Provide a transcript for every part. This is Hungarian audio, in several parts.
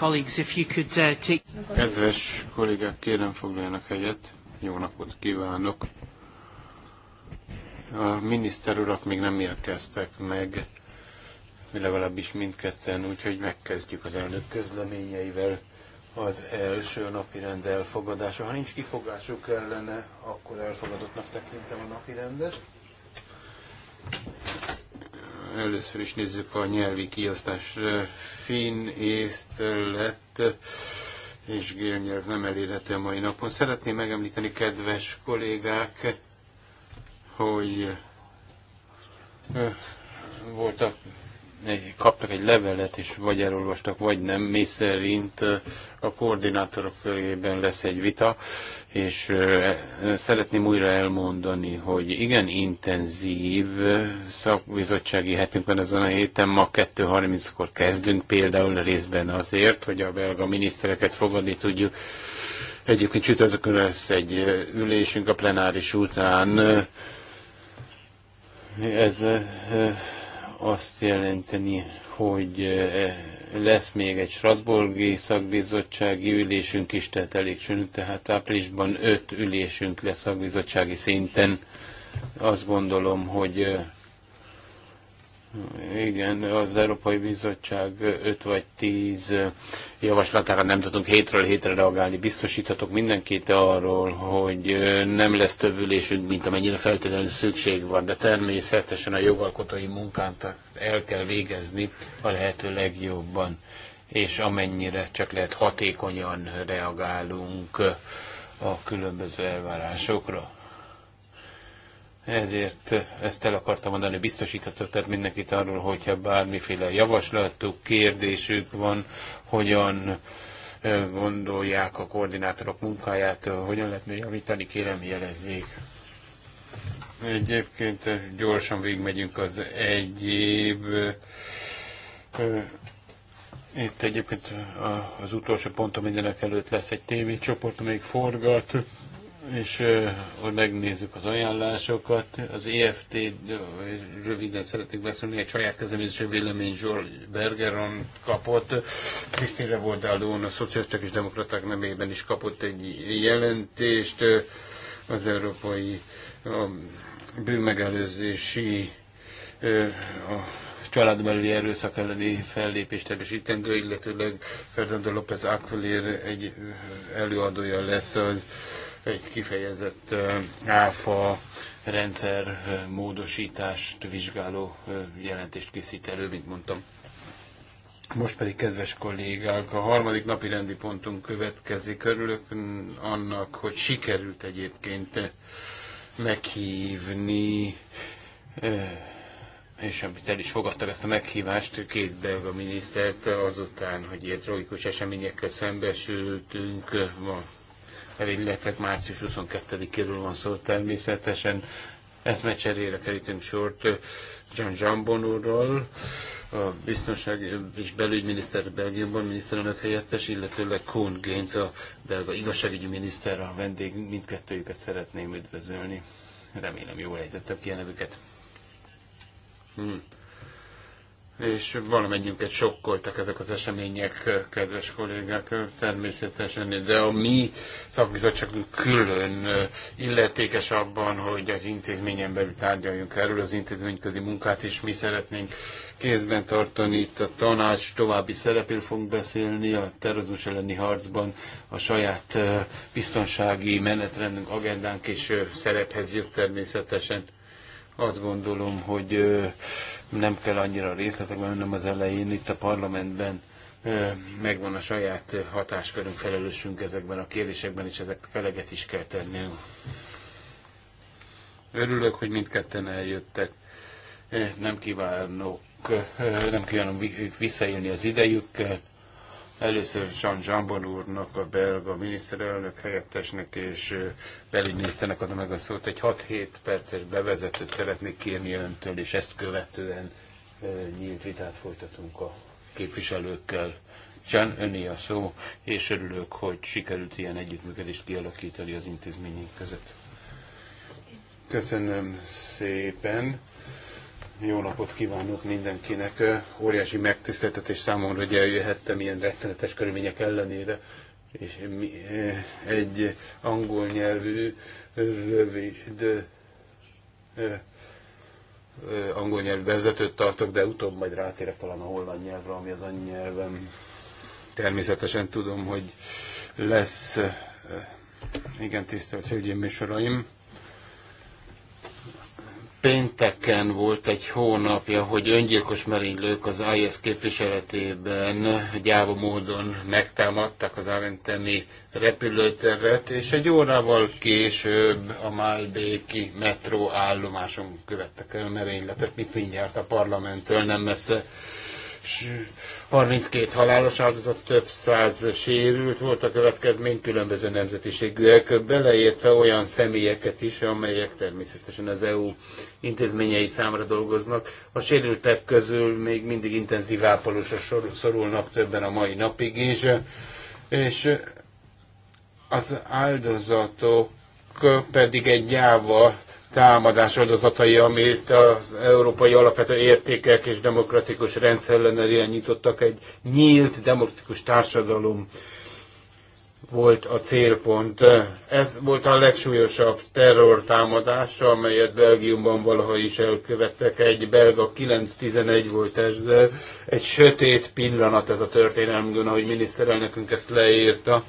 Colleagues, if you could uh, take... Kedves kollégák, kérem foglaljanak helyet. Jó napot kívánok. A miniszter urak még nem érkeztek meg, legalábbis mindketten, úgyhogy megkezdjük az elnök közleményeivel. Az első napi rend elfogadása. Ha nincs kifogásuk ellene, akkor elfogadottnak tekintem a napi rendet. Először is nézzük a nyelvi kiosztás. Finn, észt, lett és gélnyelv nem elérhető a mai napon. Szeretném megemlíteni, kedves kollégák, hogy voltak kaptak egy levelet is, vagy elolvastak, vagy nem, mi szerint a koordinátorok körében lesz egy vita, és szeretném újra elmondani, hogy igen intenzív szakbizottsági hetünk van ezen a héten, ma 2.30-kor kezdünk például részben azért, hogy a belga minisztereket fogadni tudjuk, Egyébként csütörtökön lesz egy ülésünk a plenáris után. Ez azt jelenteni, hogy eh, lesz még egy Strasburgi szakbizottsági ülésünk is, tehát elég sűrű, tehát áprilisban öt ülésünk lesz szakbizottsági szinten. Azt gondolom, hogy eh, igen, az Európai Bizottság 5 vagy 10 javaslatára nem tudunk hétről hétre reagálni. Biztosíthatok mindenkit arról, hogy nem lesz több ülésünk, mint amennyire feltétlenül szükség van, de természetesen a jogalkotói munkánt el kell végezni a lehető legjobban, és amennyire csak lehet hatékonyan reagálunk a különböző elvárásokra ezért ezt el akartam mondani, biztosíthatok tehát mindenkit arról, hogyha bármiféle javaslatuk, kérdésük van, hogyan gondolják a koordinátorok munkáját, hogyan lehetne javítani, kérem jelezzék. Egyébként gyorsan végigmegyünk az egyéb. Itt egyébként az utolsó ponton mindenek előtt lesz egy tévécsoport, amelyik forgat és hogy megnézzük az ajánlásokat, az EFT, röviden szeretnék beszélni, egy saját kezdeményezésű vélemény Zsol Bergeron kapott, Krisztina Voldálón a szocialisták és demokraták nemében is kapott egy jelentést az európai a bűnmegelőzési a családon belüli erőszak elleni fellépést erősítendő, illetőleg Fernando López Aquilér egy előadója lesz az egy kifejezett áfa rendszer módosítást vizsgáló jelentést készít elő, mint mondtam. Most pedig, kedves kollégák, a harmadik napi rendi pontunk következik. Örülök annak, hogy sikerült egyébként meghívni, és amit el is fogadtak ezt a meghívást, két belga minisztert azután, hogy ilyen tragikus eseményekkel szembesültünk, ma illetve március 22-éről van szó természetesen. Eszmecserére kerítünk sort John Jambon úrral, a biztonság és belügyminiszter Belgiumban miniszterelnök helyettes, illetőleg Kuhn Gaines, a belga igazságügyi miniszter, a vendég, mindkettőjüket szeretném üdvözölni. Remélem jól ejtettem ki a nevüket. Hmm és valamennyiünket sokkoltak ezek az események, kedves kollégák, természetesen, de a mi szakbizottságunk külön illetékes abban, hogy az intézményen belül tárgyaljunk erről, az intézményközi munkát is mi szeretnénk kézben tartani. Itt a tanács további szerepéről fogunk beszélni a terrorizmus elleni harcban, a saját biztonsági menetrendünk, agendánk és szerephez jött természetesen. Azt gondolom, hogy nem kell annyira részletekben mennem az elején, itt a parlamentben megvan a saját hatáskörünk, felelősünk ezekben a kérdésekben, és ezek feleget is kell tennünk. Örülök, hogy mindketten eljöttek. Nem kívánok, nem kívánom visszaélni az idejükkel. Először Jean Jambon úrnak, a belga miniszterelnök helyettesnek és belügyminiszternek adom meg a szót. Egy 6-7 perces bevezetőt szeretnék kérni öntől, és ezt követően nyílt vitát folytatunk a képviselőkkel. Jean, öné a szó, és örülök, hogy sikerült ilyen együttműködést kialakítani az intézmények között. Köszönöm szépen. Jó napot kívánok mindenkinek. Óriási megtiszteltetés számomra, hogy eljöhettem ilyen rettenetes körülmények ellenére. És egy angol nyelvű, rövid angol nyelvű vezetőt tartok, de utóbb majd rátérek talán a holland nyelvre, ami az nyelvem. Természetesen tudom, hogy lesz igen, tisztelt Hölgyeim és Uraim! Pénteken volt egy hónapja, hogy öngyilkos merénylők az IS képviseletében gyáva módon megtámadtak az Aventemi repülőteret, és egy órával később a Málbéki metró állomáson követtek el merényletet, mit mindjárt a parlamenttől nem messze. 32 halálos áldozat, több száz sérült volt a következmény, különböző nemzetiségűek, beleértve olyan személyeket is, amelyek természetesen az EU intézményei számra dolgoznak. A sérültek közül még mindig intenzív ápolósra szorulnak többen a mai napig is, és az áldozatok pedig egy gyáva támadás áldozatai, amit az európai alapvető értékek és demokratikus rendszer ellenére nyitottak, Egy nyílt demokratikus társadalom volt a célpont. Ez volt a legsúlyosabb támadása, amelyet Belgiumban valaha is elkövettek. Egy belga 911 volt ez. Egy sötét pillanat ez a történelmünkön, ahogy miniszterelnökünk ezt leírta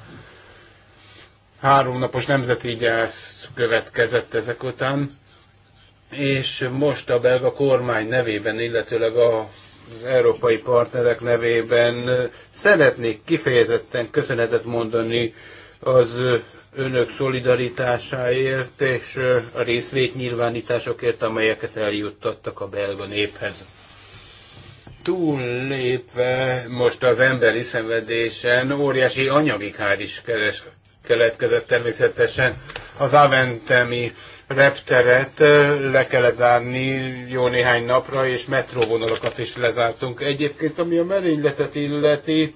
háromnapos nemzeti gyász következett ezek után, és most a belga kormány nevében, illetőleg a az európai partnerek nevében szeretnék kifejezetten köszönetet mondani az önök szolidaritásáért és a részvétnyilvánításokért, amelyeket eljuttattak a belga néphez. Túllépve most az emberi szenvedésen óriási anyagi kár is keletkezett természetesen. Az Aventemi repteret le kellett zárni jó néhány napra, és metróvonalakat is lezártunk. Egyébként, ami a merényletet illeti,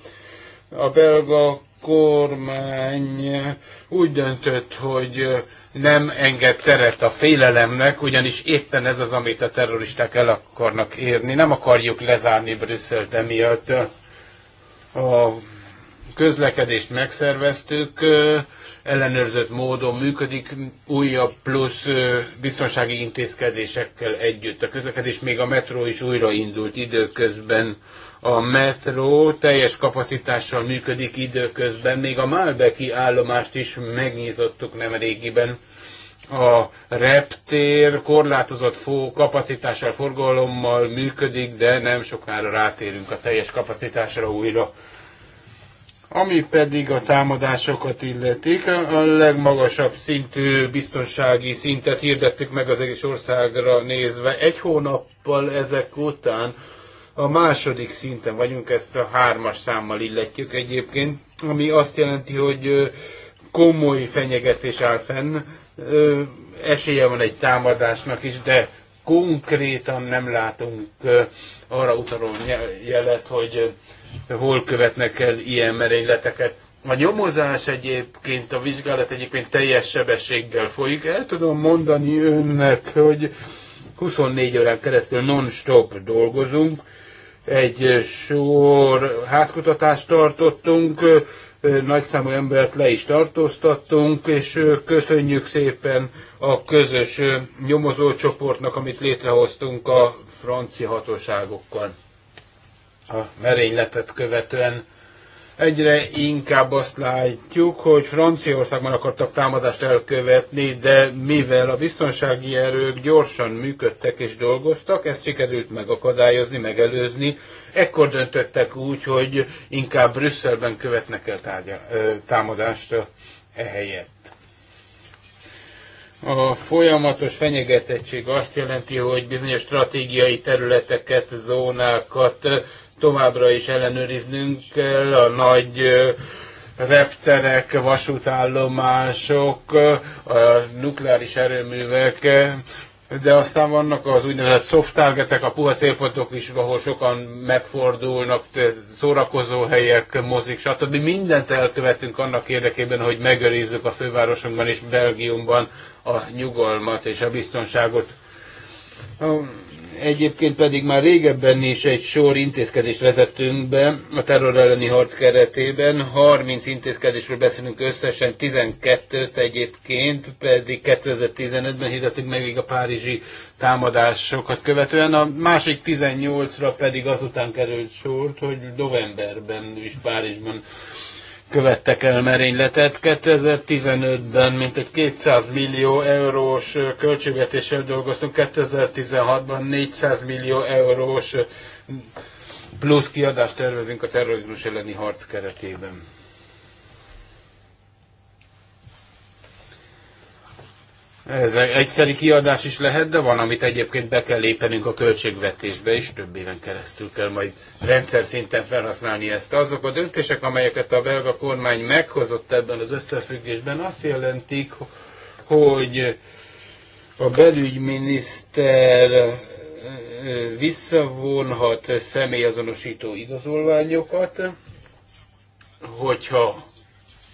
a belga kormány úgy döntött, hogy nem enged teret a félelemnek, ugyanis éppen ez az, amit a terroristák el akarnak érni. Nem akarjuk lezárni Brüsszelt emiatt. A közlekedést megszerveztük, ellenőrzött módon működik, újabb plusz biztonsági intézkedésekkel együtt a közlekedés, még a metró is újraindult időközben. A metró teljes kapacitással működik időközben, még a Malbeki állomást is megnyitottuk nem régiben. A reptér korlátozott fó kapacitással, forgalommal működik, de nem sokára rátérünk a teljes kapacitásra újra ami pedig a támadásokat illetik, a legmagasabb szintű biztonsági szintet hirdettük meg az egész országra nézve. Egy hónappal ezek után a második szinten vagyunk, ezt a hármas számmal illetjük egyébként, ami azt jelenti, hogy komoly fenyegetés áll fenn, esélye van egy támadásnak is, de konkrétan nem látunk arra utaló jelet, hogy hol követnek el ilyen merényleteket. A nyomozás egyébként, a vizsgálat egyébként teljes sebességgel folyik. El tudom mondani önnek, hogy 24 órán keresztül non-stop dolgozunk. Egy sor házkutatást tartottunk, nagyszámú embert le is tartóztattunk, és köszönjük szépen a közös nyomozócsoportnak, amit létrehoztunk a francia hatóságokkal a merényletet követően egyre inkább azt látjuk, hogy Franciaországban akartak támadást elkövetni, de mivel a biztonsági erők gyorsan működtek és dolgoztak, ezt sikerült megakadályozni, megelőzni. Ekkor döntöttek úgy, hogy inkább Brüsszelben követnek el tárgya, támadást ehelyett. A folyamatos fenyegetettség azt jelenti, hogy bizonyos stratégiai területeket, zónákat továbbra is ellenőriznünk kell a nagy repterek, vasútállomások, a nukleáris erőművek, de aztán vannak az úgynevezett soft targetek, a puha célpontok is, ahol sokan megfordulnak, szórakozó helyek, mozik, stb. Mindent elkövetünk annak érdekében, hogy megőrizzük a fővárosunkban és Belgiumban a nyugalmat és a biztonságot. Egyébként pedig már régebben is egy sor intézkedést vezettünk be a terror elleni harc keretében. 30 intézkedésről beszélünk összesen, 12-t egyébként, pedig 2015-ben hirdettük meg még a párizsi támadásokat követően. A másik 18-ra pedig azután került sort, hogy novemberben is Párizsban követtek el merényletet. 2015-ben mintegy 200 millió eurós költségvetéssel dolgoztunk, 2016-ban 400 millió eurós plusz kiadást tervezünk a terrorizmus elleni harc keretében. Ez egyszeri kiadás is lehet, de van, amit egyébként be kell lépenünk a költségvetésbe, és több éven keresztül kell majd rendszer szinten felhasználni ezt. Azok a döntések, amelyeket a belga kormány meghozott ebben az összefüggésben, azt jelentik, hogy a belügyminiszter visszavonhat személyazonosító igazolványokat, hogyha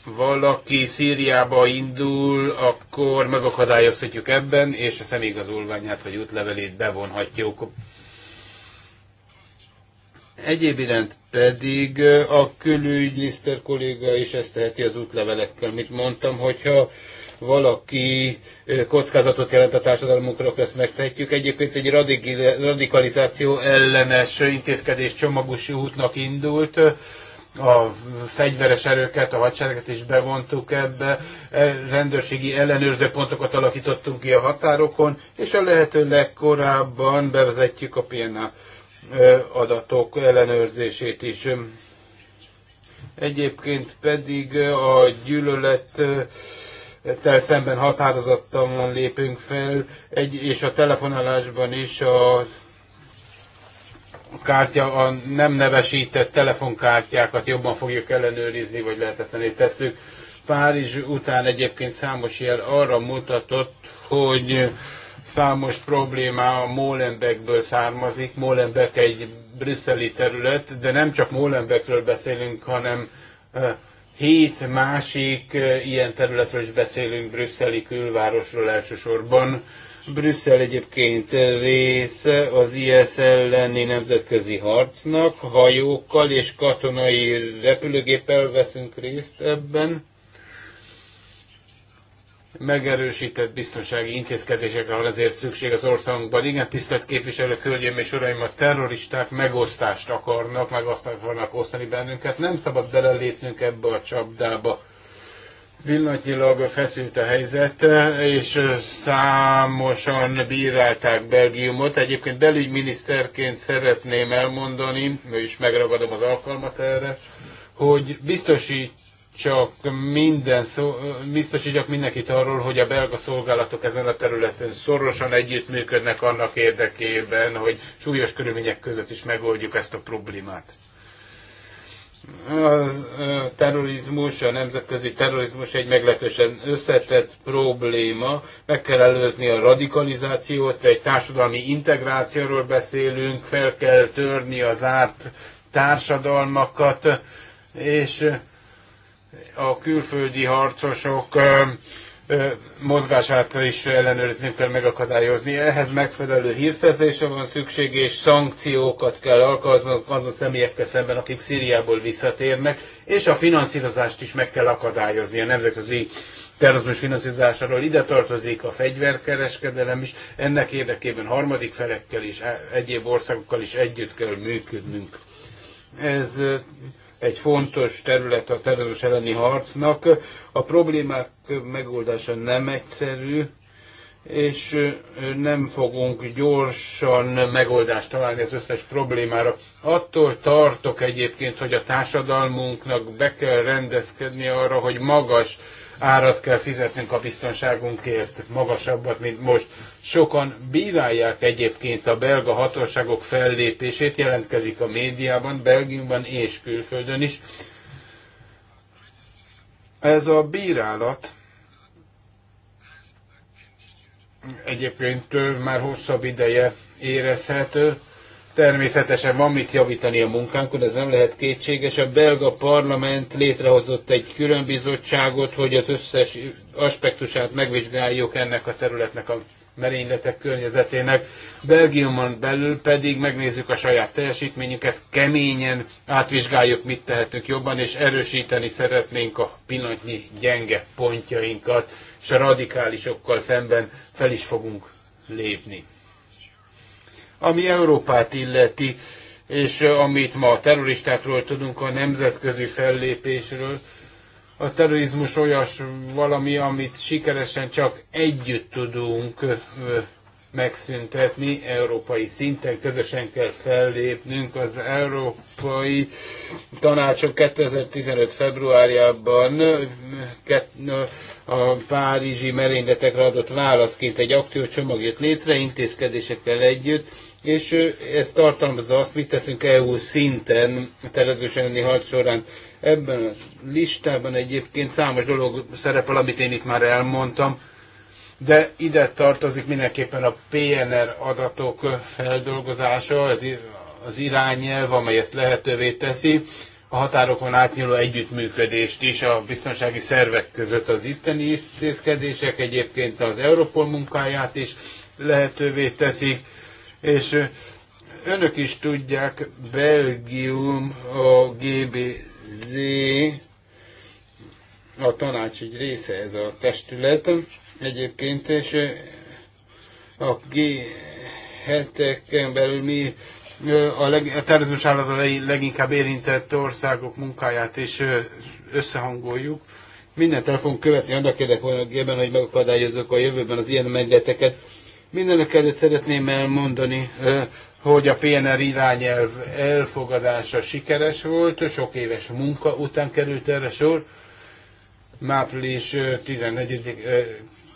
valaki Szíriába indul, akkor megakadályozhatjuk ebben, és a személyigazolványát vagy útlevelét bevonhatjuk. Egyéb iránt pedig eh, a külügyminiszter kolléga is ezt teheti az útlevelekkel. Mit mondtam, hogyha valaki eh, kockázatot jelent a társadalmunkra, akkor ezt megtehetjük. Egyébként egy radikalizáció ellenes intézkedés csomagos útnak indult a fegyveres erőket, a hadsereget is bevontuk ebbe, e, rendőrségi ellenőrző pontokat alakítottunk ki a határokon, és a lehető legkorábban bevezetjük a PNA adatok ellenőrzését is. Egyébként pedig a gyűlölet tel szemben határozottan lépünk fel, egy, és a telefonálásban is a kártya, a nem nevesített telefonkártyákat jobban fogjuk ellenőrizni, vagy lehetetlené tesszük. Párizs után egyébként számos jel arra mutatott, hogy számos probléma a Molenbeekből származik. Molenbeek egy brüsszeli terület, de nem csak Molenbeekről beszélünk, hanem hét másik ilyen területről is beszélünk, brüsszeli külvárosról elsősorban Brüsszel egyébként rész az IS elleni nemzetközi harcnak, hajókkal és katonai repülőgéppel veszünk részt ebben. Megerősített biztonsági intézkedésekre van ezért szükség az országunkban. Igen, tisztelt képviselők, hölgyeim és uraim, a terroristák megosztást akarnak, meg azt akarnak osztani bennünket. Nem szabad belelépnünk ebbe a csapdába Pillanatnyilag feszült a helyzet, és számosan bírálták Belgiumot. Egyébként belügyminiszterként szeretném elmondani, és megragadom az alkalmat erre, hogy biztosítsak, minden szó, biztosítsak mindenkit arról, hogy a belga szolgálatok ezen a területen szorosan együttműködnek annak érdekében, hogy súlyos körülmények között is megoldjuk ezt a problémát a terrorizmus, a nemzetközi terrorizmus egy meglehetősen összetett probléma. Meg kell előzni a radikalizációt, egy társadalmi integrációról beszélünk, fel kell törni az árt társadalmakat, és a külföldi harcosok mozgását is ellenőrizni kell megakadályozni. Ehhez megfelelő hírszerzésre van szükség, és szankciókat kell alkalmazni azon személyekkel szemben, akik Szíriából visszatérnek, és a finanszírozást is meg kell akadályozni a nemzetközi terrorizmus finanszírozásáról. Ide tartozik a fegyverkereskedelem is, ennek érdekében harmadik felekkel is, e- egyéb országokkal is együtt kell működnünk. Ez egy fontos terület a terroris elleni harcnak. A problémák megoldása nem egyszerű, és nem fogunk gyorsan megoldást találni az összes problémára. Attól tartok egyébként, hogy a társadalmunknak be kell rendezkedni arra, hogy magas árat kell fizetnünk a biztonságunkért, magasabbat, mint most. Sokan bírálják egyébként a belga hatóságok fellépését, jelentkezik a médiában, Belgiumban és külföldön is. Ez a bírálat egyébként már hosszabb ideje érezhető, Természetesen van mit javítani a munkánkon, ez nem lehet kétséges. A belga parlament létrehozott egy külön bizottságot, hogy az összes aspektusát megvizsgáljuk ennek a területnek a merényletek környezetének. Belgiumon belül pedig megnézzük a saját teljesítményünket, keményen átvizsgáljuk, mit tehetünk jobban, és erősíteni szeretnénk a pillanatnyi gyenge pontjainkat, és a radikálisokkal szemben fel is fogunk lépni ami Európát illeti, és amit ma a terroristákról tudunk, a nemzetközi fellépésről. A terrorizmus olyas valami, amit sikeresen csak együtt tudunk megszüntetni, európai szinten közösen kell fellépnünk. Az Európai Tanácsok 2015. februárjában a párizsi merényletekre adott válaszként egy akciócsomag jött létre intézkedésekkel együtt, és ez tartalmazza azt, mit teszünk EU szinten terrorizmus elleni harc során. Ebben a listában egyébként számos dolog szerepel, amit én itt már elmondtam, de ide tartozik mindenképpen a PNR adatok feldolgozása, az irányelv, amely ezt lehetővé teszi, a határokon átnyúló együttműködést is a biztonsági szervek között az itteni intézkedések, egyébként az Europol munkáját is lehetővé teszik, és önök is tudják, Belgium a GBZ, a tanács egy része ez a testület egyébként, és a g heteken belül mi a, leg, a terrorizmus által leginkább érintett országok munkáját is összehangoljuk. Minden telefon követni annak érdekében, hogy megakadályozok a jövőben az ilyen megleteket Mindenek előtt szeretném elmondani, hogy a PNR irányelv elfogadása sikeres volt, sok éves munka után került erre sor. Máprilis 14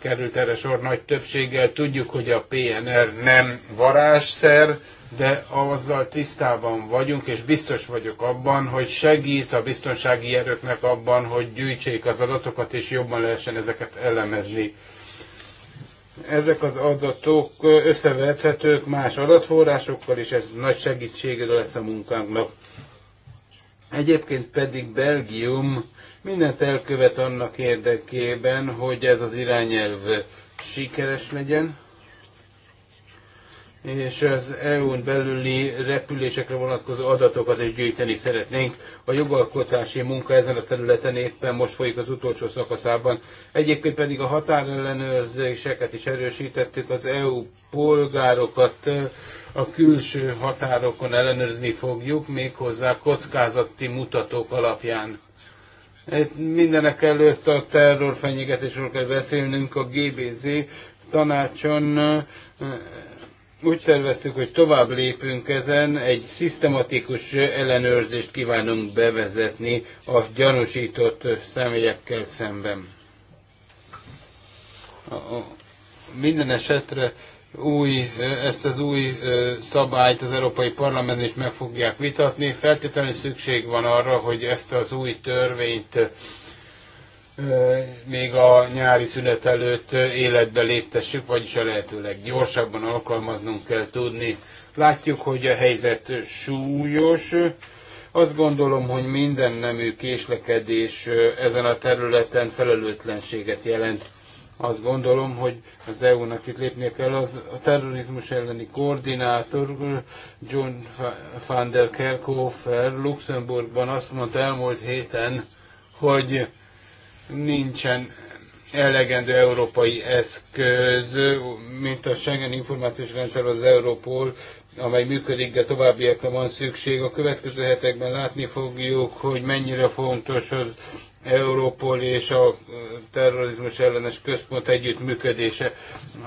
került erre sor nagy többséggel. Tudjuk, hogy a PNR nem varázsszer, de azzal tisztában vagyunk, és biztos vagyok abban, hogy segít a biztonsági erőknek abban, hogy gyűjtsék az adatokat, és jobban lehessen ezeket elemezni. Ezek az adatok összevethetők más adatforrásokkal, és ez nagy segítségre lesz a munkánknak. Egyébként pedig Belgium mindent elkövet annak érdekében, hogy ez az irányelv sikeres legyen, és az EU-n belüli repülésekre vonatkozó adatokat is gyűjteni szeretnénk. A jogalkotási munka ezen a területen éppen most folyik az utolsó szakaszában. Egyébként pedig a határellenőrzéseket is erősítettük, az EU polgárokat eh, a külső határokon ellenőrizni fogjuk, méghozzá kockázati mutatók alapján. mindenek előtt a terrorfenyegetésről kell beszélnünk, a GBZ tanácson eh, úgy terveztük, hogy tovább lépünk ezen, egy szisztematikus ellenőrzést kívánunk bevezetni a gyanúsított személyekkel szemben. Minden esetre új, ezt az új szabályt az Európai Parlament is meg fogják vitatni. Feltétlenül szükség van arra, hogy ezt az új törvényt még a nyári szünet előtt életbe léptessük, vagyis a lehetőleg gyorsabban alkalmaznunk kell tudni. Látjuk, hogy a helyzet súlyos. Azt gondolom, hogy minden nemű késlekedés ezen a területen felelőtlenséget jelent. Azt gondolom, hogy az EU-nak itt lépnie kell. Az, a terrorizmus elleni koordinátor John van der Kerkhofer Luxemburgban azt mondta elmúlt héten, hogy nincsen elegendő európai eszköz, mint a Schengen információs rendszer az Európol, amely működik, de továbbiakra van szükség. A következő hetekben látni fogjuk, hogy mennyire fontos az Európol és a terrorizmus ellenes központ együttműködése.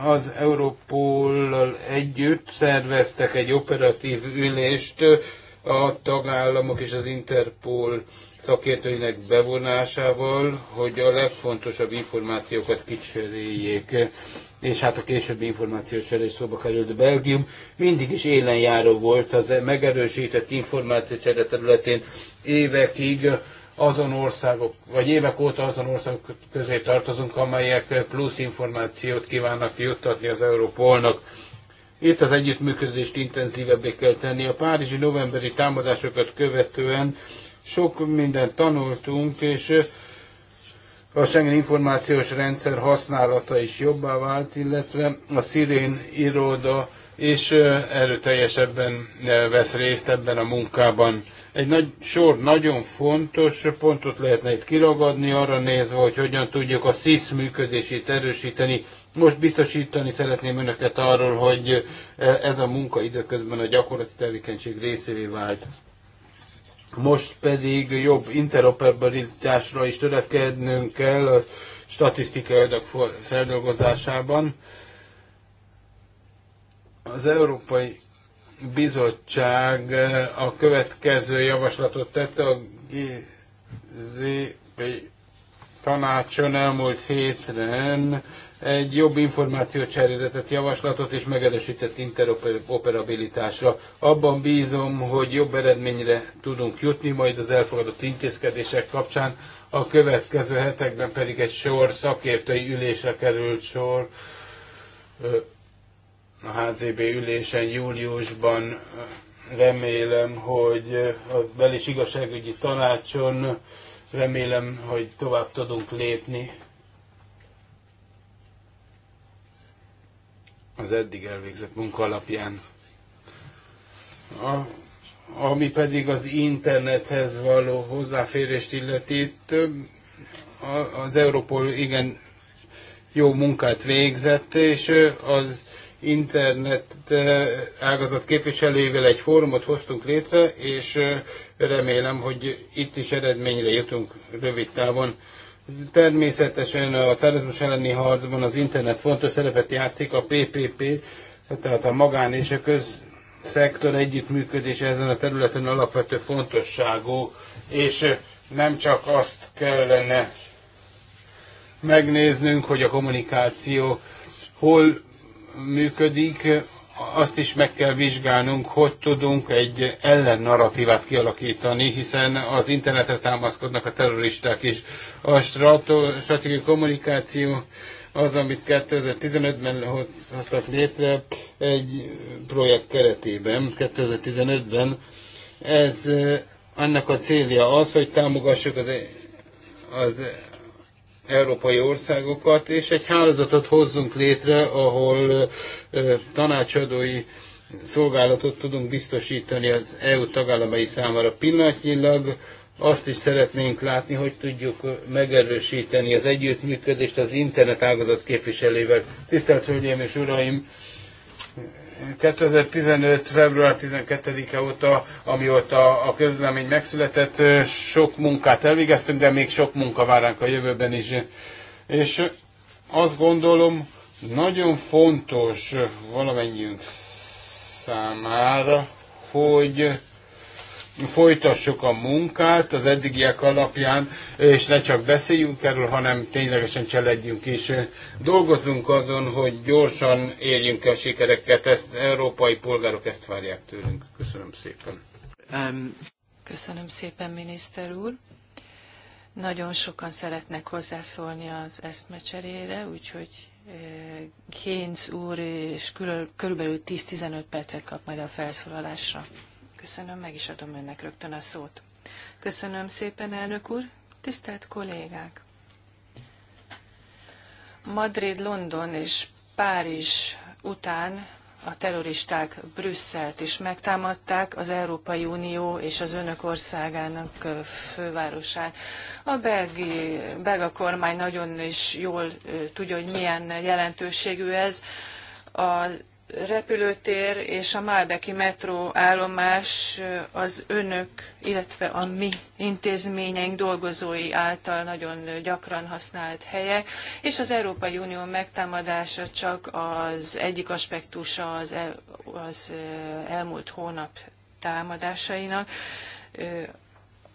Az Europollal együtt szerveztek egy operatív ülést a tagállamok és az Interpol szakértőinek bevonásával, hogy a legfontosabb információkat kicseréljék, és hát a későbbi információcserés szóba került. Belgium mindig is élenjáró volt az megerősített információcsere területén évekig, azon országok, vagy évek óta azon országok közé tartozunk, amelyek plusz információt kívánnak juttatni az Európolnak. Itt az együttműködést intenzívebbé kell tenni. A párizsi novemberi támadásokat követően sok mindent tanultunk, és a Schengen információs rendszer használata is jobbá vált, illetve a szirén iroda és erőteljesebben vesz részt ebben a munkában. Egy nagy sor nagyon fontos pontot lehetne itt kiragadni, arra nézve, hogy hogyan tudjuk a SZISZ működését erősíteni. Most biztosítani szeretném önöket arról, hogy ez a munka időközben a gyakorlati tevékenység részévé vált. Most pedig jobb interoperabilitásra is törekednünk kell a statisztikai adag feldolgozásában. Az Európai Bizottság eh, a következő javaslatot tette a GZP tanácson elmúlt héten egy jobb információ tett javaslatot és megerősített interoperabilitásra. Abban bízom, hogy jobb eredményre tudunk jutni majd az elfogadott intézkedések kapcsán, a következő hetekben pedig egy sor szakértői ülésre került sor a HZB ülésen júliusban. Remélem, hogy a belis igazságügyi tanácson remélem, hogy tovább tudunk lépni az eddig elvégzett munka alapján. A, ami pedig az internethez való hozzáférést illeti, az Európol igen jó munkát végzett, és az internet ágazat képviselőivel egy fórumot hoztunk létre, és remélem, hogy itt is eredményre jutunk rövid távon. Természetesen a terrorizmus elleni harcban az internet fontos szerepet játszik, a PPP, tehát a magán és a közszektor együttműködése ezen a területen alapvető fontosságú, és nem csak azt kellene megnéznünk, hogy a kommunikáció hol működik, azt is meg kell vizsgálnunk, hogy tudunk egy ellennarratívát kialakítani, hiszen az internetre támaszkodnak a terroristák is. A stratégiai kommunikáció az, amit 2015-ben hoztak létre egy projekt keretében, 2015-ben, ez eh, annak a célja az, hogy támogassuk az, e- az európai országokat, és egy hálózatot hozzunk létre, ahol tanácsadói szolgálatot tudunk biztosítani az EU tagállamai számára pillanatnyilag. Azt is szeretnénk látni, hogy tudjuk megerősíteni az együttműködést az internet ágazat képviselével. Tisztelt Hölgyeim és Uraim! 2015. február 12-e óta, amióta a közlemény megszületett, sok munkát elvégeztünk, de még sok munka vár ránk a jövőben is. És azt gondolom, nagyon fontos valamennyiünk számára, hogy folytassuk a munkát az eddigiek alapján, és ne csak beszéljünk erről, hanem ténylegesen cselekedjünk is. Dolgozzunk azon, hogy gyorsan érjünk el sikereket, ezt európai polgárok ezt várják tőlünk. Köszönöm szépen. Um, köszönöm szépen, miniszter úr. Nagyon sokan szeretnek hozzászólni az eszmecserére, úgyhogy eh, Kénz úr és körülbelül 10-15 percet kap majd a felszólalásra. Köszönöm, meg is adom önnek rögtön a szót. Köszönöm szépen, elnök úr. Tisztelt kollégák! Madrid, London és Párizs után a terroristák Brüsszelt is megtámadták, az Európai Unió és az önök országának fővárosát. A belgi, belga kormány nagyon is jól tudja, hogy milyen jelentőségű ez. Az repülőtér és a Málbeki metró állomás az önök, illetve a mi intézményeink dolgozói által nagyon gyakran használt helyek, és az Európai Unió megtámadása csak az egyik aspektusa az, el, az elmúlt hónap támadásainak.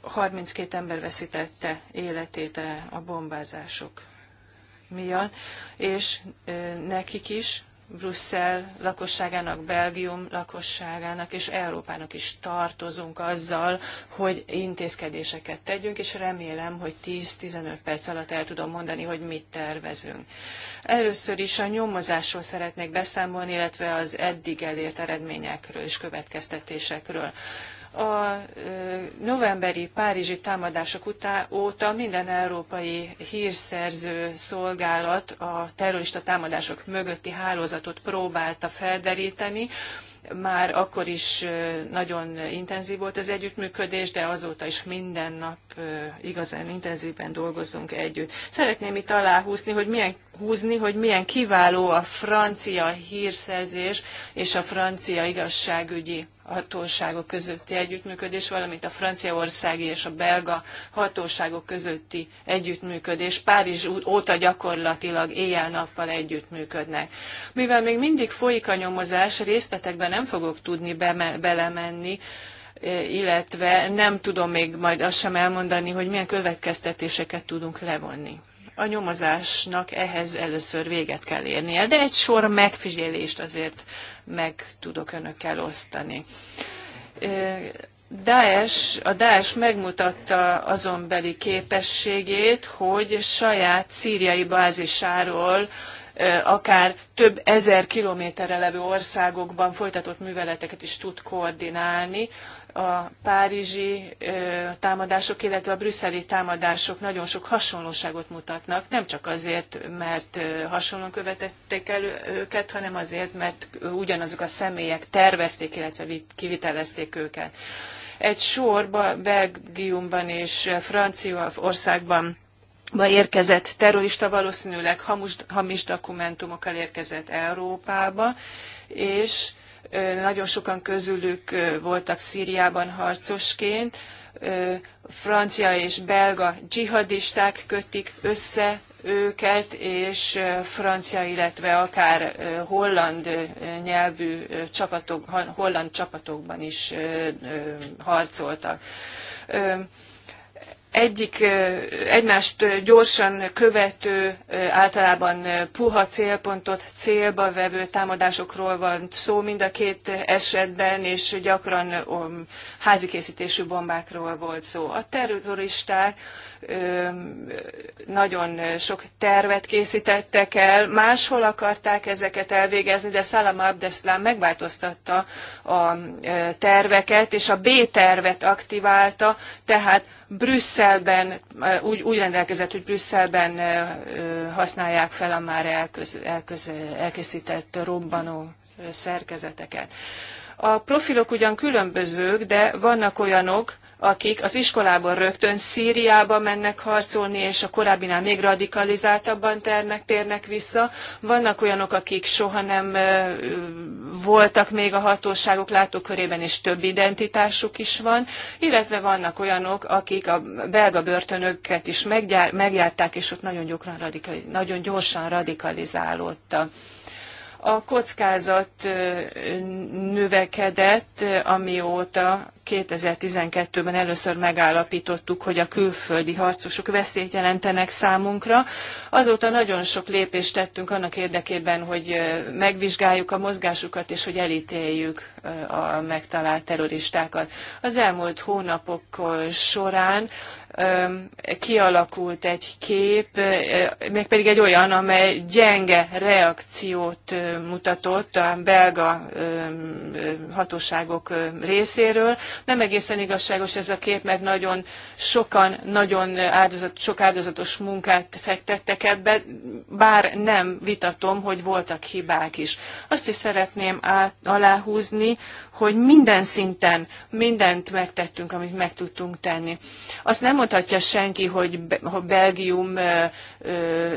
32 ember veszítette életét a bombázások miatt, és nekik is Brüsszel lakosságának, Belgium lakosságának és Európának is tartozunk azzal, hogy intézkedéseket tegyünk, és remélem, hogy 10-15 perc alatt el tudom mondani, hogy mit tervezünk. Először is a nyomozásról szeretnék beszámolni, illetve az eddig elért eredményekről és következtetésekről. A novemberi párizsi támadások után, óta minden európai hírszerző szolgálat a terrorista támadások mögötti hálózatot próbálta felderíteni. Már akkor is nagyon intenzív volt az együttműködés, de azóta is minden nap igazán intenzíven dolgozunk együtt. Szeretném itt aláhúzni, hogy milyen, húzni, hogy milyen kiváló a francia hírszerzés és a francia igazságügyi hatóságok közötti együttműködés, valamint a franciaországi és a belga hatóságok közötti együttműködés. Párizs óta gyakorlatilag éjjel-nappal együttműködnek. Mivel még mindig folyik a nyomozás, részletekben nem fogok tudni belemenni, e, illetve nem tudom még majd azt sem elmondani, hogy milyen következtetéseket tudunk levonni a nyomozásnak ehhez először véget kell érnie, de egy sor megfigyelést azért meg tudok önökkel osztani. Daesh, a Daesh megmutatta azon beli képességét, hogy saját szíriai bázisáról akár több ezer kilométerre levő országokban folytatott műveleteket is tud koordinálni, a párizsi támadások, illetve a brüsszeli támadások nagyon sok hasonlóságot mutatnak, nem csak azért, mert hasonlóan követették el őket, hanem azért, mert ugyanazok a személyek tervezték, illetve kivitelezték őket. Egy sorba Belgiumban és Franciaországban ba érkezett terrorista valószínűleg hamus, hamis dokumentumokkal érkezett Európába, és nagyon sokan közülük voltak Szíriában harcosként, francia és belga dzsihadisták kötik össze őket, és francia, illetve akár holland nyelvű csapatok, holland csapatokban is harcoltak egyik egymást gyorsan követő, általában puha célpontot célba vevő támadásokról van szó mind a két esetben, és gyakran házikészítésű bombákról volt szó. A terroristák nagyon sok tervet készítettek el, máshol akarták ezeket elvégezni, de Salam Abdeslam megváltoztatta a terveket, és a B tervet aktiválta, tehát Brüsszelben, úgy, úgy rendelkezett, hogy Brüsszelben használják fel a már elköz, elköz, elkészített robbanó szerkezeteket. A profilok ugyan különbözők, de vannak olyanok, akik az iskolából rögtön Szíriába mennek harcolni, és a korábbinál még radikalizáltabban ternek, térnek vissza. Vannak olyanok, akik soha nem voltak még a hatóságok látókörében, és több identitásuk is van, illetve vannak olyanok, akik a belga börtönöket is megjárták, és ott nagyon, radikaliz- nagyon gyorsan radikalizálódtak. A kockázat növekedett, amióta 2012-ben először megállapítottuk, hogy a külföldi harcosok veszélyt jelentenek számunkra. Azóta nagyon sok lépést tettünk annak érdekében, hogy megvizsgáljuk a mozgásukat, és hogy elítéljük a megtalált terroristákat. Az elmúlt hónapok során kialakult egy kép, mégpedig egy olyan, amely gyenge reakciót mutatott a belga hatóságok részéről. Nem egészen igazságos ez a kép, mert nagyon sokan, nagyon áldozat, sok áldozatos munkát fektettek ebbe, bár nem vitatom, hogy voltak hibák is. Azt is szeretném át, aláhúzni, hogy minden szinten mindent megtettünk, amit meg tudtunk tenni. Azt nem mondhatja senki, hogy ha Belgium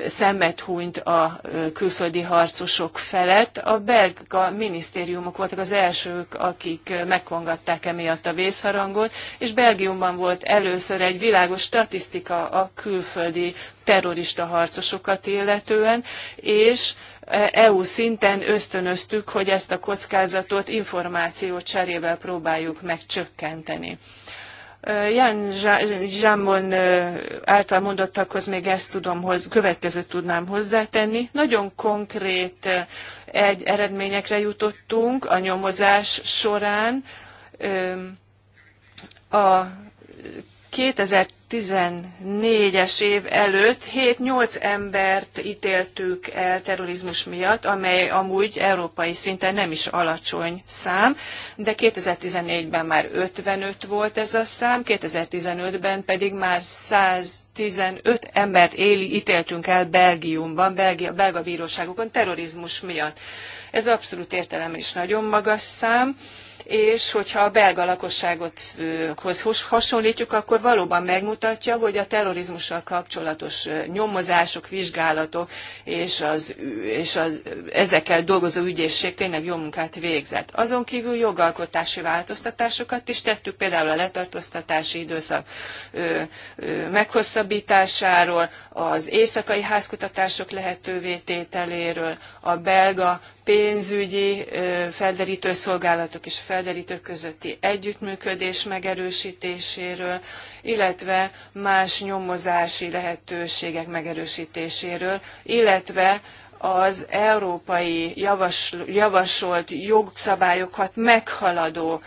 szemet hunyt a külföldi harcosok felett. A belga minisztériumok voltak az elsők, akik megkongatták emiatt a vészharangot, és Belgiumban volt először egy világos statisztika a külföldi terrorista harcosokat illetően, és EU szinten ösztönöztük, hogy ezt a kockázatot információ cserével próbáljuk megcsökkenteni. Jan Zsámon által mondottakhoz még ezt tudom, hoz, következőt tudnám hozzátenni. Nagyon konkrét egy eredményekre jutottunk a nyomozás során. A 2014-es év előtt 7-8 embert ítéltük el terrorizmus miatt, amely amúgy európai szinten nem is alacsony szám, de 2014-ben már 55 volt ez a szám, 2015-ben pedig már 115 embert éli, ítéltünk el Belgiumban, Belgia, belga bíróságokon terrorizmus miatt. Ez abszolút értelemben is nagyon magas szám és hogyha a belga lakosságothoz hasonlítjuk, akkor valóban megmutatja, hogy a terrorizmussal kapcsolatos nyomozások, vizsgálatok és, az, és az, ezekkel dolgozó ügyészség tényleg jó munkát végzett. Azon kívül jogalkotási változtatásokat is tettük, például a letartóztatási időszak meghosszabbításáról, az éjszakai házkutatások lehetővé tételéről, a belga pénzügyi felderítő szolgálatok és felderítők közötti együttműködés megerősítéséről, illetve más nyomozási lehetőségek megerősítéséről, illetve az európai javasolt jogszabályokat meghaladó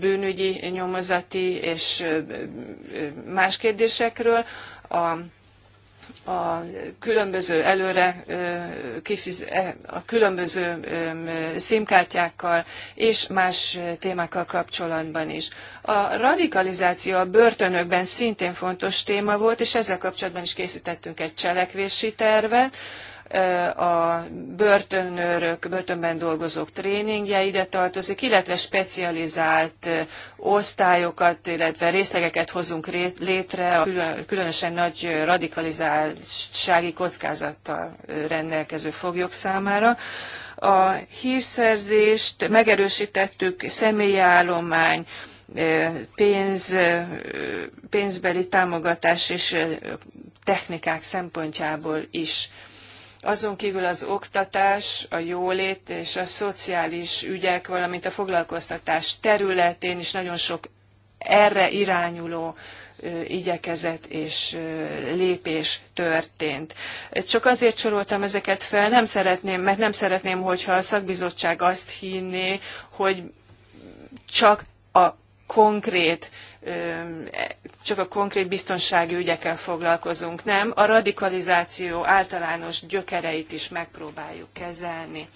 bűnügyi, nyomozati és más kérdésekről, a a különböző előre e, a különböző szimkártyákkal és más témákkal kapcsolatban is. A radikalizáció a börtönökben szintén fontos téma volt, és ezzel kapcsolatban is készítettünk egy cselekvési tervet, a börtönőrök, börtönben dolgozók tréningje ide tartozik, illetve specializált osztályokat, illetve részlegeket hozunk létre a különösen nagy radikalizálsági kockázattal rendelkező foglyok számára. A hírszerzést megerősítettük, állomány, pénz, pénzbeli támogatás és technikák szempontjából is azon kívül az oktatás, a jólét és a szociális ügyek, valamint a foglalkoztatás területén is nagyon sok erre irányuló igyekezet és lépés történt. Csak azért soroltam ezeket fel, nem szeretném, mert nem szeretném, hogyha a szakbizottság azt hinné, hogy csak a konkrét csak a konkrét biztonsági ügyekkel foglalkozunk, nem, a radikalizáció általános gyökereit is megpróbáljuk kezelni.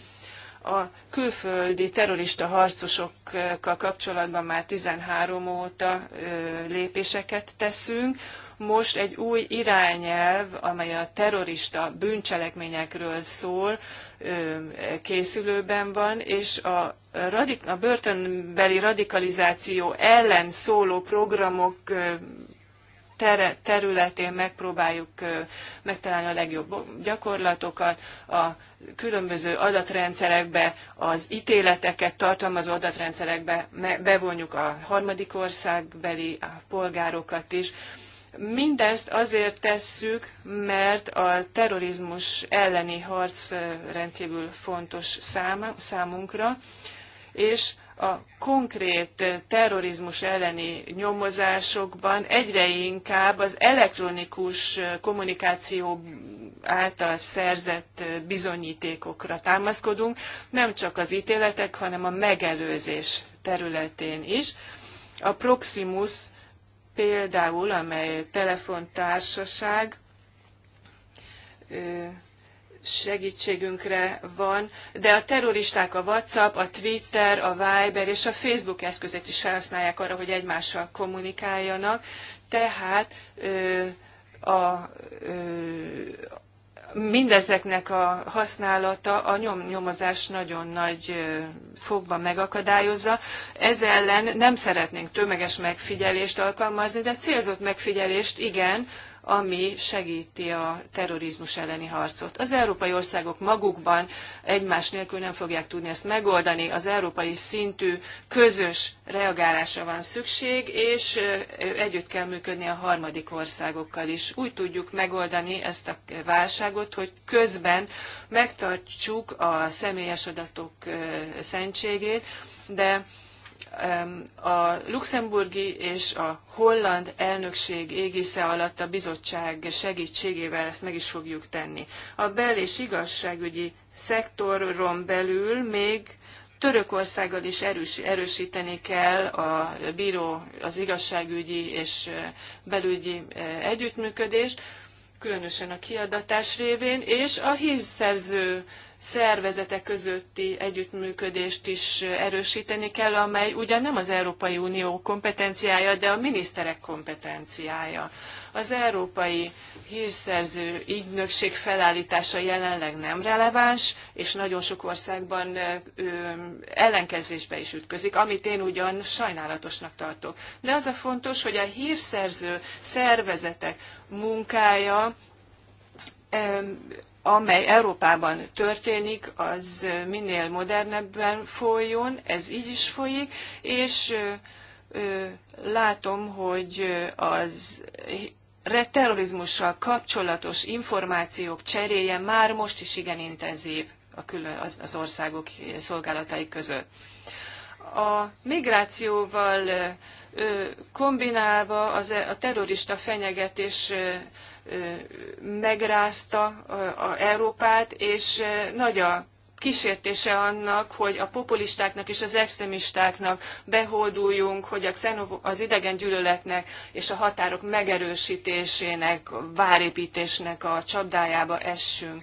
A külföldi terrorista harcosokkal kapcsolatban már 13 óta lépéseket teszünk most egy új irányelv, amely a terrorista bűncselekményekről szól, készülőben van, és a, radik- a börtönbeli radikalizáció ellen szóló programok ter- területén megpróbáljuk megtalálni a legjobb gyakorlatokat, a különböző adatrendszerekbe, az ítéleteket tartalmazó adatrendszerekbe bevonjuk a harmadik országbeli polgárokat is, Mindezt azért tesszük, mert a terrorizmus elleni harc rendkívül fontos számunkra, és a konkrét terrorizmus elleni nyomozásokban egyre inkább az elektronikus kommunikáció által szerzett bizonyítékokra támaszkodunk, nem csak az ítéletek, hanem a megelőzés területén is. A Proximus például, amely telefontársaság segítségünkre van, de a terroristák a WhatsApp, a Twitter, a Viber és a Facebook eszközét is felhasználják arra, hogy egymással kommunikáljanak. Tehát a, mindezeknek a használata a nyom, nyomozás nagyon nagy fogban megakadályozza. Ez ellen nem szeretnénk tömeges megfigyelést alkalmazni, de célzott megfigyelést igen, ami segíti a terrorizmus elleni harcot. Az európai országok magukban egymás nélkül nem fogják tudni ezt megoldani, az európai szintű közös reagálásra van szükség, és együtt kell működni a harmadik országokkal is. Úgy tudjuk megoldani ezt a válságot, hogy közben megtartsuk a személyes adatok szentségét, de a luxemburgi és a holland elnökség égisze alatt a bizottság segítségével ezt meg is fogjuk tenni. A bel- és igazságügyi szektoron belül még Törökországgal is erősíteni kell a bíró, az igazságügyi és belügyi együttműködést, különösen a kiadatás révén, és a hírszerző szervezetek közötti együttműködést is erősíteni kell, amely ugyan nem az Európai Unió kompetenciája, de a miniszterek kompetenciája. Az Európai Hírszerző Ügynökség felállítása jelenleg nem releváns, és nagyon sok országban ellenkezésbe is ütközik, amit én ugyan sajnálatosnak tartok. De az a fontos, hogy a hírszerző szervezetek munkája amely Európában történik, az minél modernebben folyjon, ez így is folyik, és látom, hogy az terrorizmussal kapcsolatos információk cseréje már most is igen intenzív a külön, az országok szolgálatai között. A migrációval kombinálva az, e- a terrorista fenyegetés megrázta a Európát, és nagy a kísértése annak, hogy a populistáknak és az extremistáknak behóduljunk, hogy a xenov- az idegengyűlöletnek és a határok megerősítésének, várépítésnek a csapdájába essünk.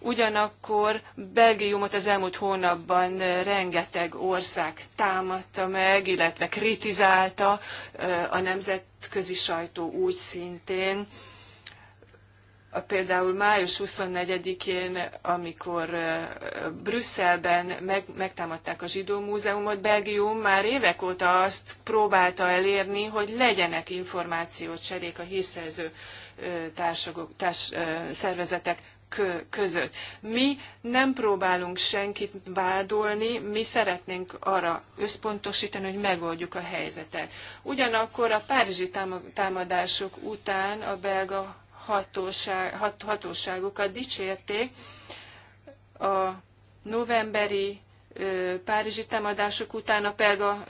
Ugyanakkor Belgiumot az elmúlt hónapban rengeteg ország támadta meg, illetve kritizálta a nemzetközi sajtó úgy szintén. Például május 24-én, amikor Brüsszelben meg, megtámadták a Zsidó Múzeumot, Belgium már évek óta azt próbálta elérni, hogy legyenek információt cserék a hírszerző társ, szervezetek között. Mi nem próbálunk senkit vádolni, mi szeretnénk arra összpontosítani, hogy megoldjuk a helyzetet. Ugyanakkor a párizsi támadások után a belga hatóság, hat, hatóságokat dicsérték a novemberi párizsi támadások után a belga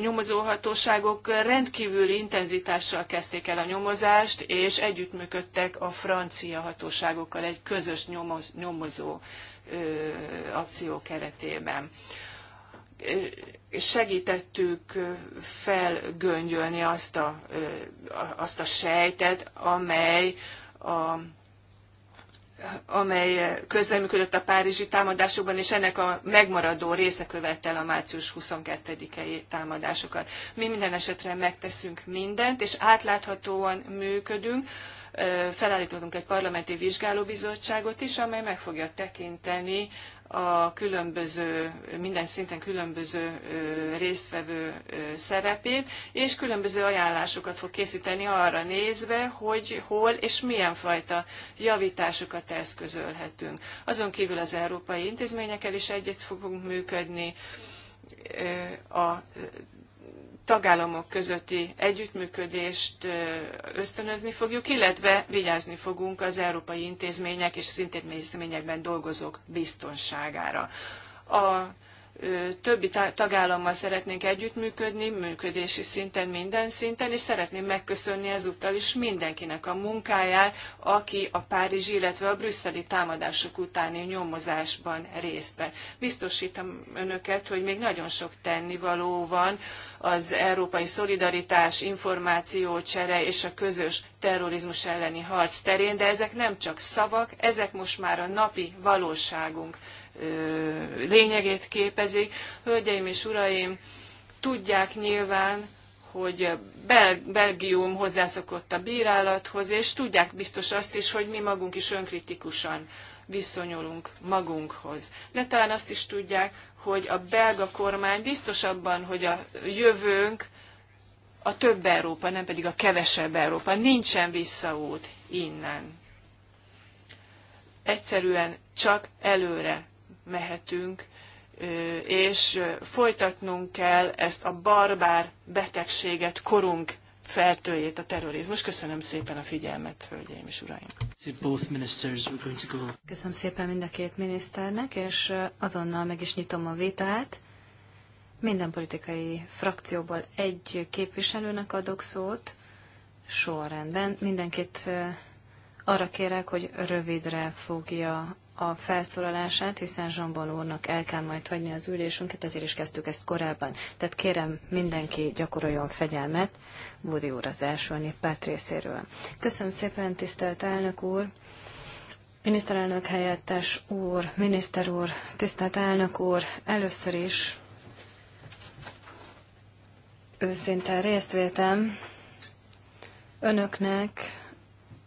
nyomozóhatóságok rendkívüli intenzitással kezdték el a nyomozást, és együttműködtek a francia hatóságokkal egy közös nyomoz, nyomozó akció keretében segítettük felgöngyölni azt a, azt a sejtet, amely a amely közleműködött a párizsi támadásokban, és ennek a megmaradó része követte el a március 22-i támadásokat. Mi minden esetre megteszünk mindent, és átláthatóan működünk. Felállítottunk egy parlamenti vizsgálóbizottságot is, amely meg fogja tekinteni a különböző, minden szinten különböző résztvevő szerepét, és különböző ajánlásokat fog készíteni arra nézve, hogy hol és milyen fajta javításokat eszközölhetünk. Azon kívül az európai intézményekkel is együtt fogunk működni, a tagállamok közötti együttműködést ösztönözni fogjuk, illetve vigyázni fogunk az európai intézmények és az intézményekben dolgozók biztonságára. A többi tagállammal szeretnénk együttműködni, működési szinten, minden szinten, és szeretném megköszönni ezúttal is mindenkinek a munkáját, aki a Párizsi, illetve a brüsszeli támadások utáni nyomozásban részt vett. Biztosítom önöket, hogy még nagyon sok tennivaló van az európai szolidaritás, információcsere és a közös terrorizmus elleni harc terén, de ezek nem csak szavak, ezek most már a napi valóságunk lényegét képezik. Hölgyeim és uraim, tudják nyilván, hogy Bel- Belgium hozzászokott a bírálathoz, és tudják biztos azt is, hogy mi magunk is önkritikusan viszonyulunk magunkhoz. De talán azt is tudják, hogy a belga kormány biztos abban, hogy a jövőnk a több Európa, nem pedig a kevesebb Európa. Nincsen visszaút innen. Egyszerűen csak előre mehetünk, és folytatnunk kell ezt a barbár betegséget, korunk feltőjét, a terrorizmus. Köszönöm szépen a figyelmet, hölgyeim és uraim. Köszönöm szépen mind a két miniszternek, és azonnal meg is nyitom a vitát. Minden politikai frakcióból egy képviselőnek adok szót, sorrendben. Mindenkit arra kérek, hogy rövidre fogja a felszólalását, hiszen Zsambon úrnak el kell majd hagyni az ülésünket, ezért is kezdtük ezt korábban. Tehát kérem, mindenki gyakoroljon fegyelmet. Budi úr az első néppárt részéről. Köszönöm szépen, tisztelt elnök úr! Miniszterelnök helyettes úr, miniszter úr, tisztelt elnök úr, először is őszinte részt vétem önöknek,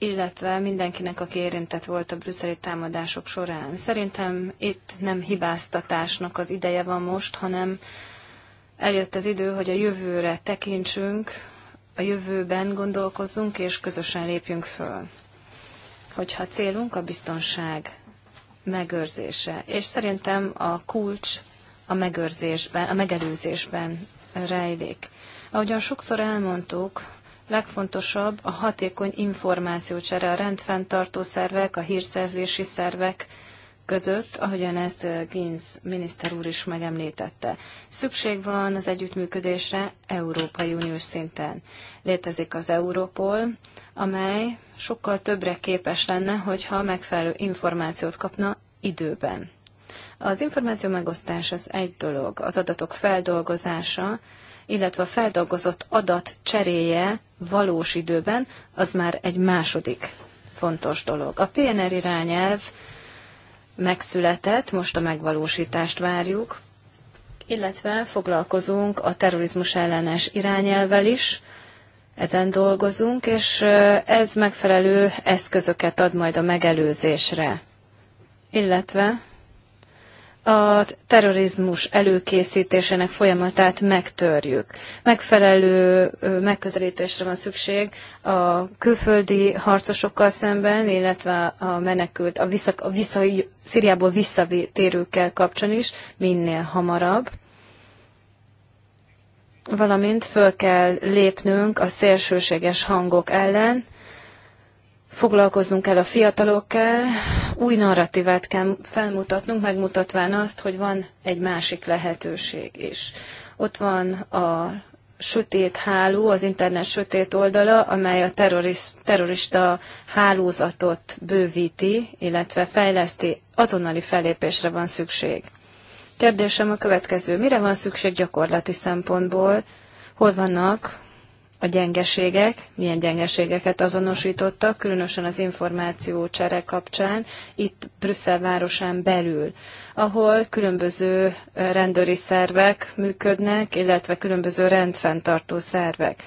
illetve mindenkinek, aki érintett volt a brüsszeli támadások során. Szerintem itt nem hibáztatásnak az ideje van most, hanem eljött az idő, hogy a jövőre tekintsünk, a jövőben gondolkozzunk, és közösen lépjünk föl. Hogyha célunk a biztonság megőrzése, és szerintem a kulcs a megőrzésben, a megelőzésben rejlik. Ahogyan sokszor elmondtuk, legfontosabb a hatékony információcsere a rendfenntartó szervek, a hírszerzési szervek között, ahogyan ezt eh, Ginz miniszter úr is megemlítette. Szükség van az együttműködésre Európai Uniós szinten. Létezik az Európol, amely sokkal többre képes lenne, hogyha megfelelő információt kapna időben. Az információ megosztás az egy dolog, az adatok feldolgozása, illetve a feldolgozott adat cseréje valós időben, az már egy második fontos dolog. A PNR irányelv megszületett, most a megvalósítást várjuk, illetve foglalkozunk a terrorizmus ellenes irányelvel is, ezen dolgozunk, és ez megfelelő eszközöket ad majd a megelőzésre. Illetve a terrorizmus előkészítésének folyamatát megtörjük. Megfelelő megközelítésre van szükség a külföldi harcosokkal szemben, illetve a menekült, a, vissza, a vissza, Szíriából visszatérőkkel kapcsán is, minél hamarabb. Valamint föl kell lépnünk a szélsőséges hangok ellen, Foglalkoznunk kell a fiatalokkal, új narratívát kell felmutatnunk, megmutatván azt, hogy van egy másik lehetőség is. Ott van a sötét háló, az internet sötét oldala, amely a terrorist, terrorista hálózatot bővíti, illetve fejleszti, azonnali felépésre van szükség. Kérdésem a következő. Mire van szükség gyakorlati szempontból? Hol vannak a gyengeségek, milyen gyengeségeket azonosítottak, különösen az információ csere kapcsán, itt Brüsszel városán belül, ahol különböző rendőri szervek működnek, illetve különböző rendfenntartó szervek.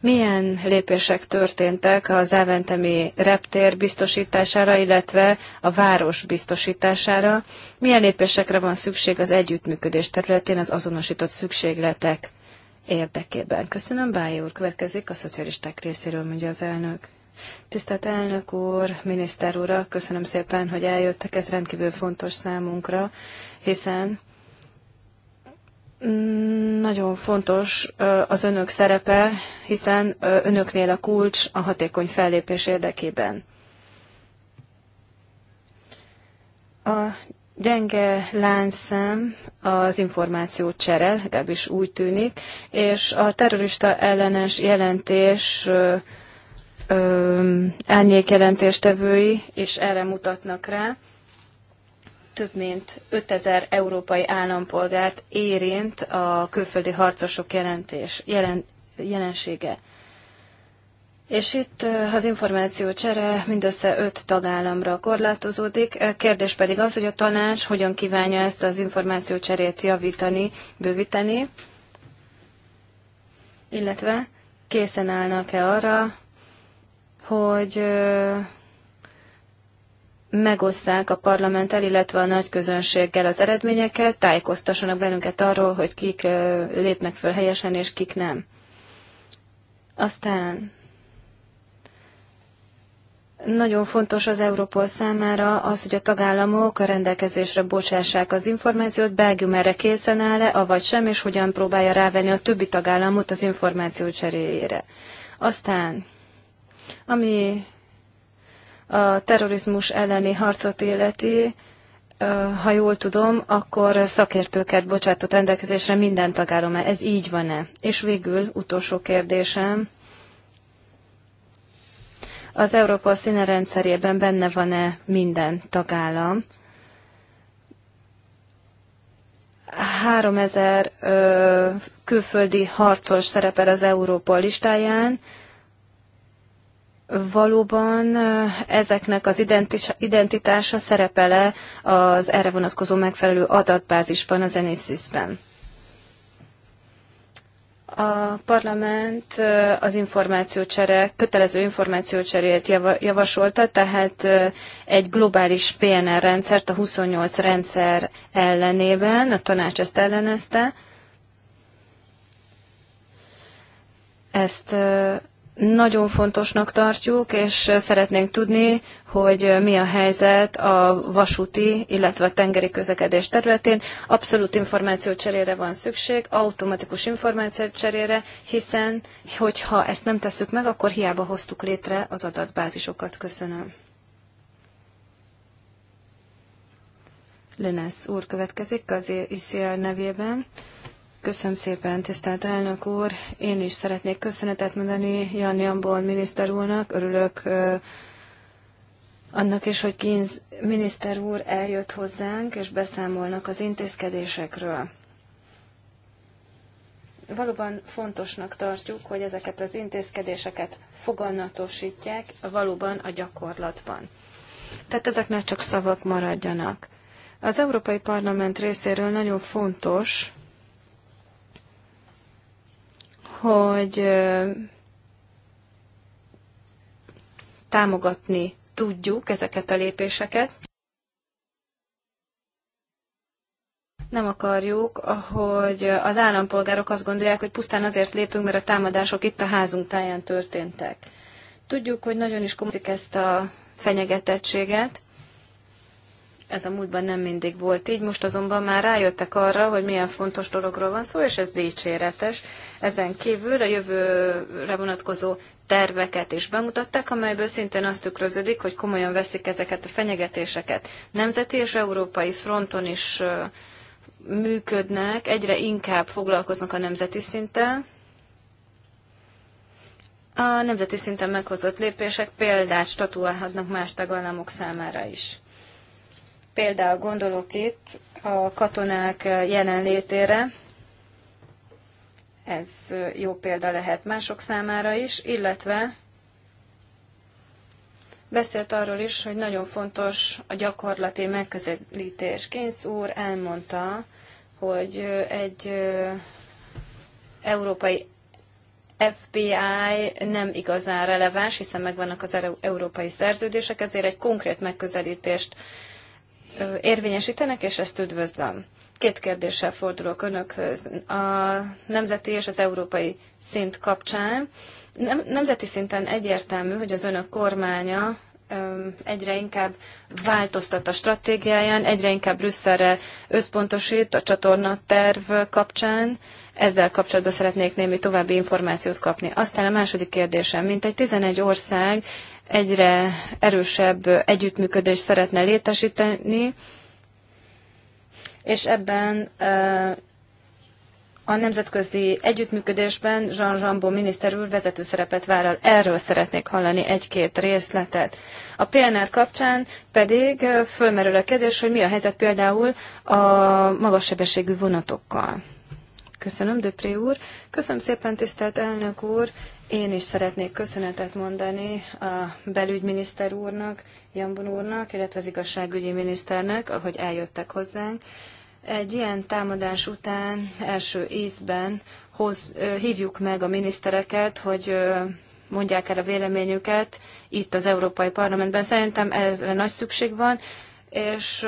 Milyen lépések történtek az Áventemi reptér biztosítására, illetve a város biztosítására? Milyen lépésekre van szükség az együttműködés területén az azonosított szükségletek érdekében. Köszönöm, Báj úr. Következik a szocialisták részéről, mondja az elnök. Tisztelt elnök úr, miniszter úr, köszönöm szépen, hogy eljöttek, ez rendkívül fontos számunkra, hiszen mm, nagyon fontos az önök szerepe, hiszen önöknél a kulcs a hatékony fellépés érdekében. A gyenge láncszem az információ csere, legalábbis úgy tűnik, és a terrorista ellenes jelentés árnyékjelentéstevői is erre mutatnak rá. Több mint 5000 európai állampolgárt érint a külföldi harcosok jelentés, jelen, jelensége. És itt az információ csere mindössze öt tagállamra korlátozódik. Kérdés pedig az, hogy a tanács hogyan kívánja ezt az információ cserét javítani, bővíteni, illetve készen állnak-e arra, hogy megosszák a parlamenttel, illetve a nagy közönséggel az eredményeket, tájékoztassanak bennünket arról, hogy kik lépnek föl helyesen és kik nem. Aztán nagyon fontos az Európol számára az, hogy a tagállamok a rendelkezésre bocsássák az információt, Belgium erre készen áll-e, avagy sem, és hogyan próbálja rávenni a többi tagállamot az információ cseréjére. Aztán, ami a terrorizmus elleni harcot illeti, ha jól tudom, akkor szakértőket bocsátott rendelkezésre minden tagállam. Ez így van-e? És végül utolsó kérdésem. Az Európa színe rendszerében benne van-e minden tagállam? 3000 ö, külföldi harcos szerepel az Európa listáján. Valóban ezeknek az identitása szerepele az erre vonatkozó megfelelő adatbázisban, az NSZ-ben? A parlament az információcsere, kötelező információcserét javasolta, tehát egy globális PNR rendszert a 28 rendszer ellenében, a tanács ezt ellenezte. Ezt nagyon fontosnak tartjuk, és szeretnénk tudni, hogy mi a helyzet a vasúti, illetve a tengeri közlekedés területén. Abszolút információcserére van szükség, automatikus információcserére, hiszen hogyha ezt nem tesszük meg, akkor hiába hoztuk létre az adatbázisokat. Köszönöm. Lenesz úr következik az ICR nevében. Köszönöm szépen, tisztelt elnök úr. Én is szeretnék köszönetet mondani Jan Jambon miniszter úrnak. Örülök annak is, hogy Kínz miniszter úr eljött hozzánk, és beszámolnak az intézkedésekről. Valóban fontosnak tartjuk, hogy ezeket az intézkedéseket foganatosítják valóban a gyakorlatban. Tehát ezek ne csak szavak maradjanak. Az Európai Parlament részéről nagyon fontos, hogy támogatni tudjuk ezeket a lépéseket. Nem akarjuk, hogy az állampolgárok azt gondolják, hogy pusztán azért lépünk, mert a támadások itt a házunk táján történtek. Tudjuk, hogy nagyon is komolyan ezt a fenyegetettséget, ez a múltban nem mindig volt így, most azonban már rájöttek arra, hogy milyen fontos dologról van szó, és ez dicséretes. Ezen kívül a jövőre vonatkozó terveket is bemutatták, amelyből szintén azt tükröződik, hogy komolyan veszik ezeket a fenyegetéseket. Nemzeti és európai fronton is működnek, egyre inkább foglalkoznak a nemzeti szinten. A nemzeti szinten meghozott lépések példát statuálhatnak más tagállamok számára is. Például gondolok itt a katonák jelenlétére, ez jó példa lehet mások számára is, illetve beszélt arról is, hogy nagyon fontos a gyakorlati megközelítés. Kénz úr elmondta, hogy egy európai FBI nem igazán releváns, hiszen megvannak az európai szerződések, ezért egy konkrét megközelítést érvényesítenek, és ezt üdvözlöm. Két kérdéssel fordulok önökhöz. A nemzeti és az európai szint kapcsán. Nem, nemzeti szinten egyértelmű, hogy az önök kormánya egyre inkább változtat a stratégiáján, egyre inkább Brüsszelre összpontosít a csatorna terv kapcsán. Ezzel kapcsolatban szeretnék némi további információt kapni. Aztán a második kérdésem, mint egy 11 ország egyre erősebb együttműködést szeretne létesíteni, és ebben a nemzetközi együttműködésben Jean Jambon miniszter úr vezető szerepet vállal. Erről szeretnék hallani egy-két részletet. A PNR kapcsán pedig fölmerül a kérdés, hogy mi a helyzet például a magassebességű vonatokkal. Köszönöm, Döpré úr. Köszönöm szépen, tisztelt elnök úr. Én is szeretnék köszönetet mondani a belügyminiszter úrnak, Jambon úrnak, illetve az igazságügyi miniszternek, ahogy eljöttek hozzánk. Egy ilyen támadás után első ízben hoz, hívjuk meg a minisztereket, hogy mondják el a véleményüket itt az Európai Parlamentben. Szerintem ezre nagy szükség van, és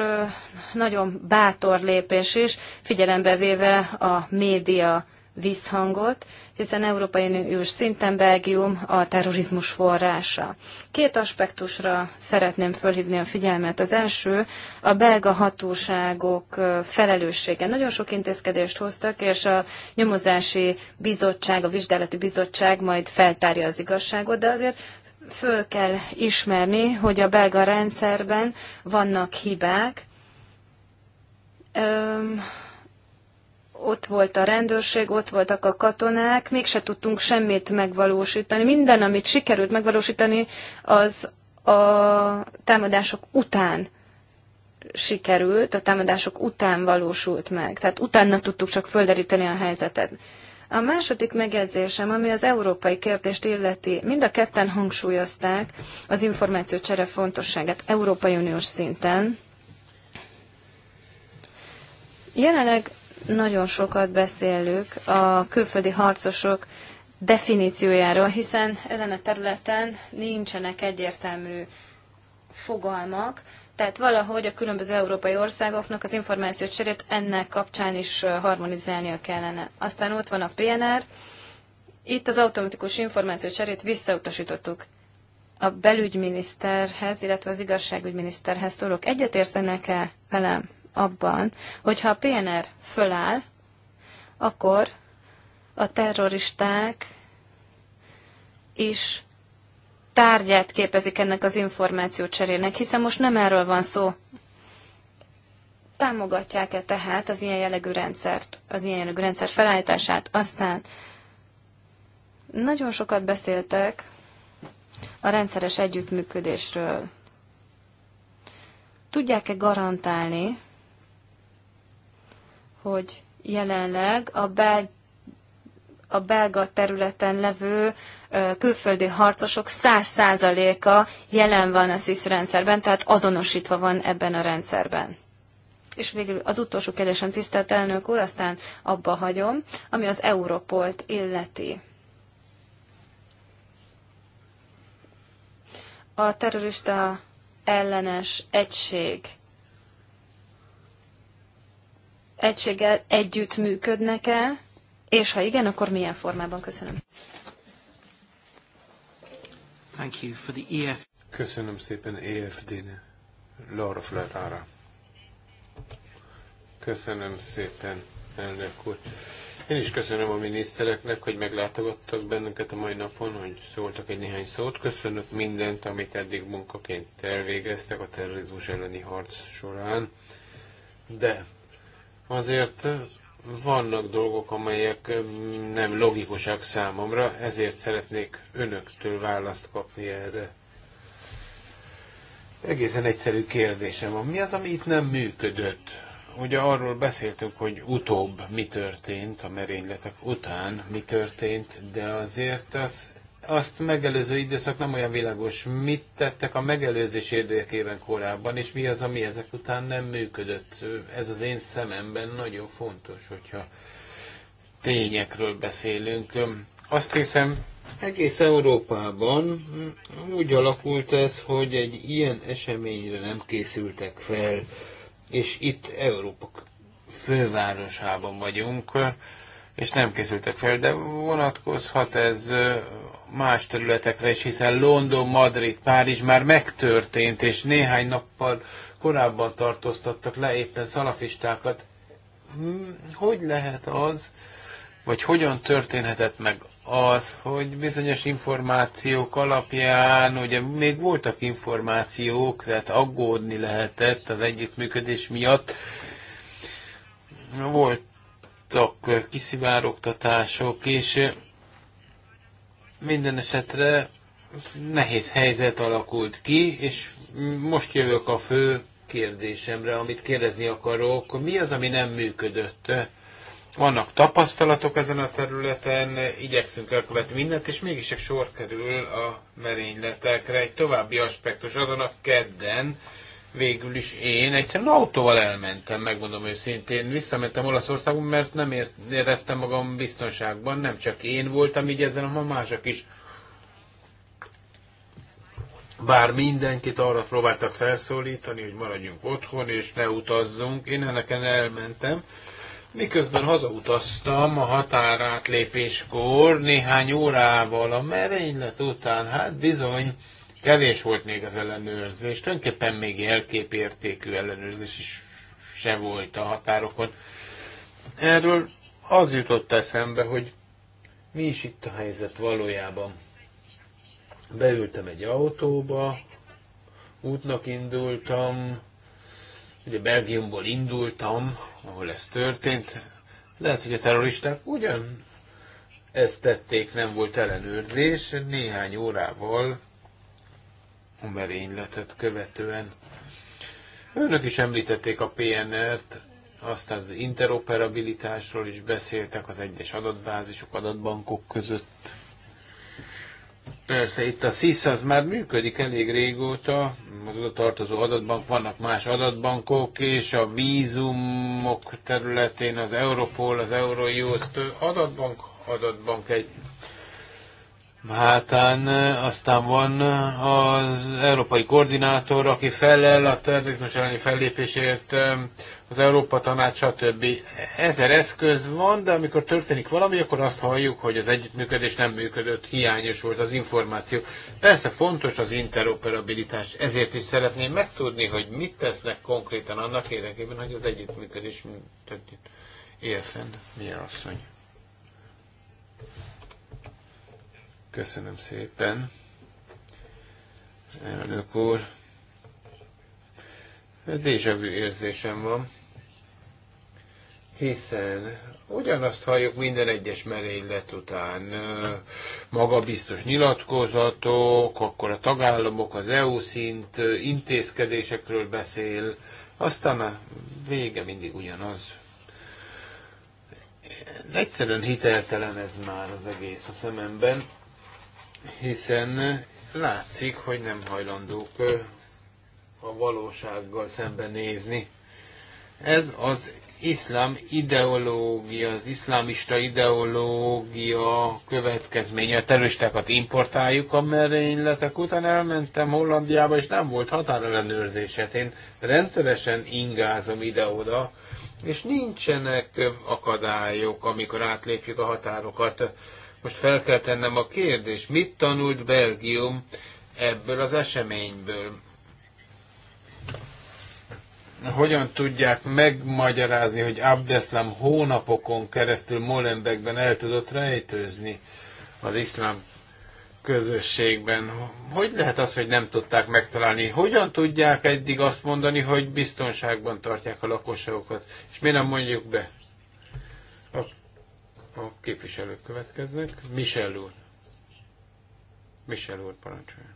nagyon bátor lépés is, figyelembe véve a média visszhangot, hiszen Európai Uniós szinten Belgium a terrorizmus forrása. Két aspektusra szeretném fölhívni a figyelmet. Az első a belga hatóságok felelőssége. Nagyon sok intézkedést hoztak, és a nyomozási bizottság, a vizsgálati bizottság majd feltárja az igazságot, de azért föl kell ismerni, hogy a belga rendszerben vannak hibák, ott volt a rendőrség, ott voltak a katonák, mégse tudtunk semmit megvalósítani. Minden, amit sikerült megvalósítani, az a támadások után sikerült, a támadások után valósult meg. Tehát utána tudtuk csak földeríteni a helyzetet. A második megjegyzésem, ami az európai kérdést illeti, mind a ketten hangsúlyozták az információcsere fontosságát Európai Uniós szinten. Jelenleg nagyon sokat beszélünk a külföldi harcosok definíciójáról, hiszen ezen a területen nincsenek egyértelmű fogalmak, tehát valahogy a különböző európai országoknak az információt cserét ennek kapcsán is harmonizálnia kellene. Aztán ott van a PNR, itt az automatikus információ cserét visszautasítottuk. A belügyminiszterhez, illetve az igazságügyminiszterhez szólok. Egyetértenek-e velem? abban, hogyha a PNR föláll, akkor a terroristák is tárgyát képezik ennek az információcserének, hiszen most nem erről van szó. Támogatják-e tehát az ilyen jellegű rendszert, az ilyen jellegű rendszer felállítását? Aztán nagyon sokat beszéltek a rendszeres együttműködésről. Tudják-e garantálni, hogy jelenleg a, bel, a belga területen levő külföldi harcosok száz százaléka jelen van a SZISZ rendszerben, tehát azonosítva van ebben a rendszerben. És végül az utolsó kérdésem, tisztelt elnök úr, aztán abba hagyom, ami az Europolt illeti. A terrorista ellenes egység egységgel együtt működnek-e, és ha igen, akkor milyen formában? Köszönöm. Thank you for the EF. Köszönöm szépen efd Laura Flerára. Köszönöm szépen, elnök úr. Én is köszönöm a minisztereknek, hogy meglátogattak bennünket a mai napon, hogy szóltak egy néhány szót. Köszönök mindent, amit eddig munkaként elvégeztek a terrorizmus elleni harc során. De azért vannak dolgok, amelyek nem logikusak számomra, ezért szeretnék önöktől választ kapni erre. Egészen egyszerű kérdésem van. Mi az, ami itt nem működött? Ugye arról beszéltünk, hogy utóbb mi történt, a merényletek után mi történt, de azért az azt megelőző időszak nem olyan világos. Mit tettek a megelőzés érdekében korábban, és mi az, ami ezek után nem működött? Ez az én szememben nagyon fontos, hogyha tényekről beszélünk. Azt hiszem, egész Európában úgy alakult ez, hogy egy ilyen eseményre nem készültek fel, és itt Európa fővárosában vagyunk, és nem készültek fel, de vonatkozhat ez más területekre is, hiszen London, Madrid, Párizs már megtörtént, és néhány nappal korábban tartóztattak le éppen szalafistákat. Hmm, hogy lehet az, vagy hogyan történhetett meg az, hogy bizonyos információk alapján, ugye még voltak információk, tehát aggódni lehetett az együttműködés miatt, voltak kiszivárogtatások, és minden esetre nehéz helyzet alakult ki, és most jövök a fő kérdésemre, amit kérdezni akarok. Mi az, ami nem működött? Vannak tapasztalatok ezen a területen, igyekszünk elkövetni mindent, és mégis csak sor kerül a merényletekre. Egy további aspektus azon a kedden végül is én egyszerűen autóval elmentem, megmondom őszintén. Visszamentem Olaszországon, mert nem éreztem magam biztonságban, nem csak én voltam így ezen, hanem mások is. Bár mindenkit arra próbáltak felszólítani, hogy maradjunk otthon és ne utazzunk, én eneken elmentem. Miközben hazautaztam a határátlépéskor néhány órával a merénylet után, hát bizony, Kevés volt még az ellenőrzés, tulajdonképpen még jelképértékű ellenőrzés is se volt a határokon. Erről az jutott eszembe, hogy mi is itt a helyzet valójában. Beültem egy autóba, útnak indultam, ugye Belgiumból indultam, ahol ez történt. Lehet, hogy a terroristák ugyan ezt tették, nem volt ellenőrzés, néhány órával merényletet követően. Önök is említették a PNR-t, azt az interoperabilitásról is beszéltek az egyes adatbázisok, adatbankok között. Persze, itt a SIS az már működik elég régóta, az oda tartozó adatbank, vannak más adatbankok, és a vízumok területén az Europol, az Eurojust adatbank, adatbank egy hátán. Aztán van az európai koordinátor, aki felel a terrorizmus elleni fellépésért, az Európa Tanács, stb. Ezer eszköz van, de amikor történik valami, akkor azt halljuk, hogy az együttműködés nem működött, hiányos volt az információ. Persze fontos az interoperabilitás, ezért is szeretném megtudni, hogy mit tesznek konkrétan annak érdekében, hogy az együttműködés működjön. Él fenn, Mier asszony. Köszönöm szépen. Elnök úr, déjavű érzésem van, hiszen ugyanazt halljuk minden egyes merénylet után. Magabiztos nyilatkozatok, akkor a tagállamok, az EU szint intézkedésekről beszél, aztán a vége mindig ugyanaz. Egyszerűen hiteltelen ez már az egész a szememben hiszen látszik, hogy nem hajlandók a valósággal szembenézni. Ez az iszlám ideológia, az iszlámista ideológia következménye. A terroristákat importáljuk a merényletek után. Elmentem Hollandiába, és nem volt határellenőrzéset. Én rendszeresen ingázom ide-oda, és nincsenek akadályok, amikor átlépjük a határokat. Most fel kell tennem a kérdést, mit tanult Belgium ebből az eseményből? Hogyan tudják megmagyarázni, hogy Abdeslam hónapokon keresztül Molenbeekben el tudott rejtőzni az iszlám közösségben. Hogy lehet az, hogy nem tudták megtalálni? Hogyan tudják eddig azt mondani, hogy biztonságban tartják a lakosokat? És miért nem mondjuk be? A képviselők következnek. Michel úr. Michel úr parancsolja.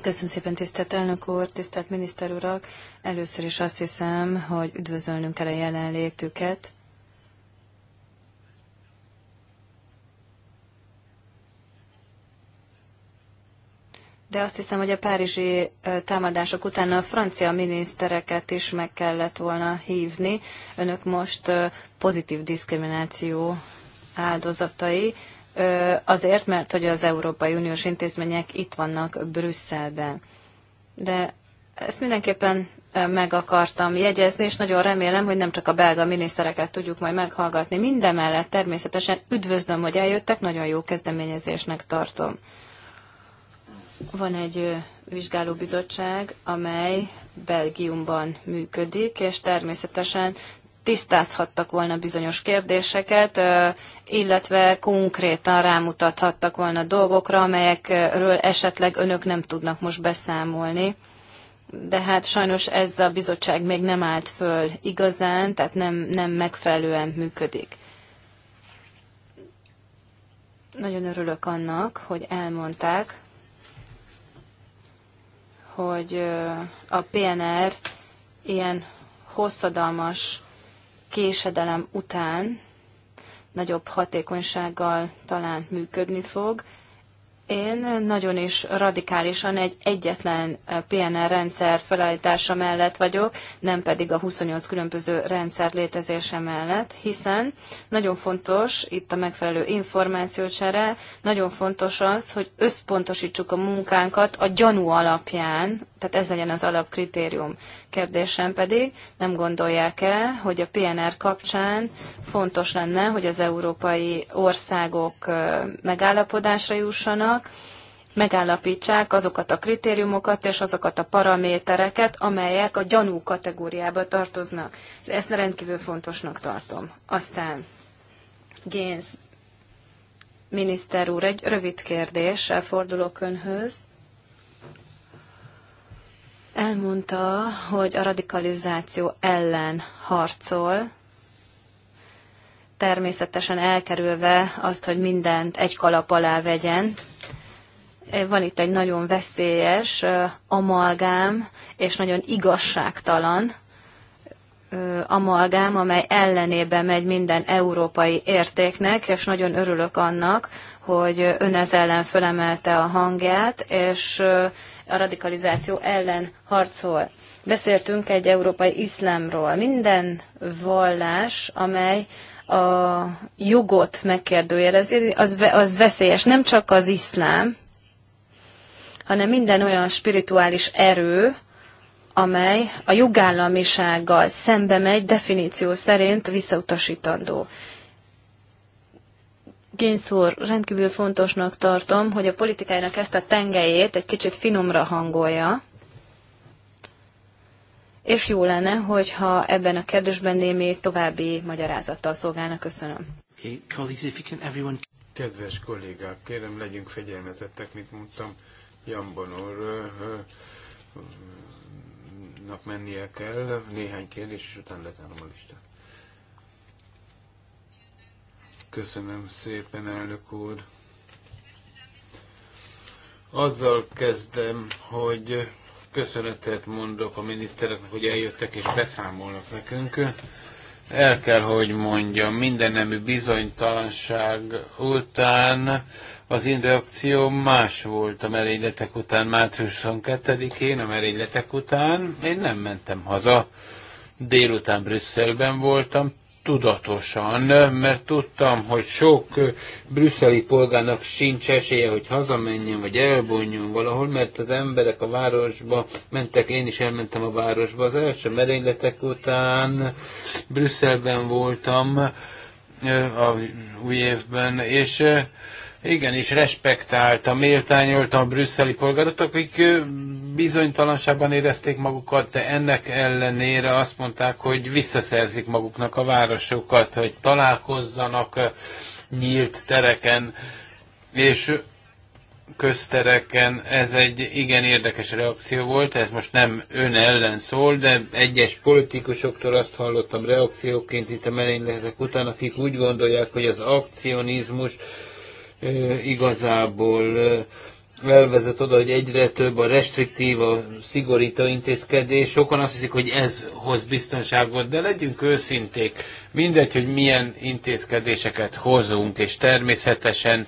Köszönöm szépen, tisztelt elnök úr, tisztelt miniszter urak! Először is azt hiszem, hogy üdvözölnünk kell a jelenlétüket de azt hiszem, hogy a párizsi támadások után a francia minisztereket is meg kellett volna hívni. Önök most pozitív diszkrimináció áldozatai, azért, mert hogy az Európai Uniós intézmények itt vannak Brüsszelben. De ezt mindenképpen meg akartam jegyezni, és nagyon remélem, hogy nem csak a belga minisztereket tudjuk majd meghallgatni. Mindemellett természetesen üdvözlöm, hogy eljöttek, nagyon jó kezdeményezésnek tartom. Van egy vizsgálóbizottság, amely Belgiumban működik, és természetesen tisztázhattak volna bizonyos kérdéseket, illetve konkrétan rámutathattak volna dolgokra, amelyekről esetleg önök nem tudnak most beszámolni. De hát sajnos ez a bizottság még nem állt föl igazán, tehát nem, nem megfelelően működik. Nagyon örülök annak, hogy elmondták, hogy a PNR ilyen hosszadalmas késedelem után nagyobb hatékonysággal talán működni fog, én nagyon is radikálisan egy egyetlen PNR rendszer felállítása mellett vagyok, nem pedig a 28 különböző rendszer létezése mellett, hiszen nagyon fontos itt a megfelelő információcsere, nagyon fontos az, hogy összpontosítsuk a munkánkat a gyanú alapján, tehát ez legyen az alapkritérium. Kérdésem pedig, nem gondolják-e, hogy a PNR kapcsán fontos lenne, hogy az európai országok megállapodásra jussanak, megállapítsák azokat a kritériumokat és azokat a paramétereket, amelyek a gyanú kategóriába tartoznak. Ezt rendkívül fontosnak tartom. Aztán Génz miniszter úr, egy rövid kérdéssel fordulok önhöz elmondta, hogy a radikalizáció ellen harcol, természetesen elkerülve azt, hogy mindent egy kalap alá vegyen. Van itt egy nagyon veszélyes amalgám, és nagyon igazságtalan amalgám, amely ellenébe megy minden európai értéknek, és nagyon örülök annak, hogy ön ez ellen fölemelte a hangját, és a radikalizáció ellen harcol. Beszéltünk egy európai iszlámról. Minden vallás, amely a jogot megkérdőjelezi, az, az veszélyes. Nem csak az iszlám, hanem minden olyan spirituális erő, amely a jogállamisággal szembe megy, definíció szerint visszautasítandó. Génszúr, rendkívül fontosnak tartom, hogy a politikájának ezt a tengelyét egy kicsit finomra hangolja, és jó lenne, hogyha ebben a kérdésben némi további magyarázattal szolgálna. Köszönöm. Okay, Kedves kollégák, kérem legyünk fegyelmezettek, mint mondtam, Jambon úrnak mennie kell, néhány kérdés, és utána lezárom a listát. Köszönöm szépen, elnök úr. Azzal kezdem, hogy köszönetet mondok a minisztereknek, hogy eljöttek és beszámolnak nekünk. El kell, hogy mondjam, mindennemű bizonytalanság után az indreakció más volt a merényletek után, március 22-én, a merényletek után. Én nem mentem haza, délután Brüsszelben voltam, tudatosan, mert tudtam, hogy sok brüsszeli polgárnak sincs esélye, hogy hazamenjen, vagy elbonjon valahol, mert az emberek a városba mentek, én is elmentem a városba. Az első merényletek után Brüsszelben voltam a új évben, és igen, és méltányoltam a brüsszeli polgárokat, akik bizonytalanságban érezték magukat, de ennek ellenére azt mondták, hogy visszaszerzik maguknak a városokat, hogy találkozzanak nyílt tereken, és köztereken ez egy igen érdekes reakció volt, ez most nem ön ellen szól, de egyes politikusoktól azt hallottam reakcióként itt a merényletek után, akik úgy gondolják, hogy az akcionizmus igazából elvezet oda, hogy egyre több a restriktív, a szigorító intézkedés. Sokan azt hiszik, hogy ez hoz biztonságot, de legyünk őszinték. Mindegy, hogy milyen intézkedéseket hozunk, és természetesen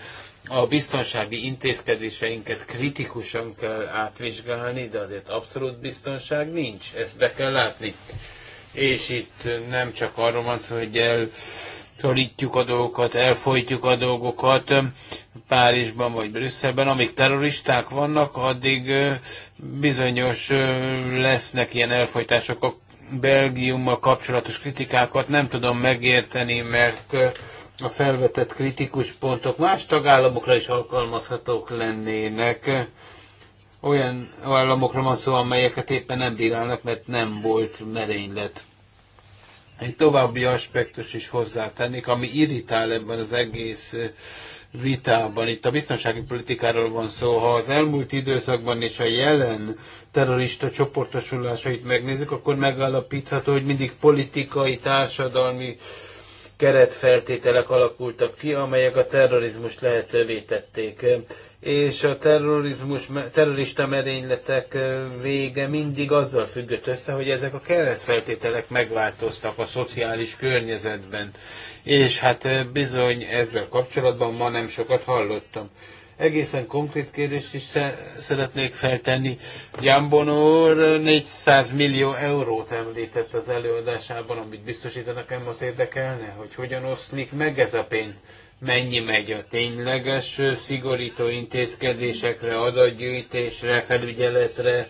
a biztonsági intézkedéseinket kritikusan kell átvizsgálni, de azért abszolút biztonság nincs, ezt be kell látni. És itt nem csak arról van szó, hogy el szorítjuk a dolgokat, elfolytjuk a dolgokat Párizsban vagy Brüsszelben, amíg terroristák vannak, addig bizonyos lesznek ilyen elfolytások a Belgiummal kapcsolatos kritikákat nem tudom megérteni, mert a felvetett kritikus pontok más tagállamokra is alkalmazhatók lennének. Olyan államokra van szó, amelyeket éppen nem bírálnak, mert nem volt merénylet egy további aspektus is hozzátennék, ami irritál ebben az egész vitában. Itt a biztonsági politikáról van szó. Ha az elmúlt időszakban és a jelen terrorista csoportosulásait megnézzük, akkor megállapítható, hogy mindig politikai, társadalmi keretfeltételek alakultak ki, amelyek a terrorizmus lehetővé tették. És a terrorizmus, terrorista merényletek vége mindig azzal függött össze, hogy ezek a keretfeltételek megváltoztak a szociális környezetben. És hát bizony ezzel kapcsolatban ma nem sokat hallottam egészen konkrét kérdést is szeretnék feltenni. Jambon úr 400 millió eurót említett az előadásában, amit biztosítanak, nem az érdekelne, hogy hogyan oszlik meg ez a pénz mennyi megy a tényleges szigorító intézkedésekre, adatgyűjtésre, felügyeletre,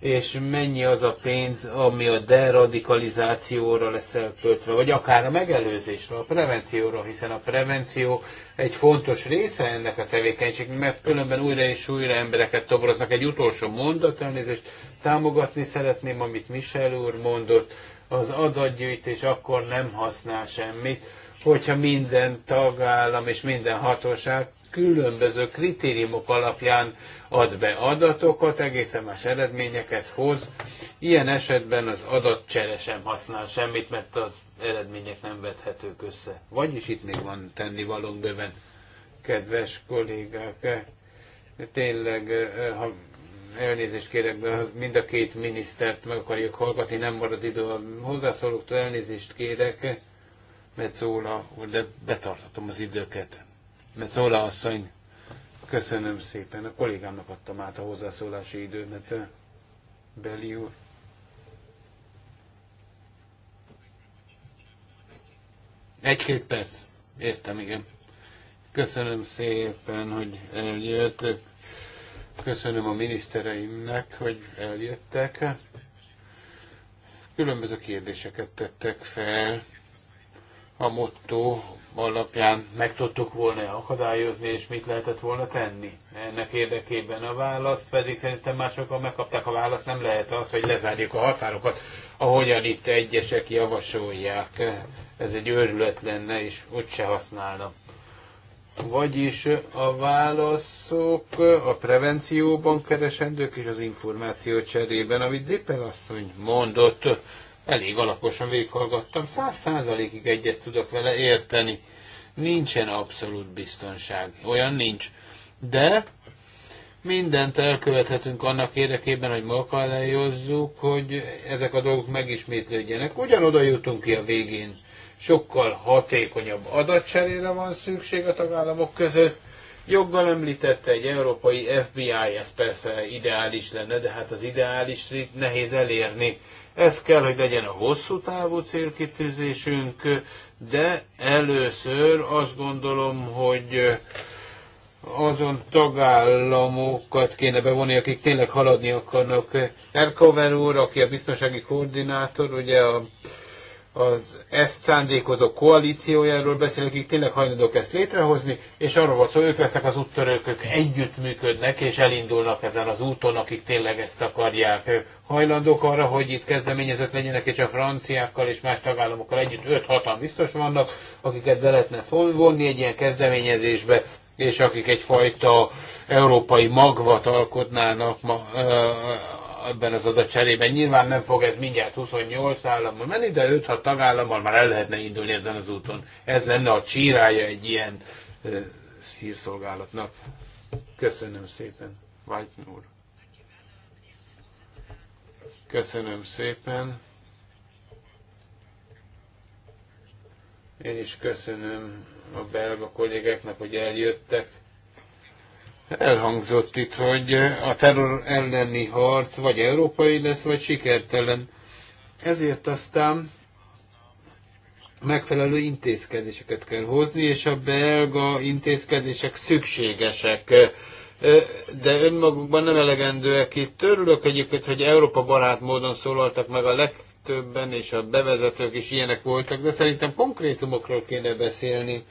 és mennyi az a pénz, ami a deradikalizációra lesz elköltve, vagy akár a megelőzésre, a prevencióra, hiszen a prevenció egy fontos része ennek a tevékenységnek, mert különben újra és újra embereket toboroznak. Egy utolsó mondat, elnézést, támogatni szeretném, amit Michel úr mondott, az adatgyűjtés akkor nem használ semmit, hogyha minden tagállam és minden hatóság különböző kritériumok alapján ad be adatokat, egészen más eredményeket hoz. Ilyen esetben az adatcsere sem használ semmit, mert az eredmények nem vethetők össze. Vagyis itt még van tennivalón bőven, kedves kollégák. Tényleg, ha elnézést kérek, de mind a két minisztert meg akarjuk hallgatni, nem marad idő a hozzászólóktól, elnézést kérek, mert szóla, de betartatom az időket. Metzola asszony, köszönöm szépen. A kollégámnak adtam át a hozzászólási időmet. Eh, Beli úr. Egy-két perc. Értem, igen. Köszönöm szépen, hogy eljött. Köszönöm a minisztereimnek, hogy eljöttek. Különböző kérdéseket tettek fel. A motto alapján meg tudtuk volna akadályozni, és mit lehetett volna tenni ennek érdekében. A választ pedig szerintem már sokan megkapták a választ, nem lehet az, hogy lezárjuk a határokat, ahogyan itt egyesek javasolják. Ez egy őrület lenne, és ott se használna. Vagyis a válaszok a prevencióban keresendők és az információ cserében, amit Zippel asszony mondott, elég alaposan véghallgattam, száz százalékig egyet tudok vele érteni. Nincsen abszolút biztonság, olyan nincs. De mindent elkövethetünk annak érdekében, hogy megalályozzuk, hogy ezek a dolgok megismétlődjenek. Ugyanoda jutunk ki a végén. Sokkal hatékonyabb adatcserére van szükség a tagállamok között. Joggal említette egy európai FBI, ez persze ideális lenne, de hát az ideális nehéz elérni. Ez kell, hogy legyen a hosszú távú célkitűzésünk, de először azt gondolom, hogy azon tagállamokat kéne bevonni, akik tényleg haladni akarnak. Erkover úr, aki a biztonsági koordinátor, ugye a az ezt szándékozó koalíciójáról beszélek, akik tényleg hajlandók ezt létrehozni, és arról volt szó, ők lesznek az úttörők, ők együttműködnek, és elindulnak ezen az úton, akik tényleg ezt akarják. Hajlandók arra, hogy itt kezdeményezők legyenek, és a franciákkal és más tagállamokkal együtt 5-6-an biztos vannak, akiket be lehetne vonni egy ilyen kezdeményezésbe, és akik egyfajta európai magvat alkotnának ma, ebben az adatcserében. Nyilván nem fog ez mindjárt 28 állammal menni, de 5-6 tagállammal már el lehetne indulni ezen az úton. Ez lenne a csírája egy ilyen uh, hírszolgálatnak. Köszönöm szépen, White úr. Köszönöm szépen. Én is köszönöm a belga kollégáknak, hogy eljöttek Elhangzott itt, hogy a terror elleni harc vagy európai lesz, vagy sikertelen. Ezért aztán megfelelő intézkedéseket kell hozni, és a belga intézkedések szükségesek, de önmagukban nem elegendőek itt. Örülök egyébként, hogy Európa barát módon szólaltak meg a legtöbben, és a bevezetők is ilyenek voltak, de szerintem konkrétumokról kéne beszélni.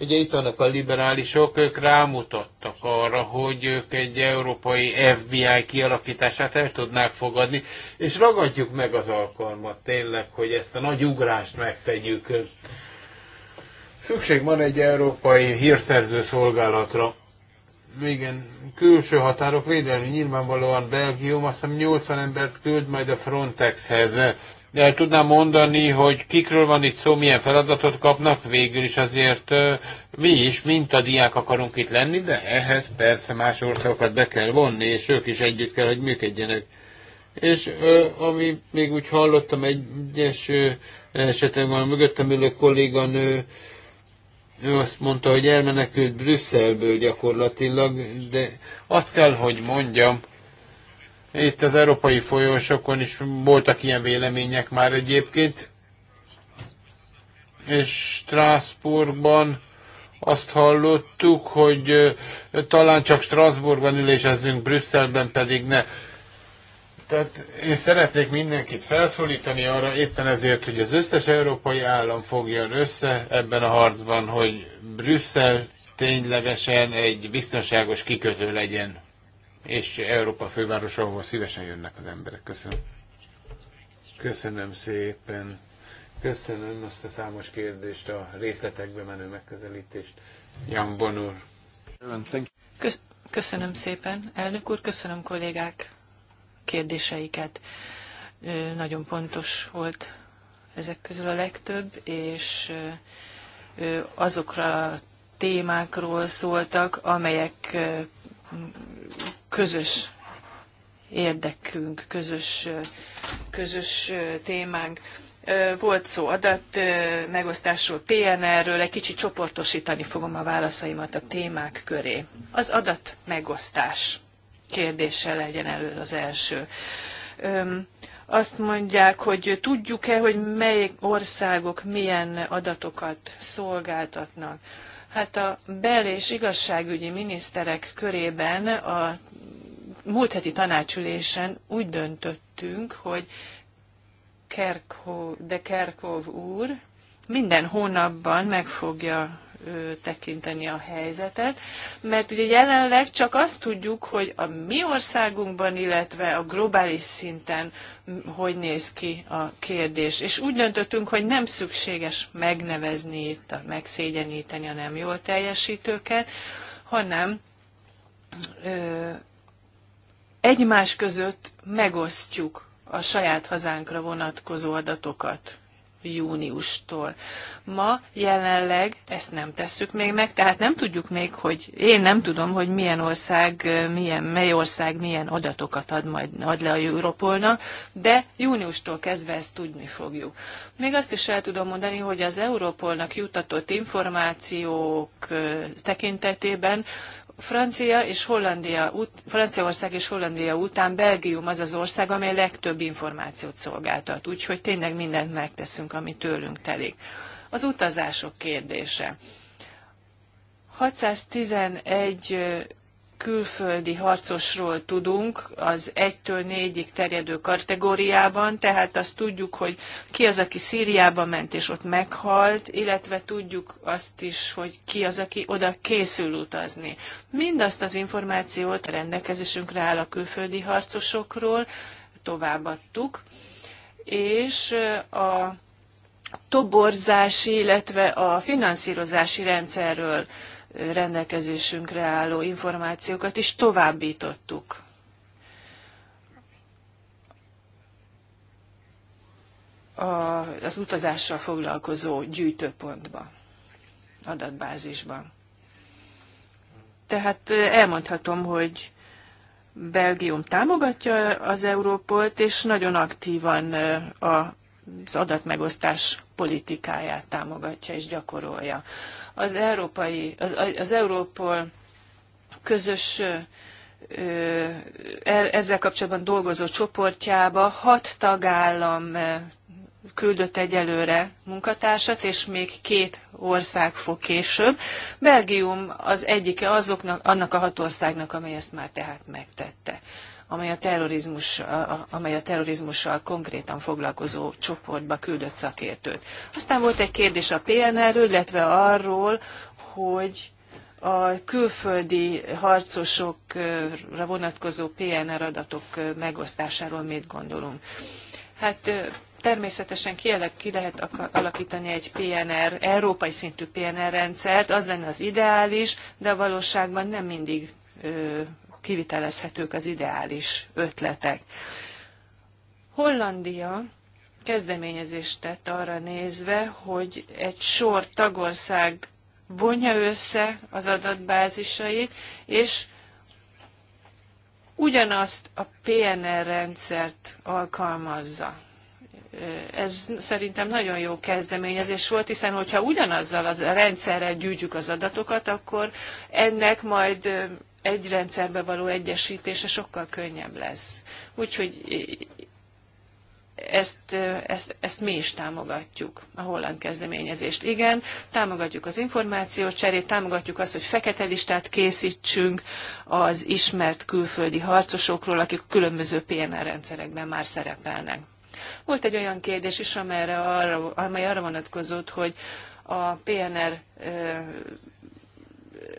Ugye itt vannak a liberálisok, ők rámutattak arra, hogy ők egy európai FBI kialakítását el tudnák fogadni, és ragadjuk meg az alkalmat tényleg, hogy ezt a nagy ugrást megtegyük. Szükség van egy európai hírszerző szolgálatra. Igen, külső határok védelmi, nyilvánvalóan Belgium, azt hiszem 80 embert küld majd a Frontexhez el tudnám mondani, hogy kikről van itt szó, milyen feladatot kapnak, végül is azért mi is mint a diák akarunk itt lenni, de ehhez persze más országokat be kell vonni, és ők is együtt kell, hogy működjenek. És ami még úgy hallottam egyes esetekben, van, mögöttem ülő kolléganő, ő azt mondta, hogy elmenekült Brüsszelből gyakorlatilag, de azt kell, hogy mondjam, itt az európai folyosokon is voltak ilyen vélemények már egyébként, és Strasbourgban azt hallottuk, hogy talán csak Strasbourgban ülésezzünk, Brüsszelben pedig ne. Tehát én szeretnék mindenkit felszólítani arra, éppen ezért, hogy az összes európai állam fogjon össze ebben a harcban, hogy Brüsszel ténylegesen egy biztonságos kikötő legyen és Európa fővárosa, ahol szívesen jönnek az emberek. Köszönöm. Köszönöm szépen. Köszönöm azt a számos kérdést, a részletekbe menő megközelítést. Jan Bonur. Köszönöm szépen, elnök úr, köszönöm kollégák kérdéseiket. Nagyon pontos volt ezek közül a legtöbb, és azokra a témákról szóltak, amelyek közös érdekünk, közös, közös témánk. Volt szó adat megosztásról, PNR-ről, egy kicsit csoportosítani fogom a válaszaimat a témák köré. Az adat megosztás kérdése legyen elő az első. Azt mondják, hogy tudjuk-e, hogy mely országok milyen adatokat szolgáltatnak. Hát a bel- és igazságügyi miniszterek körében a múlt heti tanácsülésen úgy döntöttünk, hogy de Kerkov úr minden hónapban meg fogja tekinteni a helyzetet, mert ugye jelenleg csak azt tudjuk, hogy a mi országunkban, illetve a globális szinten hogy néz ki a kérdés. És úgy döntöttünk, hogy nem szükséges megnevezni itt, megszégyeníteni a nem jól teljesítőket, hanem egymás között megosztjuk a saját hazánkra vonatkozó adatokat júniustól. Ma jelenleg ezt nem tesszük még meg, tehát nem tudjuk még, hogy én nem tudom, hogy milyen ország, milyen, mely ország milyen adatokat ad, majd, ad le a Europolnak, de júniustól kezdve ezt tudni fogjuk. Még azt is el tudom mondani, hogy az Europolnak jutatott információk tekintetében Francia és Hollandia, Franciaország és Hollandia után Belgium az az ország, amely legtöbb információt szolgáltat. Úgyhogy tényleg mindent megteszünk, ami tőlünk telik. Az utazások kérdése. 611 külföldi harcosról tudunk az 1-től 4-ig terjedő kategóriában, tehát azt tudjuk, hogy ki az, aki Szíriába ment és ott meghalt, illetve tudjuk azt is, hogy ki az, aki oda készül utazni. Mindazt az információt a rendelkezésünkre áll a külföldi harcosokról, továbbadtuk, és a toborzási, illetve a finanszírozási rendszerről rendelkezésünkre álló információkat is továbbítottuk. az utazással foglalkozó gyűjtőpontba, adatbázisban. Tehát elmondhatom, hogy Belgium támogatja az Európolt, és nagyon aktívan az adatmegosztás politikáját támogatja és gyakorolja. Az, európai, az, az Európol közös er, ezzel kapcsolatban dolgozó csoportjába hat tagállam küldött egyelőre munkatársat, és még két ország fog később. Belgium az egyike azoknak, annak a hat országnak, amely ezt már tehát megtette amely a, terrorizmus, amely a terrorizmussal konkrétan foglalkozó csoportba küldött szakértőt. Aztán volt egy kérdés a PNR-ről, illetve arról, hogy a külföldi harcosokra vonatkozó PNR adatok megosztásáról mit gondolunk. Hát természetesen ki lehet alakítani egy PNR, európai szintű PNR rendszert, az lenne az ideális, de a valóságban nem mindig kivitelezhetők az ideális ötletek. Hollandia kezdeményezést tett arra nézve, hogy egy sor tagország vonja össze az adatbázisait, és ugyanazt a PNR rendszert alkalmazza. Ez szerintem nagyon jó kezdeményezés volt, hiszen hogyha ugyanazzal a rendszerrel gyűjtjük az adatokat, akkor ennek majd egy rendszerbe való egyesítése sokkal könnyebb lesz. Úgyhogy ezt, ezt, ezt mi is támogatjuk, a holland kezdeményezést. Igen, támogatjuk az cserét, támogatjuk azt, hogy fekete listát készítsünk az ismert külföldi harcosokról, akik különböző PNR rendszerekben már szerepelnek. Volt egy olyan kérdés is, amely arra, amely arra vonatkozott, hogy a PNR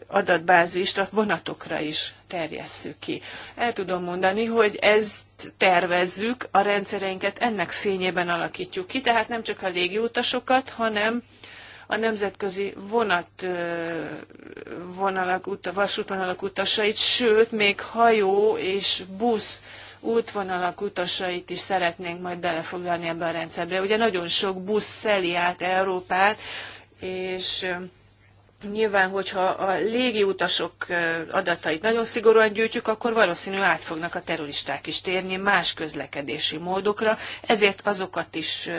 adatbázist a vonatokra is terjesszük ki. El tudom mondani, hogy ezt tervezzük, a rendszereinket ennek fényében alakítjuk ki, tehát nem csak a légiutasokat, hanem a nemzetközi vonat vonalak, vasútvonalak utasait, sőt, még hajó és busz útvonalak utasait is szeretnénk majd belefoglalni ebbe a rendszerbe. Ugye nagyon sok busz szeli át Európát, és Nyilván, hogyha a légi utasok adatait nagyon szigorúan gyűjtjük, akkor valószínű át fognak a terroristák is térni más közlekedési módokra, ezért azokat is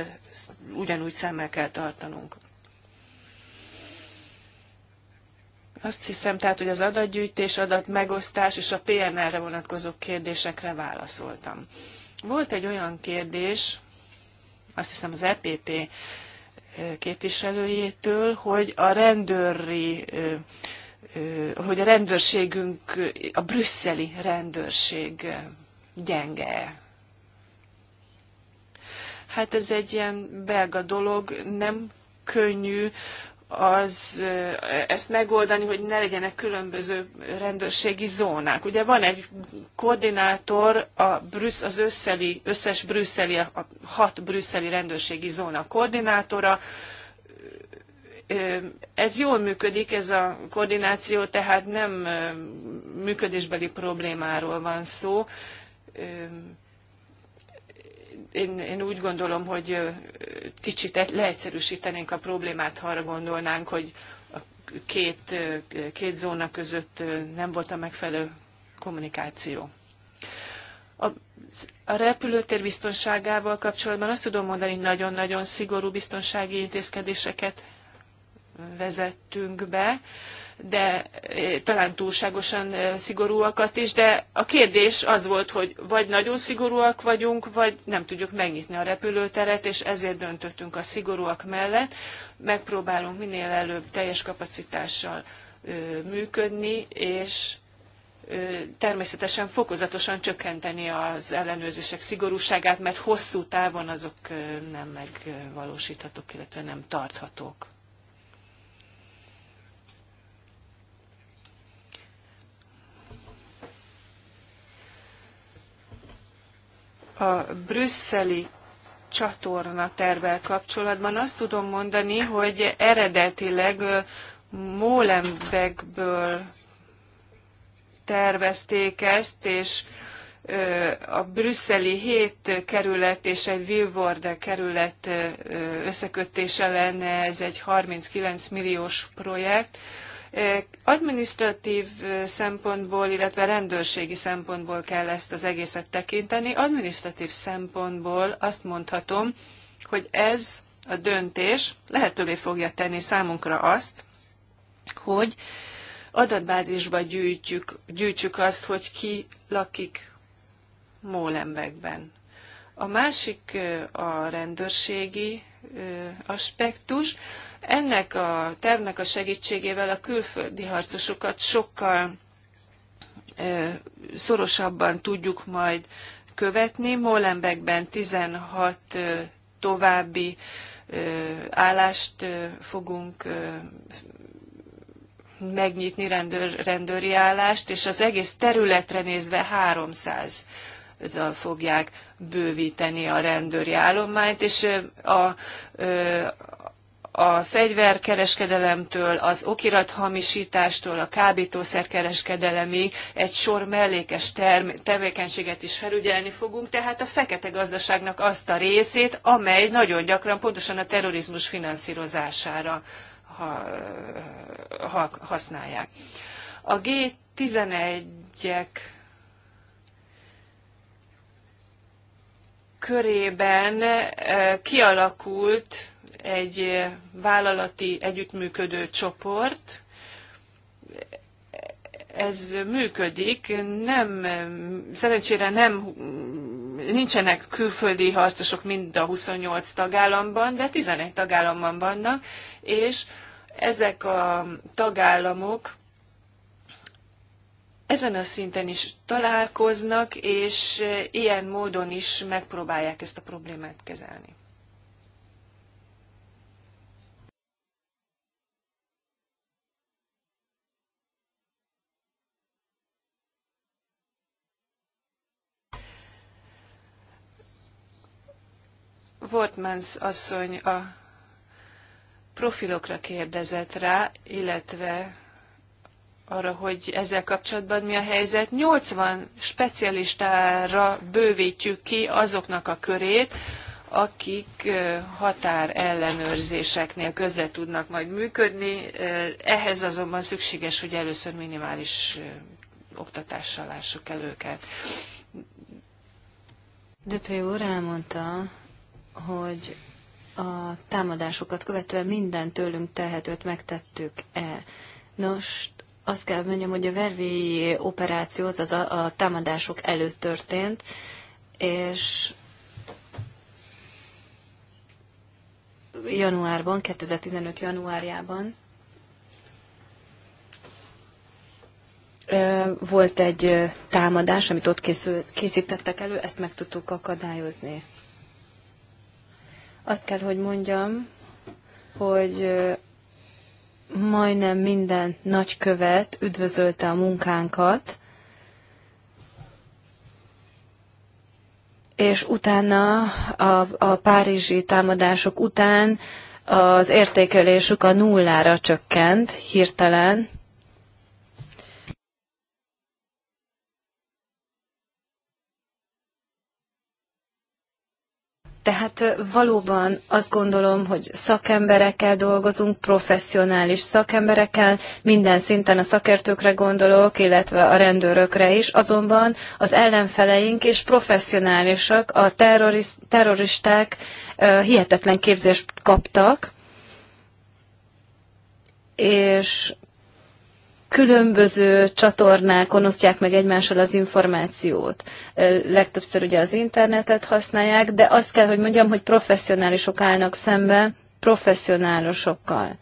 ugyanúgy szemmel kell tartanunk. Azt hiszem tehát, hogy az adatgyűjtés, adatmegosztás és a PNR-re vonatkozó kérdésekre válaszoltam. Volt egy olyan kérdés, azt hiszem az EPP képviselőjétől, hogy a rendőri hogy a rendőrségünk, a brüsszeli rendőrség gyenge. Hát ez egy ilyen belga dolog, nem könnyű az eh, ezt megoldani, hogy ne legyenek különböző rendőrségi zónák. Ugye van egy koordinátor, a Brüssz, az összeli, összes brüsszeli, a hat brüsszeli rendőrségi zóna koordinátora. Eh, ez jól működik, ez a koordináció, tehát nem eh, működésbeli problémáról van szó én, én úgy gondolom, hogy kicsit leegyszerűsítenénk a problémát, ha arra gondolnánk, hogy a két, két zóna között nem volt a megfelelő kommunikáció. A, a repülőtér biztonságával kapcsolatban azt tudom mondani, hogy nagyon-nagyon szigorú biztonsági intézkedéseket vezettünk be de eh, talán túlságosan eh, szigorúakat is, de a kérdés az volt, hogy vagy nagyon szigorúak vagyunk, vagy nem tudjuk megnyitni a repülőteret, és ezért döntöttünk a szigorúak mellett. Megpróbálunk minél előbb teljes kapacitással működni, és természetesen fokozatosan csökkenteni az ellenőrzések szigorúságát, mert hosszú távon azok nem megvalósíthatók, illetve nem tarthatók. a brüsszeli csatorna tervel kapcsolatban azt tudom mondani, hogy eredetileg Molenbeekből tervezték ezt, és a brüsszeli hét kerület és egy Vilvorde kerület összekötése lenne, ez egy 39 milliós projekt, Administratív szempontból, illetve rendőrségi szempontból kell ezt az egészet tekinteni. Administratív szempontból azt mondhatom, hogy ez a döntés lehetővé fogja tenni számunkra azt, hogy adatbázisba gyűjtjük, gyűjtsük azt, hogy ki lakik Mólembekben. A másik a rendőrségi aspektus. Ennek a tervnek a segítségével a külföldi harcosokat sokkal szorosabban tudjuk majd követni. Molenbeekben 16 további állást fogunk megnyitni rendőr, rendőri állást, és az egész területre nézve 300 fogják bővíteni a rendőri állományt, és a, a fegyverkereskedelemtől, az okirathamisítástól, a kábítószerkereskedelemig egy sor mellékes tevékenységet is felügyelni fogunk, tehát a fekete gazdaságnak azt a részét, amely nagyon gyakran pontosan a terrorizmus finanszírozására használják. A G11-ek körében kialakult egy vállalati együttműködő csoport. Ez működik, nem, szerencsére nem nincsenek külföldi harcosok mind a 28 tagállamban, de 11 tagállamban vannak, és ezek a tagállamok ezen a szinten is találkoznak, és eh, ilyen módon is megpróbálják ezt a problémát kezelni. Wortmans asszony a profilokra kérdezett rá, illetve arra, hogy ezzel kapcsolatban mi a helyzet. 80 specialistára bővítjük ki azoknak a körét, akik határellenőrzéseknél közze tudnak majd működni. Ehhez azonban szükséges, hogy először minimális oktatással lássuk el őket. Döpré úr elmondta, hogy a támadásokat követően minden tőlünk tehetőt megtettük-e. Nos, azt kell mondjam, hogy a vervéi operáció az a, a támadások előtt történt, és januárban, 2015 januárjában volt egy támadás, amit ott készítettek elő, ezt meg tudtuk akadályozni. Azt kell, hogy mondjam, hogy majdnem minden nagykövet üdvözölte a munkánkat, és utána a, a párizsi támadások után az értékelésük a nullára csökkent hirtelen, Tehát valóban azt gondolom, hogy szakemberekkel dolgozunk, professzionális szakemberekkel, minden szinten a szakértőkre gondolok, illetve a rendőrökre is, azonban az ellenfeleink és professzionálisak, a terroriz- terroristák hihetetlen képzést kaptak, és különböző csatornákon osztják meg egymással az információt. Legtöbbször ugye az internetet használják, de azt kell, hogy mondjam, hogy professzionálisok állnak szembe professzionálisokkal.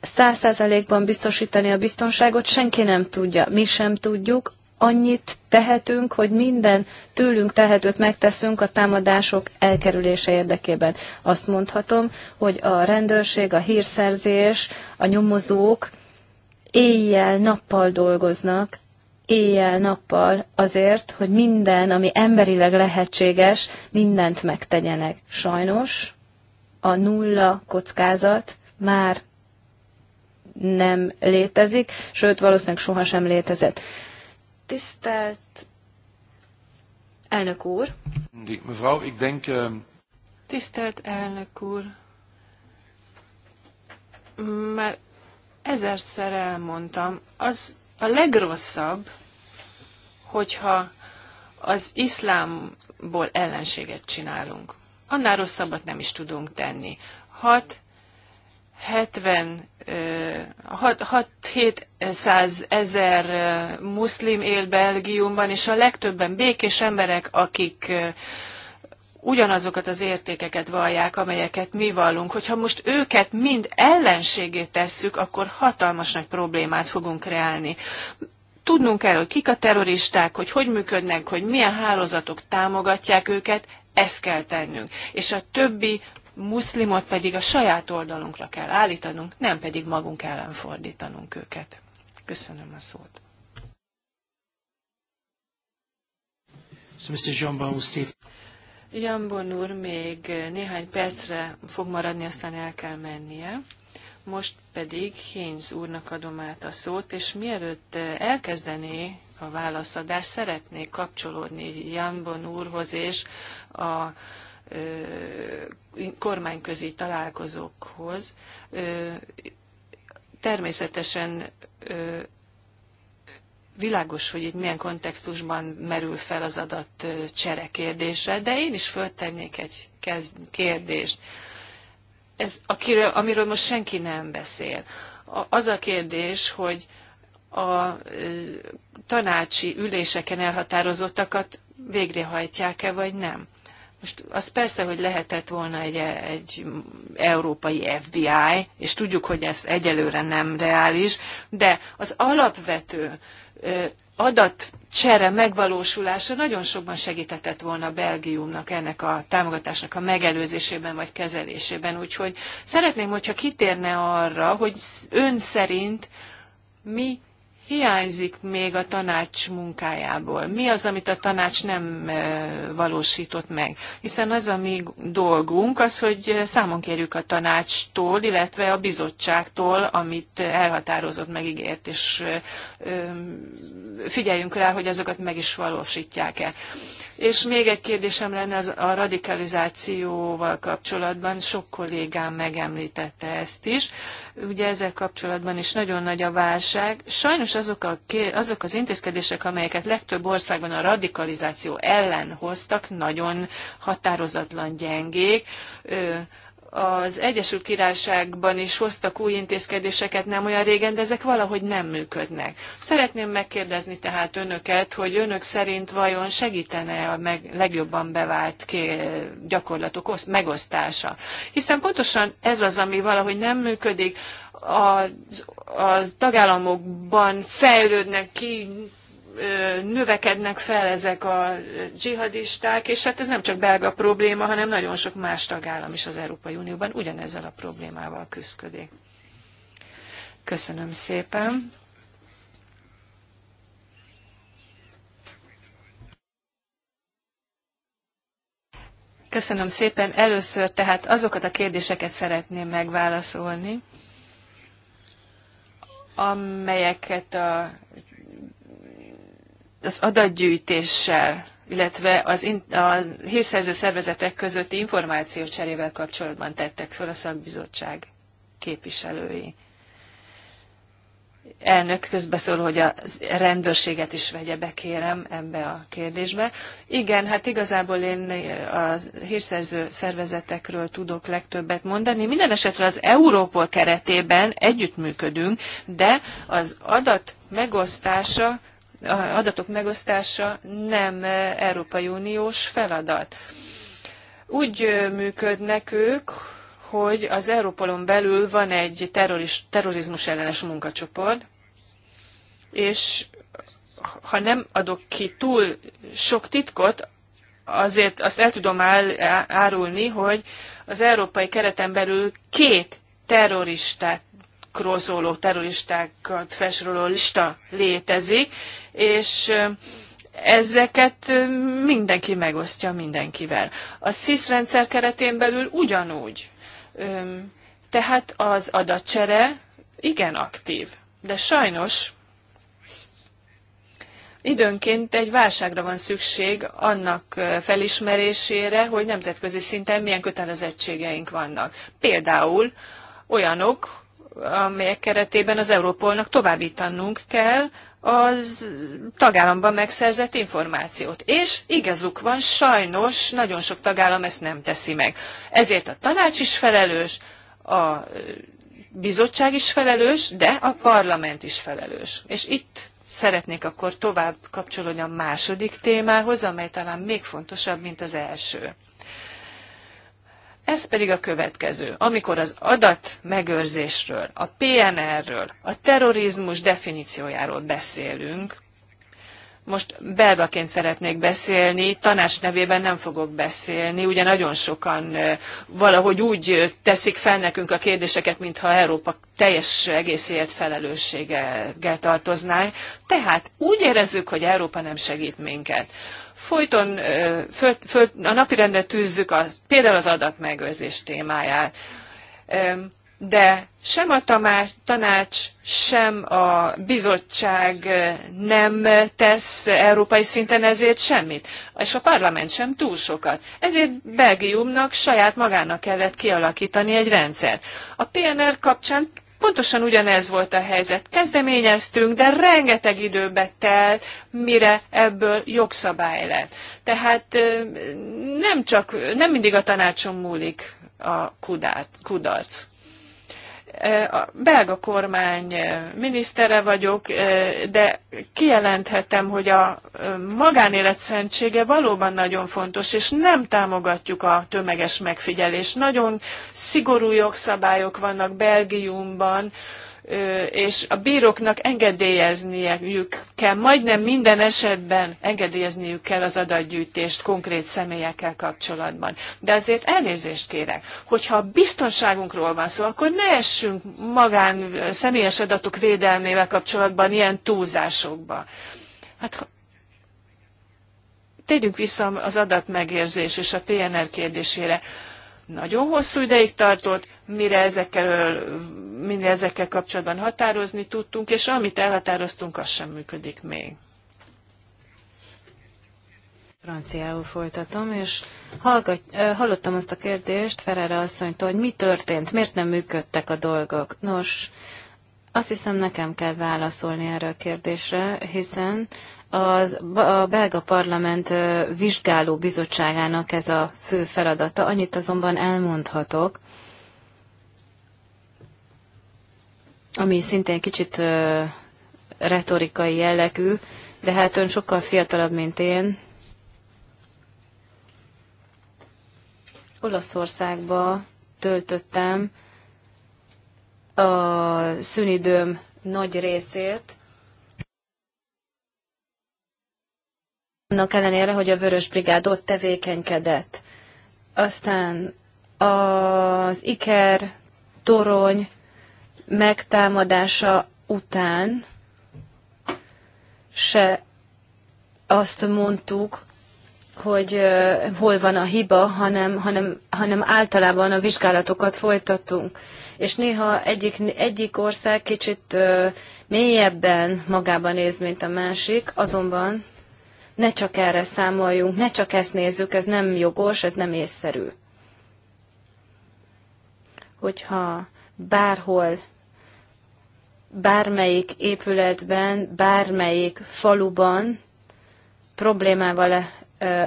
Száz százalékban biztosítani a biztonságot senki nem tudja, mi sem tudjuk, annyit tehetünk, hogy minden tőlünk tehetőt megteszünk a támadások elkerülése érdekében. Azt mondhatom, hogy a rendőrség, a hírszerzés, a nyomozók éjjel-nappal dolgoznak, éjjel-nappal azért, hogy minden, ami emberileg lehetséges, mindent megtegyenek. Sajnos a nulla kockázat már nem létezik, sőt valószínűleg sohasem létezett. Tisztelt elnök úr! Mevrouw, ik denk... Eh, Tisztelt elnök úr! Már ezerszer elmondtam, az a legrosszabb, hogyha az iszlámból ellenséget csinálunk. Annál rosszabbat nem is tudunk tenni. Hat 70 6-700 ezer muszlim él Belgiumban, és a legtöbben békés emberek, akik ugyanazokat az értékeket vallják, amelyeket mi vallunk. Hogyha most őket mind ellenségét tesszük, akkor hatalmas nagy problémát fogunk kreálni. Tudnunk kell, hogy kik a terroristák, hogy hogy működnek, hogy milyen hálózatok támogatják őket, ezt kell tennünk. És a többi muszlimot pedig a saját oldalunkra kell állítanunk, nem pedig magunk ellen fordítanunk őket. Köszönöm a szót. Mr. Jambon úr még néhány percre fog maradni, aztán el kell mennie. Most pedig Hénz úrnak adom át a szót, és mielőtt elkezdené a válaszadást, szeretnék kapcsolódni Jambon úrhoz és a kormányközi találkozókhoz. Természetesen világos, hogy itt milyen kontextusban merül fel az adat csere kérdése, de én is föltennék egy kérdést, Ez, akiről, amiről most senki nem beszél. Az a kérdés, hogy a tanácsi üléseken elhatározottakat végrehajtják-e, vagy nem. Most az persze, hogy lehetett volna egy, egy európai FBI, és tudjuk, hogy ez egyelőre nem reális, de az alapvető adatcsere megvalósulása nagyon sokban segítetett volna Belgiumnak ennek a támogatásnak a megelőzésében vagy kezelésében. Úgyhogy szeretném, hogyha kitérne arra, hogy ön szerint mi hiányzik még a tanács munkájából? Mi az, amit a tanács nem valósított meg? Hiszen az a mi dolgunk az, hogy számon kérjük a tanácstól, illetve a bizottságtól, amit elhatározott, megígért, és figyeljünk rá, hogy azokat meg is valósítják-e. És még egy kérdésem lenne az a radikalizációval kapcsolatban, sok kollégám megemlítette ezt is. Ugye ezzel kapcsolatban is nagyon nagy a válság. Sajnos azok, a, azok az intézkedések, amelyeket legtöbb országban a radikalizáció ellen hoztak, nagyon határozatlan gyengék az Egyesült Királyságban is hoztak új intézkedéseket nem olyan régen, de ezek valahogy nem működnek. Szeretném megkérdezni tehát önöket, hogy önök szerint vajon segítene a meg, legjobban bevált ké, gyakorlatok osz, megosztása. Hiszen pontosan ez az, ami valahogy nem működik, a, a tagállamokban fejlődnek ki növekednek fel ezek a dzsihadisták, és hát ez nem csak belga probléma, hanem nagyon sok más tagállam is az Európai Unióban ugyanezzel a problémával küzdik. Köszönöm szépen. Köszönöm szépen. Először tehát azokat a kérdéseket szeretném megválaszolni, amelyeket a az adatgyűjtéssel, illetve az in, a hírszerző szervezetek közötti cserével kapcsolatban tettek föl a szakbizottság képviselői. Elnök közbeszól, hogy a rendőrséget is vegye be, kérem, ebbe a kérdésbe. Igen, hát igazából én a hírszerző szervezetekről tudok legtöbbet mondani. Minden esetre az Európol keretében együttműködünk, de az adat megosztása adatok megosztása nem Európai Uniós feladat. Úgy működnek ők, hogy az Európolon belül van egy terroris, terrorizmus ellenes munkacsoport, és ha nem adok ki túl sok titkot, azért azt el tudom árulni, hogy az európai kereten belül két terroristát irakról szóló terroristákat felsoroló lista létezik, és ezeket mindenki megosztja mindenkivel. A SZISZ rendszer keretén belül ugyanúgy. Tehát az adatcsere igen aktív, de sajnos időnként egy válságra van szükség annak felismerésére, hogy nemzetközi szinten milyen kötelezettségeink vannak. Például olyanok, amelyek keretében az Európolnak továbbítanunk kell az tagállamban megszerzett információt. És igazuk van, sajnos nagyon sok tagállam ezt nem teszi meg. Ezért a tanács is felelős, a bizottság is felelős, de a parlament is felelős. És itt szeretnék akkor tovább kapcsolódni a második témához, amely talán még fontosabb, mint az első. Ez pedig a következő. Amikor az adat megőrzésről, a PNR-ről, a terrorizmus definíciójáról beszélünk, most belgaként szeretnék beszélni, tanács nevében nem fogok beszélni, ugye nagyon sokan valahogy úgy teszik fel nekünk a kérdéseket, mintha Európa teljes egészéért felelősséggel tartoznánk. Tehát úgy érezzük, hogy Európa nem segít minket folyton föl, föl, a napirendre tűzzük a, például az adatmegőrzés témáját. De sem a tamás, tanács, sem a bizottság nem tesz európai szinten ezért semmit, és a parlament sem túl sokat. Ezért Belgiumnak saját magának kellett kialakítani egy rendszer. A PNR kapcsán Pontosan ugyanez volt a helyzet. Kezdeményeztünk, de rengeteg időbe telt, mire ebből jogszabály lett. Tehát nem csak, nem mindig a tanácsom múlik a kudarc. A belga kormány minisztere vagyok, de kijelenthetem, hogy a magánélet szentsége valóban nagyon fontos, és nem támogatjuk a tömeges megfigyelést. Nagyon szigorú jogszabályok vannak Belgiumban, és a bíróknak engedélyezniük kell, majdnem minden esetben engedélyezniük kell az adatgyűjtést konkrét személyekkel kapcsolatban. De azért elnézést kérek, hogyha a biztonságunkról van szó, akkor ne essünk magán személyes adatok védelmével kapcsolatban ilyen túlzásokba. Hát térjünk vissza az adatmegérzés és a PNR kérdésére. Nagyon hosszú ideig tartott, mire ezekkel, mire ezekkel kapcsolatban határozni tudtunk, és amit elhatároztunk, az sem működik még. Franciául folytatom, és hallgat, hallottam azt a kérdést Ferere asszonytól, hogy mi történt, miért nem működtek a dolgok. Nos, azt hiszem nekem kell válaszolni erre a kérdésre, hiszen az, a belga parlament vizsgáló bizottságának ez a fő feladata. Annyit azonban elmondhatok, ami szintén kicsit retorikai jellegű, de hát ön sokkal fiatalabb, mint én. Olaszországba töltöttem a szünidőm nagy részét, annak ellenére, hogy a Vörös Brigád ott tevékenykedett. Aztán az Iker torony megtámadása után se azt mondtuk, hogy hol van a hiba, hanem, hanem, hanem általában a vizsgálatokat folytatunk. És néha egyik, egyik ország kicsit mélyebben magában néz, mint a másik, azonban ne csak erre számoljunk, ne csak ezt nézzük, ez nem jogos, ez nem észszerű. Hogyha bárhol bármelyik épületben, bármelyik faluban problémával eh,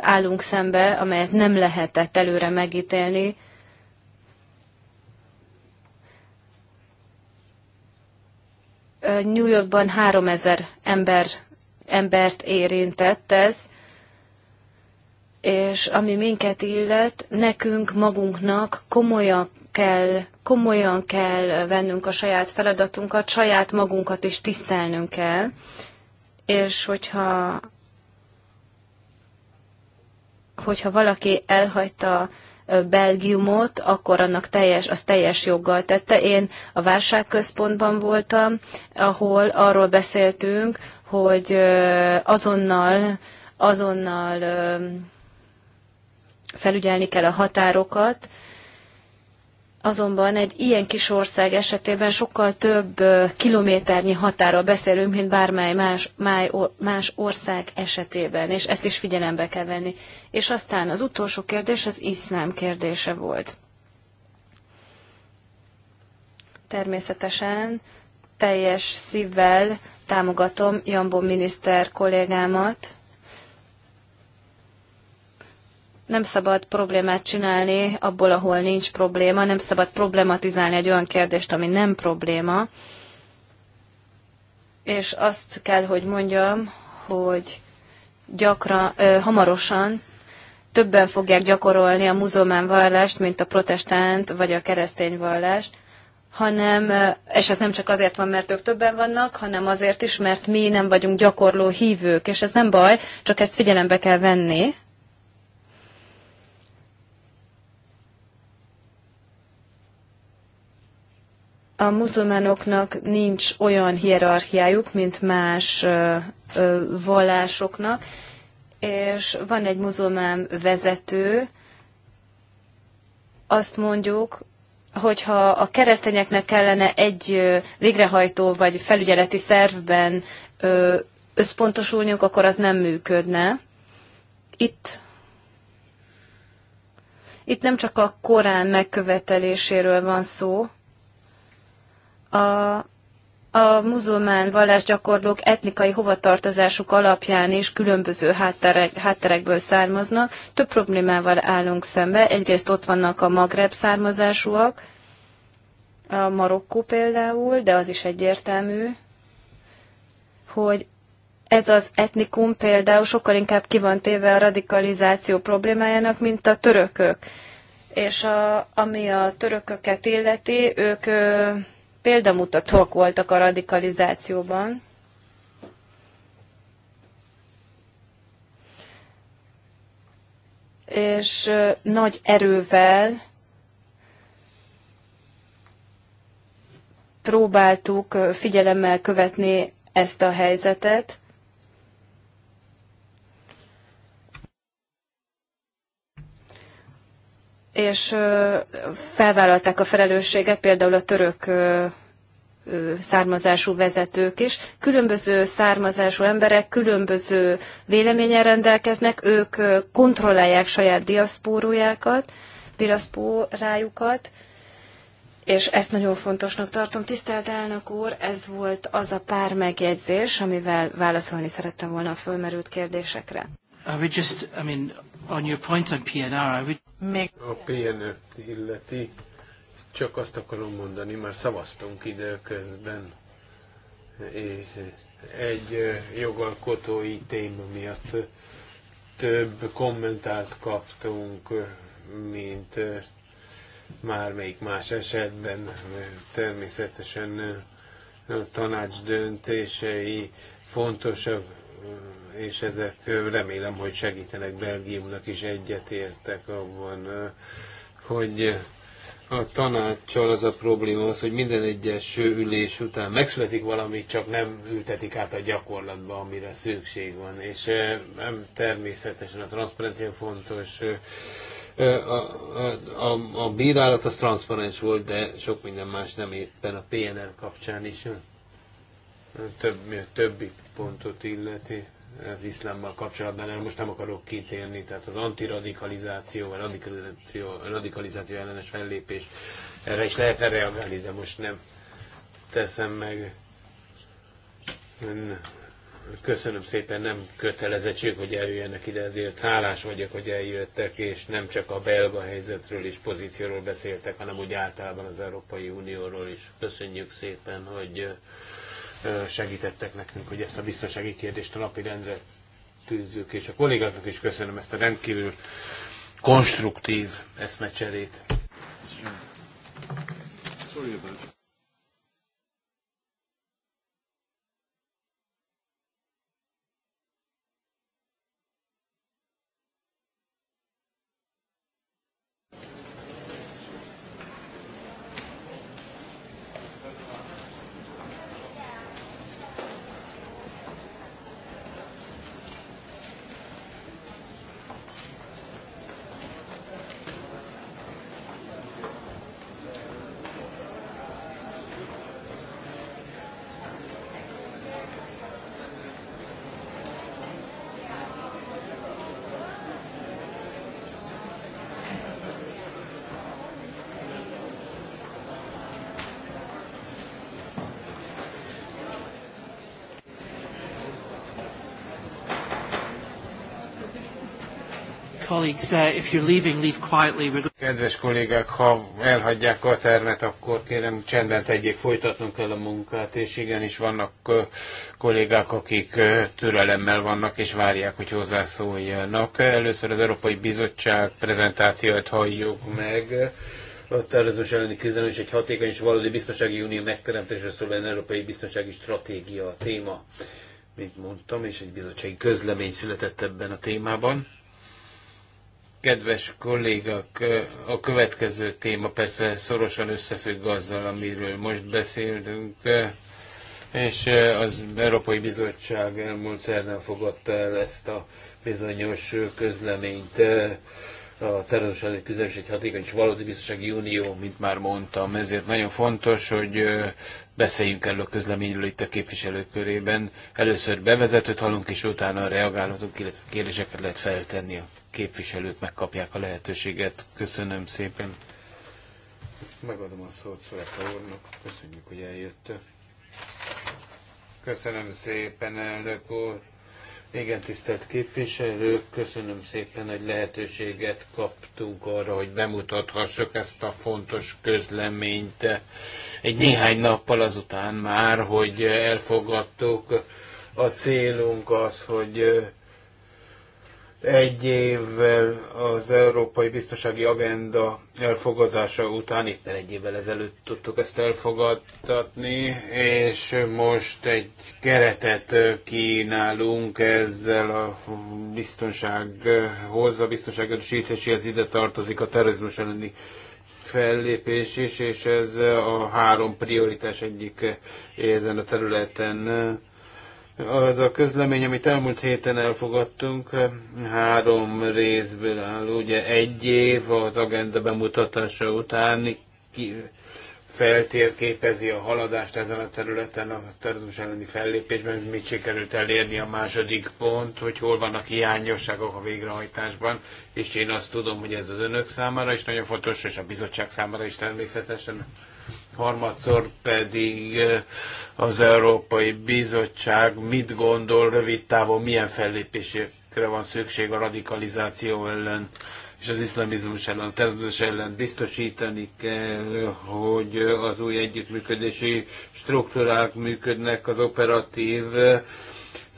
állunk szembe, amelyet nem lehetett előre megítélni. Eh, New Yorkban 3000 ember, embert érintett ez, és ami minket illet, nekünk magunknak komolyan, kell, komolyan kell vennünk a saját feladatunkat, saját magunkat is tisztelnünk kell, és hogyha hogyha valaki elhagyta Belgiumot, akkor annak teljes, az teljes joggal tette. Én a válságközpontban voltam, ahol arról beszéltünk, hogy azonnal, azonnal felügyelni kell a határokat, Azonban egy ilyen kis ország esetében sokkal több kilométernyi határa beszélünk, mint bármely más, máj, más ország esetében, és ezt is figyelembe kell venni. És aztán az utolsó kérdés az iszlám kérdése volt. Természetesen teljes szívvel támogatom Jambon miniszter kollégámat, nem szabad problémát csinálni abból, ahol nincs probléma, nem szabad problematizálni egy olyan kérdést, ami nem probléma. És azt kell, hogy mondjam, hogy gyakran, ö, hamarosan többen fogják gyakorolni a muzulmán vallást, mint a protestánt vagy a keresztény vallást, hanem, és ez nem csak azért van, mert ők többen vannak, hanem azért is, mert mi nem vagyunk gyakorló hívők, és ez nem baj, csak ezt figyelembe kell venni, a muzulmánoknak nincs olyan hierarchiájuk, mint más vallásoknak, és van egy muzulmán vezető, azt mondjuk, hogyha a keresztényeknek kellene egy végrehajtó vagy felügyeleti szervben összpontosulniuk, akkor az nem működne. Itt itt nem csak a Korán megköveteléséről van szó, a, a muzulmán vallásgyakorlók etnikai hovatartozásuk alapján is különböző hátterek, hátterekből származnak. Több problémával állunk szembe. Egyrészt ott vannak a magreb származásúak, a Marokkó például, de az is egyértelmű, hogy ez az etnikum például sokkal inkább ki van téve a radikalizáció problémájának, mint a törökök. És a, ami a törököket illeti, ők példamutatók voltak a radikalizációban. És nagy erővel próbáltuk figyelemmel követni ezt a helyzetet. és felvállalták a felelősséget, például a török származású vezetők is. Különböző származású emberek különböző véleményen rendelkeznek, ők kontrollálják saját diaszpórójákat, diaszpórájukat, és ezt nagyon fontosnak tartom. Tisztelt elnök úr, ez volt az a pár megjegyzés, amivel válaszolni szerettem volna a fölmerült kérdésekre. Uh, we just, I mean, On your point on PNR, I would... make... A pnr illeti, csak azt akarom mondani, már szavaztunk időközben, és egy jogalkotói téma miatt több kommentált kaptunk, mint már még más esetben. Természetesen a tanács döntései fontosabb, és ezek remélem, hogy segítenek Belgiumnak is egyetértek abban, hogy a tanácssal az a probléma az, hogy minden egyes ülés után megszületik valami, csak nem ültetik át a gyakorlatba, amire szükség van. És nem természetesen a transzparencia fontos. A, a, a, a bírálat az transzparens volt, de sok minden más nem éppen a PNR kapcsán is. Több, többi pontot illeti az iszlámmal kapcsolatban, erre most nem akarok kitérni, tehát az antiradikalizáció, vagy radikalizáció, radikalizáció ellenes fellépés, erre is lehetne reagálni, de most nem teszem meg. Köszönöm szépen, nem kötelezettség, hogy eljöjjenek ide, ezért hálás vagyok, hogy eljöttek, és nem csak a belga helyzetről és pozícióról beszéltek, hanem úgy általában az Európai Unióról is. Köszönjük szépen, hogy segítettek nekünk, hogy ezt a biztonsági kérdést a napi rendre tűzzük, és a kollégáknak is köszönöm ezt a rendkívül konstruktív eszmecserét. Sorry about colleagues, uh, if you're leaving, leave quietly. Kedves kollégák, ha elhagyják a termet, akkor kérem csendet tegyék, folytatnunk kell a munkát, és igenis vannak kollégák, akik türelemmel vannak, és várják, hogy hozzászóljanak. Először az Európai Bizottság prezentációt halljuk meg a terrorizmus elleni küzdelem és egy hatékony és valódi biztonsági unió megteremtésre szóló európai biztonsági stratégia a téma, mint mondtam, és egy bizottsági közlemény született ebben a témában. Kedves kollégak, a következő téma persze szorosan összefügg azzal, amiről most beszéltünk, és az Európai Bizottság elmúlt szerdán fogadta el ezt a bizonyos közleményt a terrorizmus elleni hatékony és valódi biztonsági unió, mint már mondtam. Ezért nagyon fontos, hogy beszéljünk erről a közleményről itt a képviselők körében. Először bevezetőt hallunk, és utána reagálhatunk, illetve kérdéseket lehet feltenni a képviselők megkapják a lehetőséget. Köszönöm szépen. Megadom a szót Szoleka úrnak. Köszönjük, hogy eljött. Köszönöm szépen, elnök úr. Igen, tisztelt képviselők, köszönöm szépen, hogy lehetőséget kaptunk arra, hogy bemutathassuk ezt a fontos közleményt. Egy néhány nappal azután már, hogy elfogadtuk, a célunk az, hogy egy évvel az Európai Biztonsági Agenda elfogadása után, éppen egy évvel ezelőtt tudtuk ezt elfogadtatni, és most egy keretet kínálunk ezzel a biztonsághoz, a biztonság erősítéséhez ide tartozik a terrorizmus elleni fellépés is, és ez a három prioritás egyik ezen a területen az a közlemény, amit elmúlt héten elfogadtunk, három részből áll. Ugye egy év az agenda bemutatása után ki, feltérképezi a haladást ezen a területen, a terrorizmus elleni fellépésben, mit sikerült elérni a második pont, hogy hol vannak hiányosságok a végrehajtásban, és én azt tudom, hogy ez az önök számára is nagyon fontos, és a bizottság számára is természetesen harmadszor pedig eh, az Európai Bizottság mit gondol rövid távon, milyen fellépésekre van szükség a radikalizáció ellen és az iszlamizmus ellen, a terrorizmus ellen biztosítani kell, hogy az új együttműködési struktúrák működnek, az operatív eh,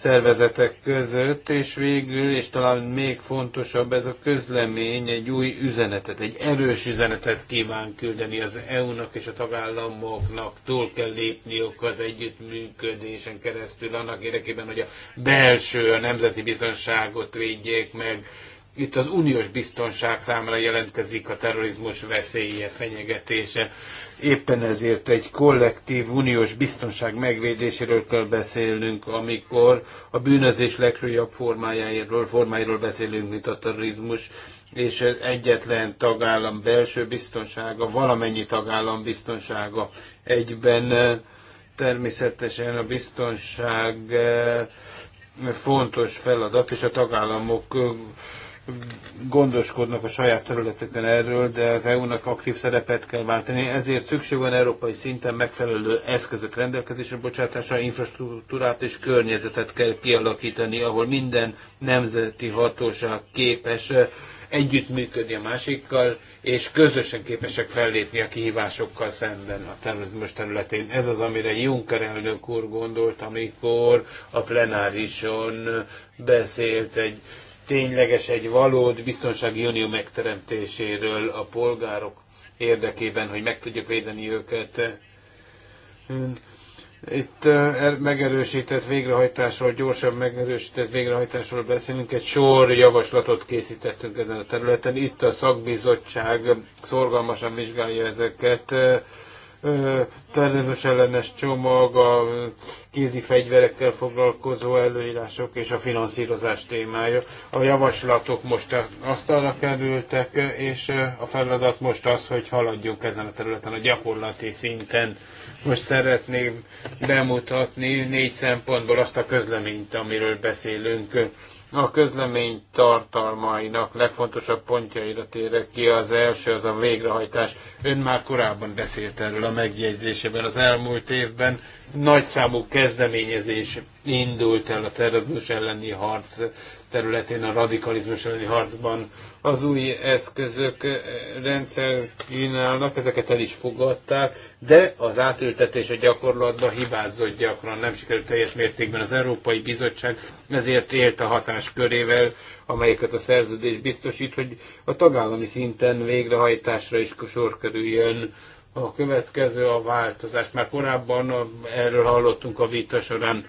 szervezetek között, és végül, és talán még fontosabb, ez a közlemény egy új üzenetet, egy erős üzenetet kíván küldeni az EU-nak és a tagállamoknak. Túl kell lépniük az együttműködésen keresztül annak érdekében, hogy a belső, a nemzeti biztonságot védjék meg, itt az uniós biztonság számára jelentkezik a terrorizmus veszélye, fenyegetése. Éppen ezért egy kollektív uniós biztonság megvédéséről kell beszélnünk, amikor a bűnözés legsúlyabb formájáról, formáiról beszélünk, mint a terrorizmus és egyetlen tagállam belső biztonsága, valamennyi tagállam biztonsága egyben természetesen a biztonság eh, fontos feladat, és a tagállamok eh, gondoskodnak a saját területeken erről, de az EU-nak aktív szerepet kell váltani, ezért szükség van európai szinten megfelelő eszközök rendelkezésre bocsátása, infrastruktúrát és környezetet kell kialakítani, ahol minden nemzeti hatóság képes eh, együttműködni a másikkal, és közösen képesek fellépni a kihívásokkal szemben a terrorizmus területén. Ez az, amire Juncker elnök úr gondolt, amikor a plenárison beszélt egy tényleges, egy valód biztonsági unió megteremtéséről a polgárok érdekében, hogy meg tudjuk védeni őket. Itt eh, er- megerősített végrehajtásról, gyorsabb megerősített végrehajtásról beszélünk. Egy sor javaslatot készítettünk ezen a területen. Itt a szakbizottság szorgalmasan vizsgálja ezeket terrorizmus ellenes csomag, a kézi fegyverekkel foglalkozó előírások és a finanszírozás témája. A javaslatok most asztalra kerültek, és a feladat most az, hogy haladjunk ezen a területen a gyakorlati szinten. Most szeretném bemutatni négy szempontból azt a közleményt, amiről beszélünk a közlemény tartalmainak legfontosabb pontjaira térek ki. Az első az a végrehajtás. Ön már korábban beszélt erről a megjegyzésében. Az elmúlt évben nagyszámú kezdeményezés indult el a terrorizmus elleni harc területén, a radikalizmus elleni harcban az új eszközök eh, rendszer kínálnak, ezeket el is fogadták, de az átültetés a gyakorlatban hibázott gyakran, nem sikerült teljes mértékben az Európai Bizottság, ezért élt a hatáskörével, amelyeket a szerződés biztosít, hogy a tagállami szinten végrehajtásra is sor kerüljön. A következő a változás. Már korábban erről hallottunk a vita során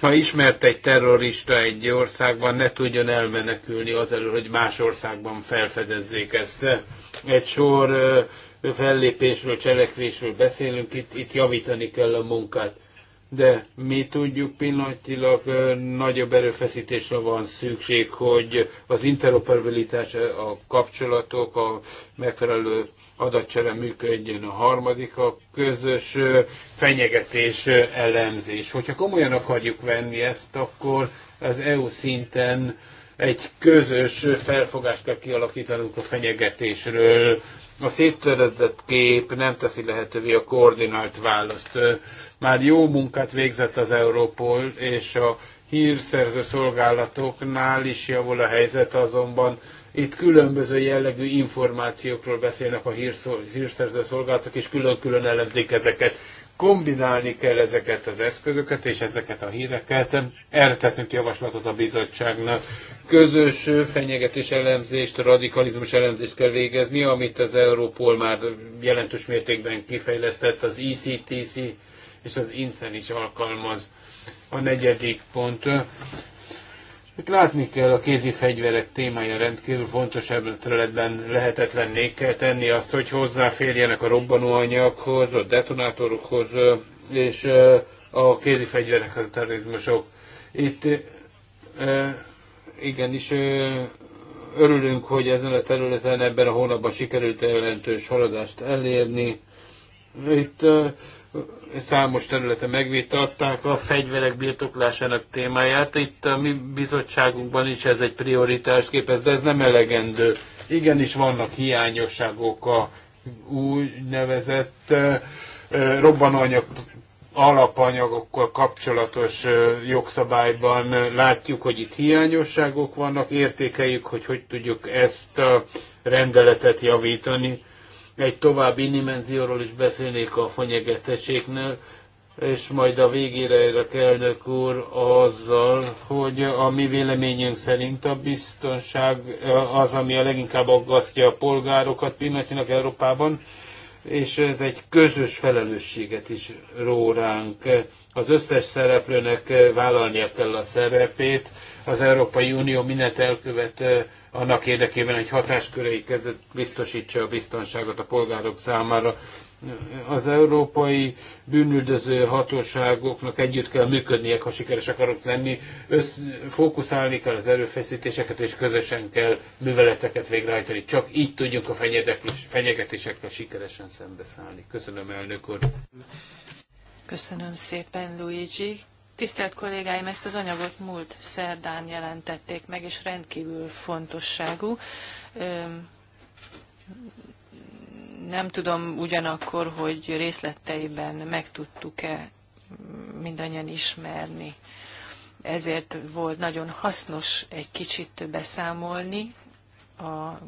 ha ismert egy terrorista egy országban, ne tudjon elmenekülni azelőtt, hogy más országban felfedezzék ezt. Egy sor fellépésről, cselekvésről beszélünk, itt, itt javítani kell a munkát. De mi tudjuk pillanatilag nagyobb erőfeszítésre van szükség, hogy az interoperabilitás, a kapcsolatok, a megfelelő adatcsere működjön. A harmadik a közös fenyegetés elemzés. Hogyha komolyan akarjuk venni ezt, akkor az EU szinten egy közös felfogást kell kialakítanunk a fenyegetésről. A széttöredett kép nem teszi lehetővé a koordinált választ. Már jó munkát végzett az Európol, és a hírszerző szolgálatoknál is javul a helyzet, azonban itt különböző jellegű információkról beszélnek a hírszerző szolgálatok, és külön-külön elemzik ezeket. Kombinálni kell ezeket az eszközöket és ezeket a híreket. Erre teszünk javaslatot a bizottságnak. Közös fenyegetés elemzést, radikalizmus elemzést kell végezni, amit az Európol már jelentős mértékben kifejlesztett, az ECTC és az INFEN is alkalmaz. A negyedik pont itt látni kell, a kézi fegyverek témája rendkívül fontos ebben a területben lehetetlenné kell tenni azt, hogy hozzáférjenek a robbanóanyaghoz, a detonátorokhoz és a kézi fegyverekhez a terrorizmusok. Itt igenis örülünk, hogy ezen a területen ebben a hónapban sikerült jelentős haladást elérni. Itt számos területen megvitatták a fegyverek birtoklásának témáját. Itt a mi bizottságunkban is ez egy prioritást képez, de ez nem elegendő. Igenis vannak hiányosságok a úgynevezett robbanóanyag alapanyagokkal kapcsolatos jogszabályban látjuk, hogy itt hiányosságok vannak, értékeljük, hogy hogy tudjuk ezt a rendeletet javítani. Egy további dimenzióról is beszélnék a fenyegetettségnél, és majd a végére a elnök úr azzal, hogy a mi véleményünk szerint a biztonság az, ami a leginkább aggasztja a polgárokat pillanatnyilag Európában, és ez egy közös felelősséget is ró ránk. Az összes szereplőnek vállalnia kell a szerepét, az Európai Unió mindent elkövet annak érdekében, hogy hatáskörei között biztosítsa a biztonságot a polgárok számára. Az európai bűnüldöző hatóságoknak együtt kell működniek, ha sikeres akarok lenni, össz, fókuszálni kell az erőfeszítéseket, és közösen kell műveleteket végrehajtani. Csak így tudjuk a fenyegetésekkel sikeresen szembeszállni. Köszönöm, elnök úr! Köszönöm szépen, Luigi! Tisztelt kollégáim, ezt az anyagot múlt szerdán jelentették meg, és rendkívül fontosságú. Nem tudom ugyanakkor, hogy részleteiben meg tudtuk-e mindannyian ismerni. Ezért volt nagyon hasznos egy kicsit beszámolni a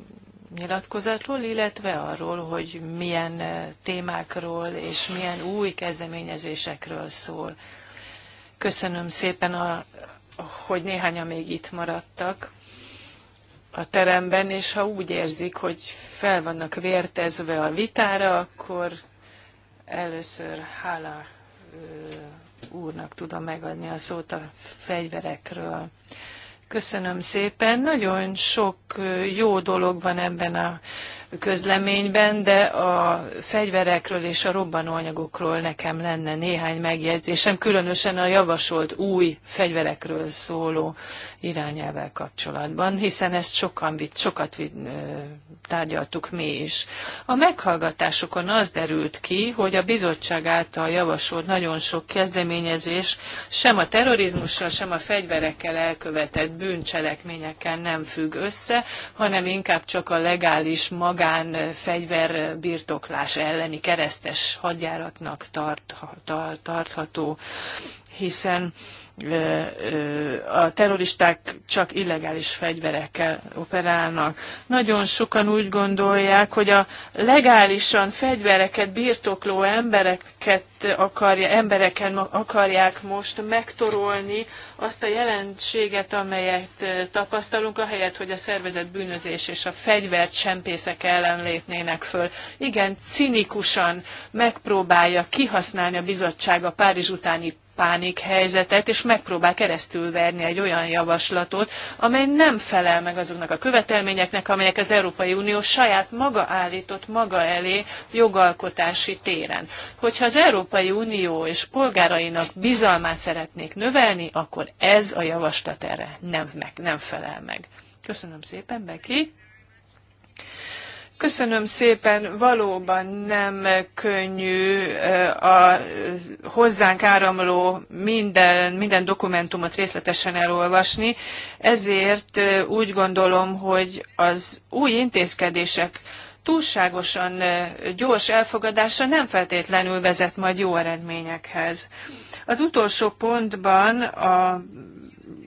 nyilatkozatról, illetve arról, hogy milyen témákról és milyen új kezdeményezésekről szól Köszönöm szépen, a, hogy néhányan még itt maradtak a teremben, és ha úgy érzik, hogy fel vannak vértezve a vitára, akkor először hála úrnak tudom megadni a szót a fegyverekről. Köszönöm szépen. Nagyon sok jó dolog van ebben a közleményben, de a fegyverekről és a robbanóanyagokról nekem lenne néhány megjegyzésem, különösen a javasolt új fegyverekről szóló irányelvel kapcsolatban, hiszen ezt sokan, sokat tárgyaltuk mi is. A meghallgatásokon az derült ki, hogy a bizottság által javasolt nagyon sok kezdeményezés sem a terrorizmussal, sem a fegyverekkel elkövetett bűncselekményekkel nem függ össze, hanem inkább csak a legális magán magán fegyverbirtoklás elleni keresztes hadjáratnak tart, tart, tartható, hiszen a terroristák csak illegális fegyverekkel operálnak. Nagyon sokan úgy gondolják, hogy a legálisan fegyvereket birtokló embereket akarja, embereken akarják most megtorolni azt a jelenséget, amelyet tapasztalunk, ahelyett, hogy a szervezet bűnözés és a fegyvert csempészek ellen lépnének föl. Igen, cinikusan megpróbálja kihasználni a bizottság a Párizs utáni pánik helyzetet, és megpróbál keresztülverni egy olyan javaslatot, amely nem felel meg azoknak a követelményeknek, amelyek az Európai Unió saját maga állított maga elé jogalkotási téren. Hogyha az Európai Unió és polgárainak bizalmát szeretnék növelni, akkor ez a javaslat erre nem, meg, nem felel meg. Köszönöm szépen, Beki. Köszönöm szépen, valóban nem könnyű a hozzánk áramló minden, minden dokumentumot részletesen elolvasni, ezért úgy gondolom, hogy az új intézkedések túlságosan gyors elfogadása nem feltétlenül vezet majd jó eredményekhez. Az utolsó pontban a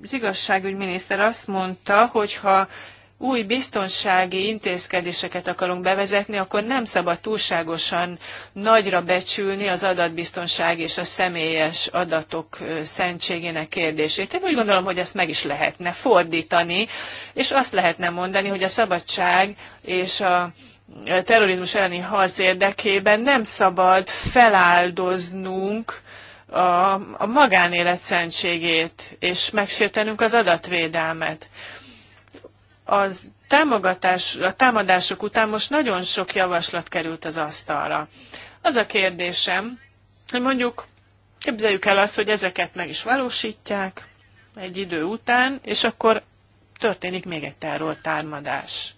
az igazságügyminiszter azt mondta, hogy ha új biztonsági intézkedéseket akarunk bevezetni, akkor nem szabad túlságosan nagyra becsülni az adatbiztonság és a személyes adatok szentségének kérdését. Én úgy gondolom, hogy ezt meg is lehetne fordítani, és azt lehetne mondani, hogy a szabadság és a terrorizmus elleni harc érdekében nem szabad feláldoznunk a, a magánélet szentségét, és megsértenünk az adatvédelmet az támogatás, a támadások után most nagyon sok javaslat került az asztalra. Az a kérdésem, hogy mondjuk képzeljük el azt, hogy ezeket meg is valósítják egy idő után, és akkor történik még egy támadás.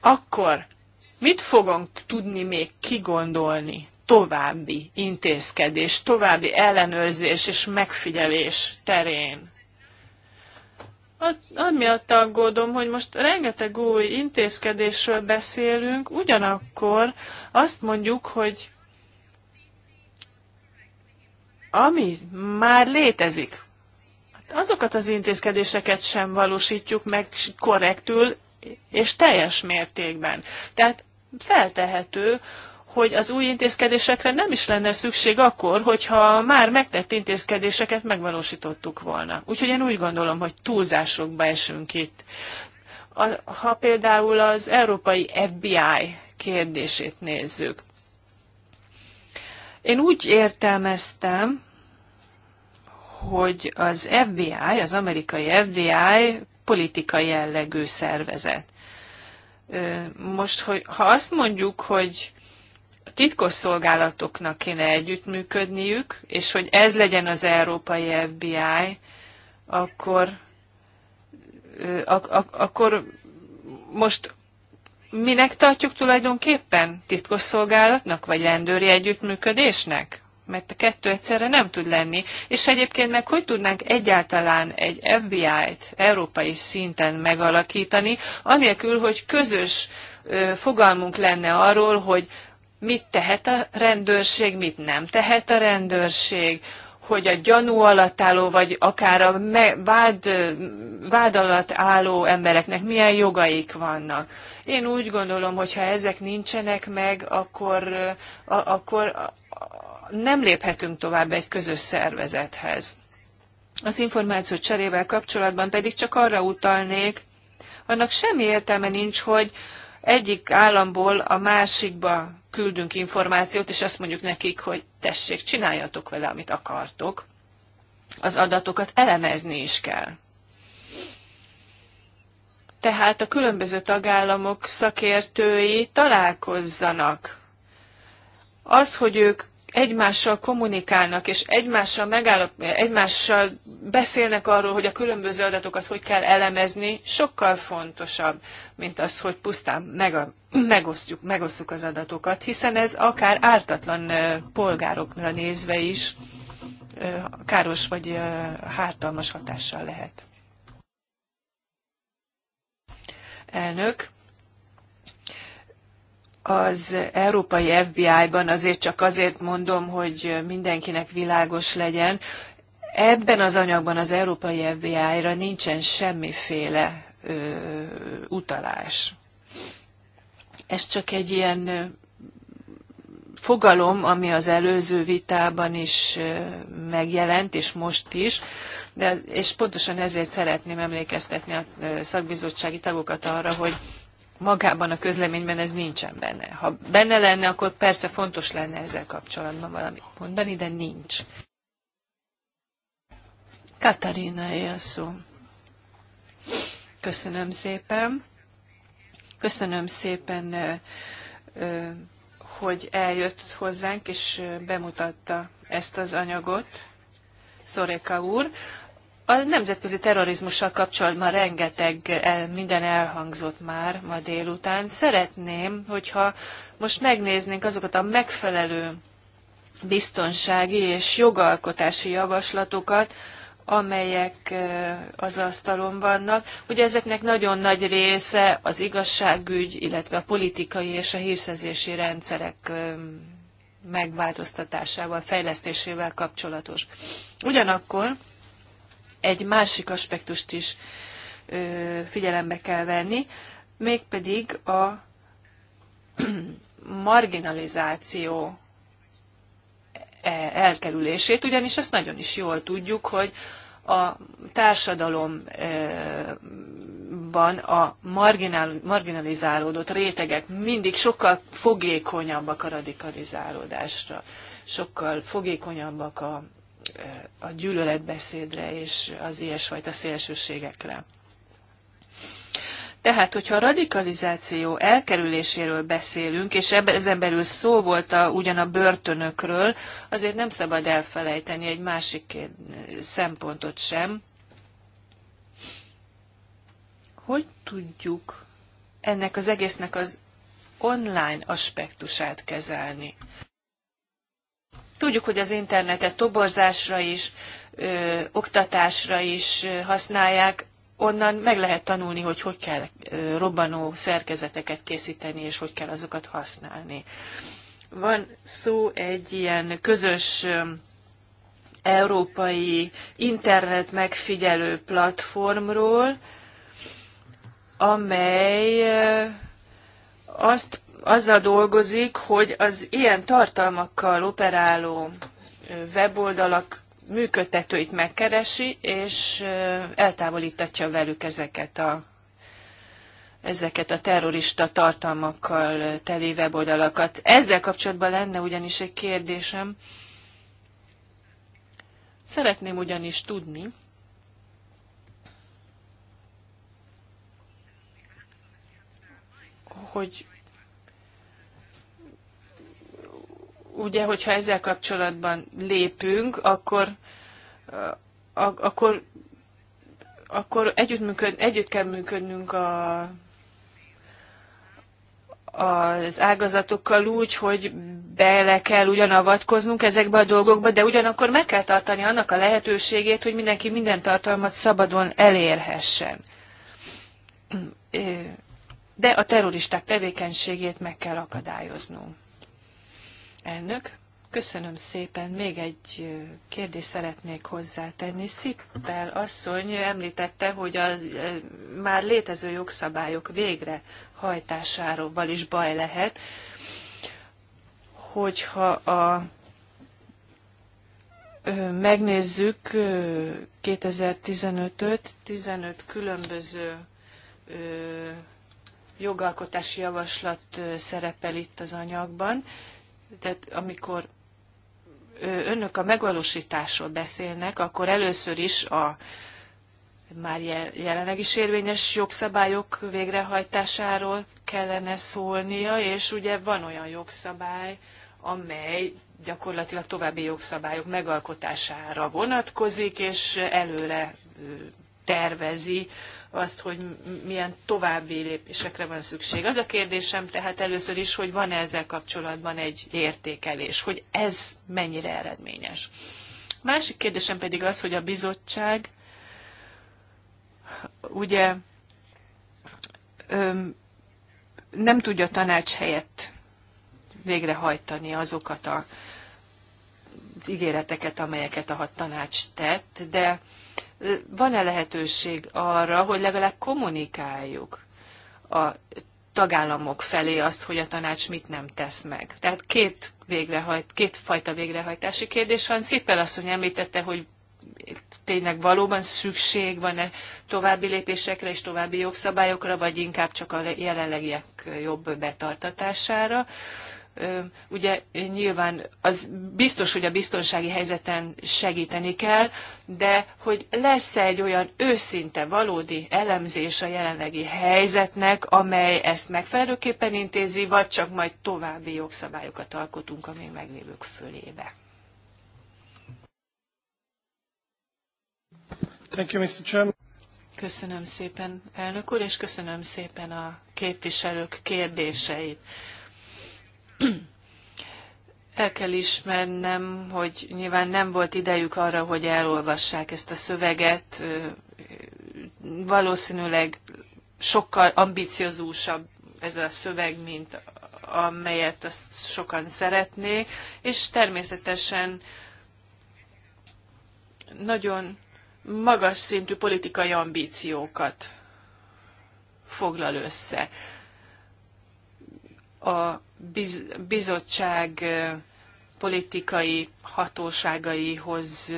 Akkor mit fogunk tudni még kigondolni? További intézkedés, további ellenőrzés és megfigyelés terén Amiatt aggódom, hogy most rengeteg új intézkedésről beszélünk, ugyanakkor azt mondjuk, hogy ami már létezik, hát azokat az intézkedéseket sem valósítjuk meg korrektül és teljes mértékben. Tehát feltehető, hogy az új intézkedésekre nem is lenne szükség akkor, hogyha már megtett intézkedéseket megvalósítottuk volna. Úgyhogy én úgy gondolom, hogy túlzásokba esünk itt. Ha például az európai FBI kérdését nézzük. Én úgy értelmeztem, hogy az FBI, az amerikai FBI politikai jellegű szervezet. Most, hogy ha azt mondjuk, hogy a titkos szolgálatoknak kéne együttműködniük, és hogy ez legyen az európai FBI, akkor, ak- ak- akkor most minek tartjuk tulajdonképpen? Titkos szolgálatnak, vagy rendőri együttműködésnek? Mert a kettő egyszerre nem tud lenni. És egyébként meg hogy tudnánk egyáltalán egy FBI-t európai szinten megalakítani, anélkül, hogy közös fogalmunk lenne arról, hogy mit tehet a rendőrség, mit nem tehet a rendőrség, hogy a gyanú alatt álló, vagy akár a vád, vád alatt álló embereknek milyen jogaik vannak. Én úgy gondolom, hogy ha ezek nincsenek meg, akkor, a, akkor nem léphetünk tovább egy közös szervezethez. Az információ cserével kapcsolatban pedig csak arra utalnék, annak semmi értelme nincs, hogy, egyik államból a másikba küldünk információt, és azt mondjuk nekik, hogy tessék, csináljatok vele, amit akartok. Az adatokat elemezni is kell. Tehát a különböző tagállamok szakértői találkozzanak. Az, hogy ők egymással kommunikálnak, és egymással, megállap, egymással beszélnek arról, hogy a különböző adatokat hogy kell elemezni, sokkal fontosabb, mint az, hogy pusztán meg a, megosztjuk, megosztjuk az adatokat, hiszen ez akár ártatlan polgárokra nézve is káros vagy hártalmas hatással lehet. Elnök, az európai FBI-ban azért csak azért mondom, hogy mindenkinek világos legyen, ebben az anyagban az európai FBI-ra nincsen semmiféle ö, utalás. Ez csak egy ilyen fogalom, ami az előző vitában is megjelent, és most is, de, és pontosan ezért szeretném emlékeztetni a szakbizottsági tagokat arra, hogy magában a közleményben ez nincsen benne. Ha benne lenne, akkor persze fontos lenne ezzel kapcsolatban valamit mondani, de nincs. Katarina a szó. Köszönöm szépen. Köszönöm szépen, hogy eljött hozzánk, és bemutatta ezt az anyagot, Szoreka úr. A nemzetközi terrorizmussal kapcsolatban rengeteg minden elhangzott már ma délután. Szeretném, hogyha most megnéznénk azokat a megfelelő biztonsági és jogalkotási javaslatokat, amelyek az asztalon vannak. Ugye ezeknek nagyon nagy része az igazságügy, illetve a politikai és a hírszerzési rendszerek megváltoztatásával, fejlesztésével kapcsolatos. Ugyanakkor egy másik aspektust is figyelembe kell venni, mégpedig a marginalizáció e-, elkerülését, ugyanis ezt nagyon is jól tudjuk, hogy a társadalomban a marginalizálódott rétegek mindig sokkal fogékonyabbak a radikalizálódásra, sokkal fogékonyabbak a a gyűlöletbeszédre és az ilyesfajta szélsőségekre. Tehát, hogyha a radikalizáció elkerüléséről beszélünk, és ezen belül szó volt a, ugyan a börtönökről, azért nem szabad elfelejteni egy másik szempontot sem. Hogy tudjuk ennek az egésznek az online aspektusát kezelni? Tudjuk, hogy az internetet toborzásra is, ö, oktatásra is használják, onnan meg lehet tanulni, hogy hogy kell robbanó szerkezeteket készíteni, és hogy kell azokat használni. Van szó egy ilyen közös európai internet megfigyelő platformról, amely azt azzal dolgozik, hogy az ilyen tartalmakkal operáló weboldalak működtetőit megkeresi, és eltávolítatja velük ezeket a ezeket a terrorista tartalmakkal teli weboldalakat. Ezzel kapcsolatban lenne ugyanis egy kérdésem. Szeretném ugyanis tudni, hogy ugye, hogyha ezzel kapcsolatban lépünk, akkor, akkor, akkor együtt, együtt kell működnünk a, az ágazatokkal úgy, hogy bele kell ugyanavatkoznunk ezekbe a dolgokba, de ugyanakkor meg kell tartani annak a lehetőségét, hogy mindenki minden tartalmat szabadon elérhessen. De a terroristák tevékenységét meg kell akadályoznunk. Elnök, köszönöm szépen. Még egy kérdést szeretnék hozzátenni. Szippel asszony említette, hogy a már létező jogszabályok hajtásáról is baj lehet, hogyha a megnézzük 2015-öt, 15 különböző jogalkotási javaslat szerepel itt az anyagban, tehát amikor önök a megvalósításról beszélnek, akkor először is a már jelenleg is érvényes jogszabályok végrehajtásáról kellene szólnia, és ugye van olyan jogszabály, amely gyakorlatilag további jogszabályok megalkotására vonatkozik, és előre tervezi azt, hogy milyen további lépésekre van szükség. Az a kérdésem tehát először is, hogy van-e ezzel kapcsolatban egy értékelés, hogy ez mennyire eredményes. Másik kérdésem pedig az, hogy a bizottság ugye nem tudja tanács helyett végrehajtani azokat a, az ígéreteket, amelyeket a hat tanács tett, de van-e lehetőség arra, hogy legalább kommunikáljuk a tagállamok felé azt, hogy a tanács mit nem tesz meg. Tehát két, végrehajt, két fajta végrehajtási kérdés van. Szippel asszony említette, hogy tényleg valóban szükség van-e további lépésekre és további jogszabályokra, vagy inkább csak a jelenlegiek jobb betartatására ugye nyilván az biztos, hogy a biztonsági helyzeten segíteni kell, de hogy lesz -e egy olyan őszinte, valódi elemzés a jelenlegi helyzetnek, amely ezt megfelelőképpen intézi, vagy csak majd további jogszabályokat alkotunk a még meglévők fölébe. Thank you, Mr. Chairman. Köszönöm szépen, elnök úr, és köszönöm szépen a képviselők kérdéseit el kell ismernem, hogy nyilván nem volt idejük arra, hogy elolvassák ezt a szöveget. Valószínűleg sokkal ambiciózúsabb ez a szöveg, mint amelyet azt sokan szeretnék, és természetesen nagyon magas szintű politikai ambíciókat foglal össze. A biz, bizottság politikai hatóságaihoz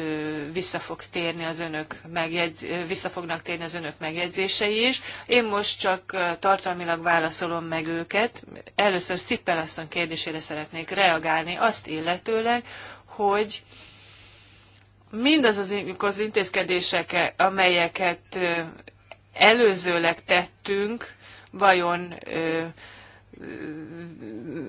vissza, fog térni az önök megjegyz, vissza fognak térni az önök megjegyzései is. Én most csak tartalmilag válaszolom meg őket. Először Szippel asszony kérdésére szeretnék reagálni, azt illetőleg, hogy mindaz az, az intézkedések, amelyeket előzőleg tettünk, vajon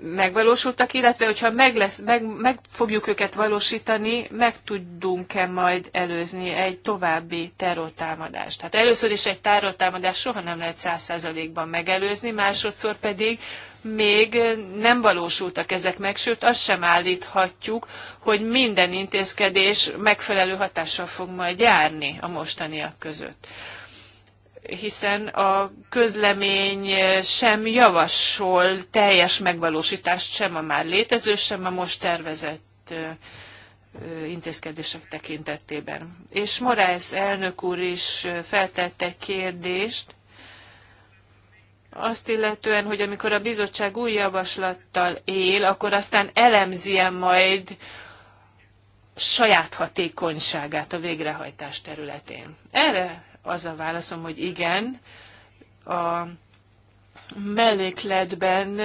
megvalósultak, illetve hogyha meg, lesz, meg, meg fogjuk őket valósítani, meg tudunk-e majd előzni egy további terrortámadást. Tehát először is egy terrortámadást soha nem lehet száz százalékban megelőzni, másodszor pedig még nem valósultak ezek meg, sőt azt sem állíthatjuk, hogy minden intézkedés megfelelő hatással fog majd járni a mostaniak között hiszen a közlemény sem javasol teljes megvalósítást sem a már létező, sem a most tervezett intézkedések tekintetében. És Morász elnök úr is feltette egy kérdést, azt illetően, hogy amikor a bizottság új javaslattal él, akkor aztán elemzie majd saját hatékonyságát a végrehajtás területén. Erre az a válaszom, hogy igen. A mellékletben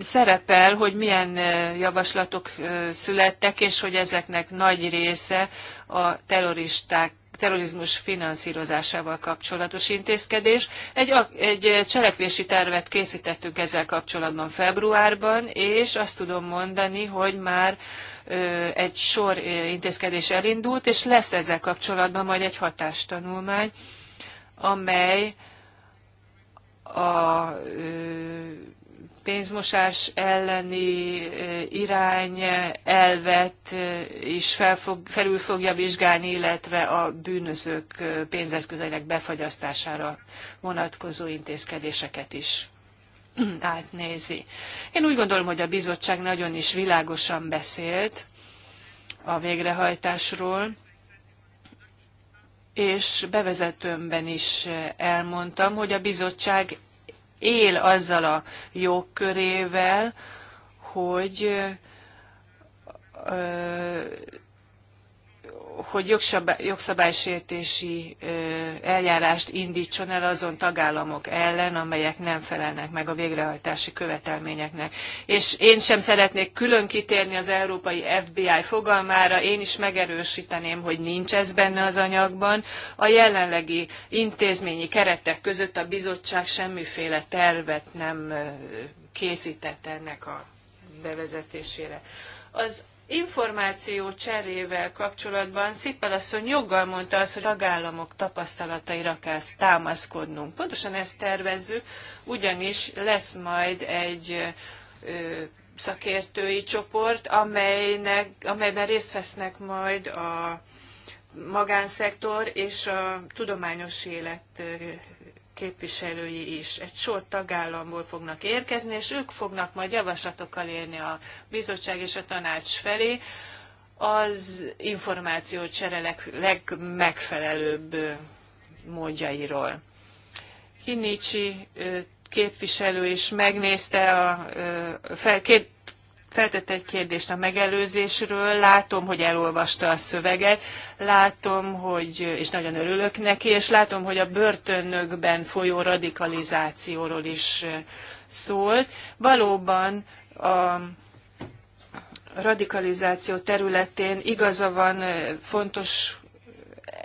szerepel, hogy milyen javaslatok születtek, és hogy ezeknek nagy része a terroristák terrorizmus finanszírozásával kapcsolatos intézkedés. Egy, egy cselekvési tervet készítettünk ezzel kapcsolatban februárban, és azt tudom mondani, hogy már egy sor intézkedés elindult, és lesz ezzel kapcsolatban majd egy hatástanulmány, amely a pénzmosás elleni irány elvet is fel fog, felül fogja vizsgálni, illetve a bűnözők pénzeszközeinek befagyasztására vonatkozó intézkedéseket is átnézi. Én úgy gondolom, hogy a bizottság nagyon is világosan beszélt a végrehajtásról, és bevezetőmben is elmondtam, hogy a bizottság él azzal a jogkörével, hogy hogy jogszabálysértési eljárást indítson el azon tagállamok ellen, amelyek nem felelnek meg a végrehajtási követelményeknek. És én sem szeretnék külön kitérni az európai FBI fogalmára, én is megerősíteném, hogy nincs ez benne az anyagban. A jelenlegi intézményi keretek között a bizottság semmiféle tervet nem készített ennek a bevezetésére. Az információ cserével kapcsolatban Szippel asszony joggal mondta azt, hogy a tagállamok tapasztalataira kell támaszkodnunk. Pontosan ezt tervezzük, ugyanis lesz majd egy ö, szakértői csoport, amelynek, amelyben részt vesznek majd a magánszektor és a tudományos élet képviselői is egy sor tagállamból fognak érkezni, és ők fognak majd javaslatokkal érni a bizottság és a tanács felé az információcsere leg, legmegfelelőbb módjairól. Kinnicsi képviselő is megnézte a, fel, feltett egy kérdést a megelőzésről, látom, hogy elolvasta a szöveget, látom, hogy, és nagyon örülök neki, és látom, hogy a börtönökben folyó radikalizációról is szólt. Valóban a radikalizáció területén igaza van, fontos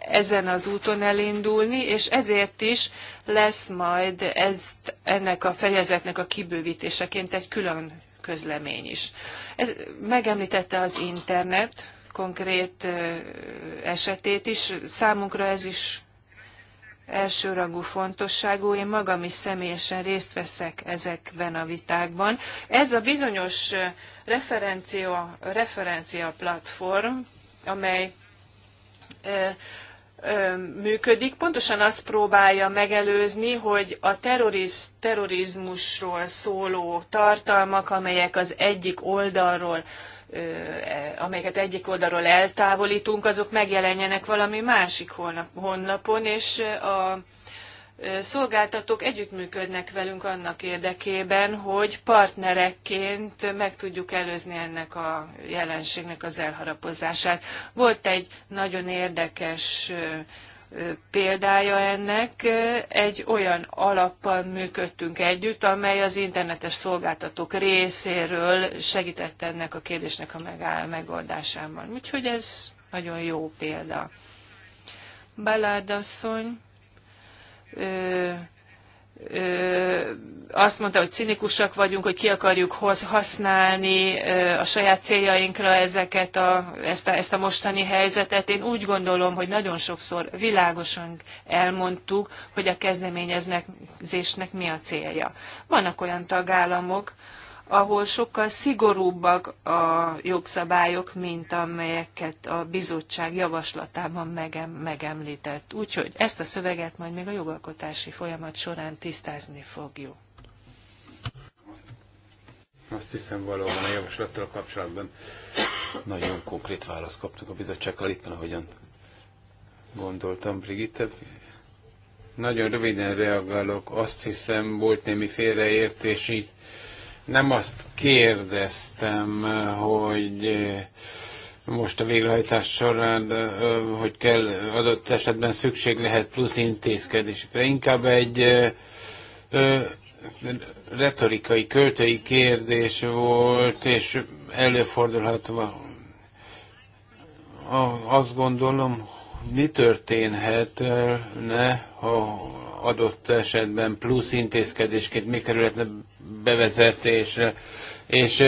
ezen az úton elindulni, és ezért is lesz majd ezt, ennek a fejezetnek a kibővítéseként egy külön közlemény is. Ez megemlítette az internet konkrét esetét is. Számunkra ez is elsőrangú fontosságú. Én magam is személyesen részt veszek ezekben a vitákban. Ez a bizonyos referencia, referencia platform, amely működik, pontosan azt próbálja megelőzni, hogy a terroriz, terrorizmusról szóló tartalmak, amelyek az egyik oldalról e, amelyeket egyik oldalról eltávolítunk, azok megjelenjenek valami másik honlapon, és a szolgáltatók együttműködnek velünk annak érdekében, hogy partnerekként meg tudjuk előzni ennek a jelenségnek az elharapozását. Volt egy nagyon érdekes példája ennek. Egy olyan alappal működtünk együtt, amely az internetes szolgáltatók részéről segített ennek a kérdésnek a megáll megoldásában. Úgyhogy ez nagyon jó példa. Balárd asszony azt mondta, hogy cinikusak vagyunk, hogy ki akarjuk használni a saját céljainkra ezeket a, ezt, a, ezt a mostani helyzetet. Én úgy gondolom, hogy nagyon sokszor világosan elmondtuk, hogy a kezdeményezésnek mi a célja. Vannak olyan tagállamok, ahol sokkal szigorúbbak a jogszabályok, mint amelyeket a bizottság javaslatában megem, megemlített. Úgyhogy ezt a szöveget majd még a jogalkotási folyamat során tisztázni fogjuk. Azt hiszem valóban a javaslattal kapcsolatban nagyon konkrét választ kaptunk a bizottsággal, éppen ahogyan gondoltam, Brigitte. Nagyon röviden reagálok. Azt hiszem volt némi félreértés így nem azt kérdeztem, hogy eh, most a végrehajtás során, eh, hogy kell adott esetben szükség lehet plusz intézkedésre. Inkább egy eh, retorikai, költői kérdés volt, és előfordulhatva azt gondolom, mi történhet ne, ha adott esetben plusz intézkedésként mi kerületne bevezetésre. És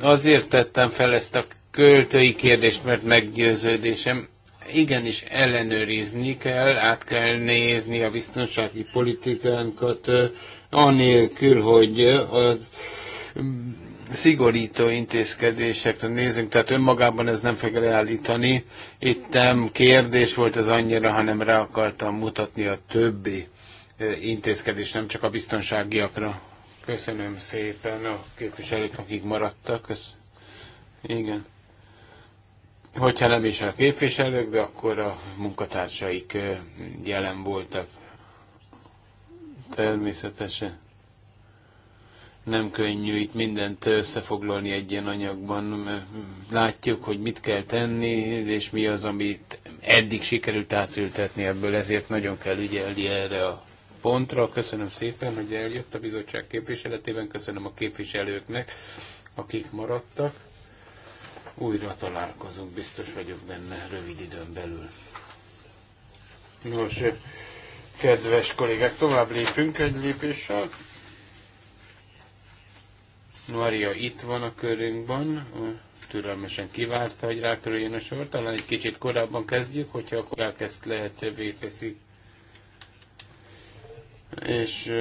azért tettem fel ezt a költői kérdést, mert meggyőződésem, igenis ellenőrizni kell, át kell nézni a biztonsági politikánkat, anélkül, hogy a szigorító intézkedésekre nézünk, tehát önmagában ez nem fog leállítani. Itt nem kérdés volt az annyira, hanem rá akartam mutatni a többi intézkedés, nem csak a biztonságiakra. Köszönöm szépen a képviselők, akik maradtak. Kösz... Igen. Hogyha nem is a képviselők, de akkor a munkatársaik jelen voltak. Természetesen. Nem könnyű itt mindent összefoglalni egy ilyen anyagban. Látjuk, hogy mit kell tenni, és mi az, amit eddig sikerült átültetni ebből, ezért nagyon kell ügyelni erre a pontra. Köszönöm szépen, hogy eljött a bizottság képviseletében. Köszönöm a képviselőknek, akik maradtak. Újra találkozunk, biztos vagyok benne rövid időn belül. Nos, kedves kollégák, tovább lépünk egy lépéssel. Maria itt van a körünkben, türelmesen kivárta, hogy rákörüljön a sor. Talán egy kicsit korábban kezdjük, hogyha a kollégák ezt lehetővé teszik és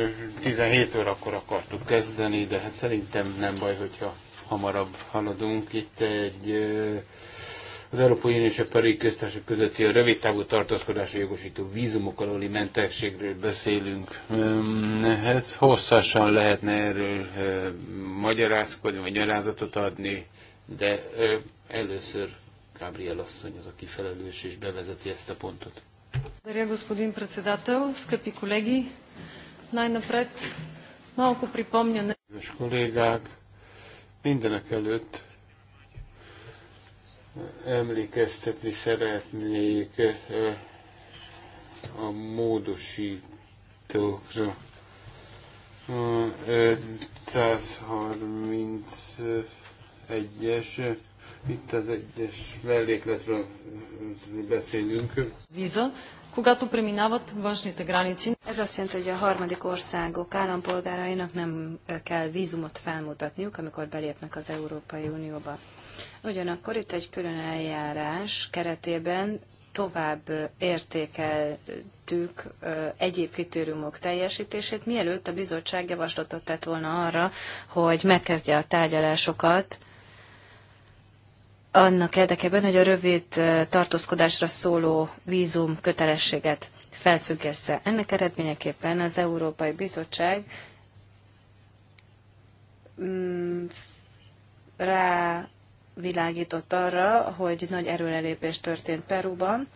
17 órakor akartuk kezdeni, de hát szerintem nem baj, hogyha hamarabb haladunk. Itt egy az Európai Unió és a Pari köztársaság közötti a rövid távú tartózkodásra jogosító vízumok alóli mentességről beszélünk. Ez hosszasan lehetne erről magyarázkodni, vagy magyarázatot adni, de először Gabriel asszony az, aki felelős és bevezeti ezt a pontot. Благодаря, господин председател. Скъпи колеги, най-напред малко припомняне. Kedves kollégák, mindenek előtt emlékeztetni szeretnék a módosítókra. 131-es itt az egyes mellékletről beszélünk. Víza, когато преминават външните граници. Ez azt jelenti, hogy a harmadik országok állampolgárainak nem kell vízumot felmutatniuk, amikor belépnek az Európai Unióba. Ugyanakkor itt egy külön eljárás keretében tovább értékeltük egyéb kritériumok teljesítését, mielőtt a bizottság javaslatot tett volna arra, hogy megkezdje a tárgyalásokat annak érdekében, hogy a rövid tartózkodásra szóló vízum kötelességet felfüggessze. Ennek eredményeképpen az Európai Bizottság mm, rávilágított arra, hogy nagy erőrelépés történt Perúban,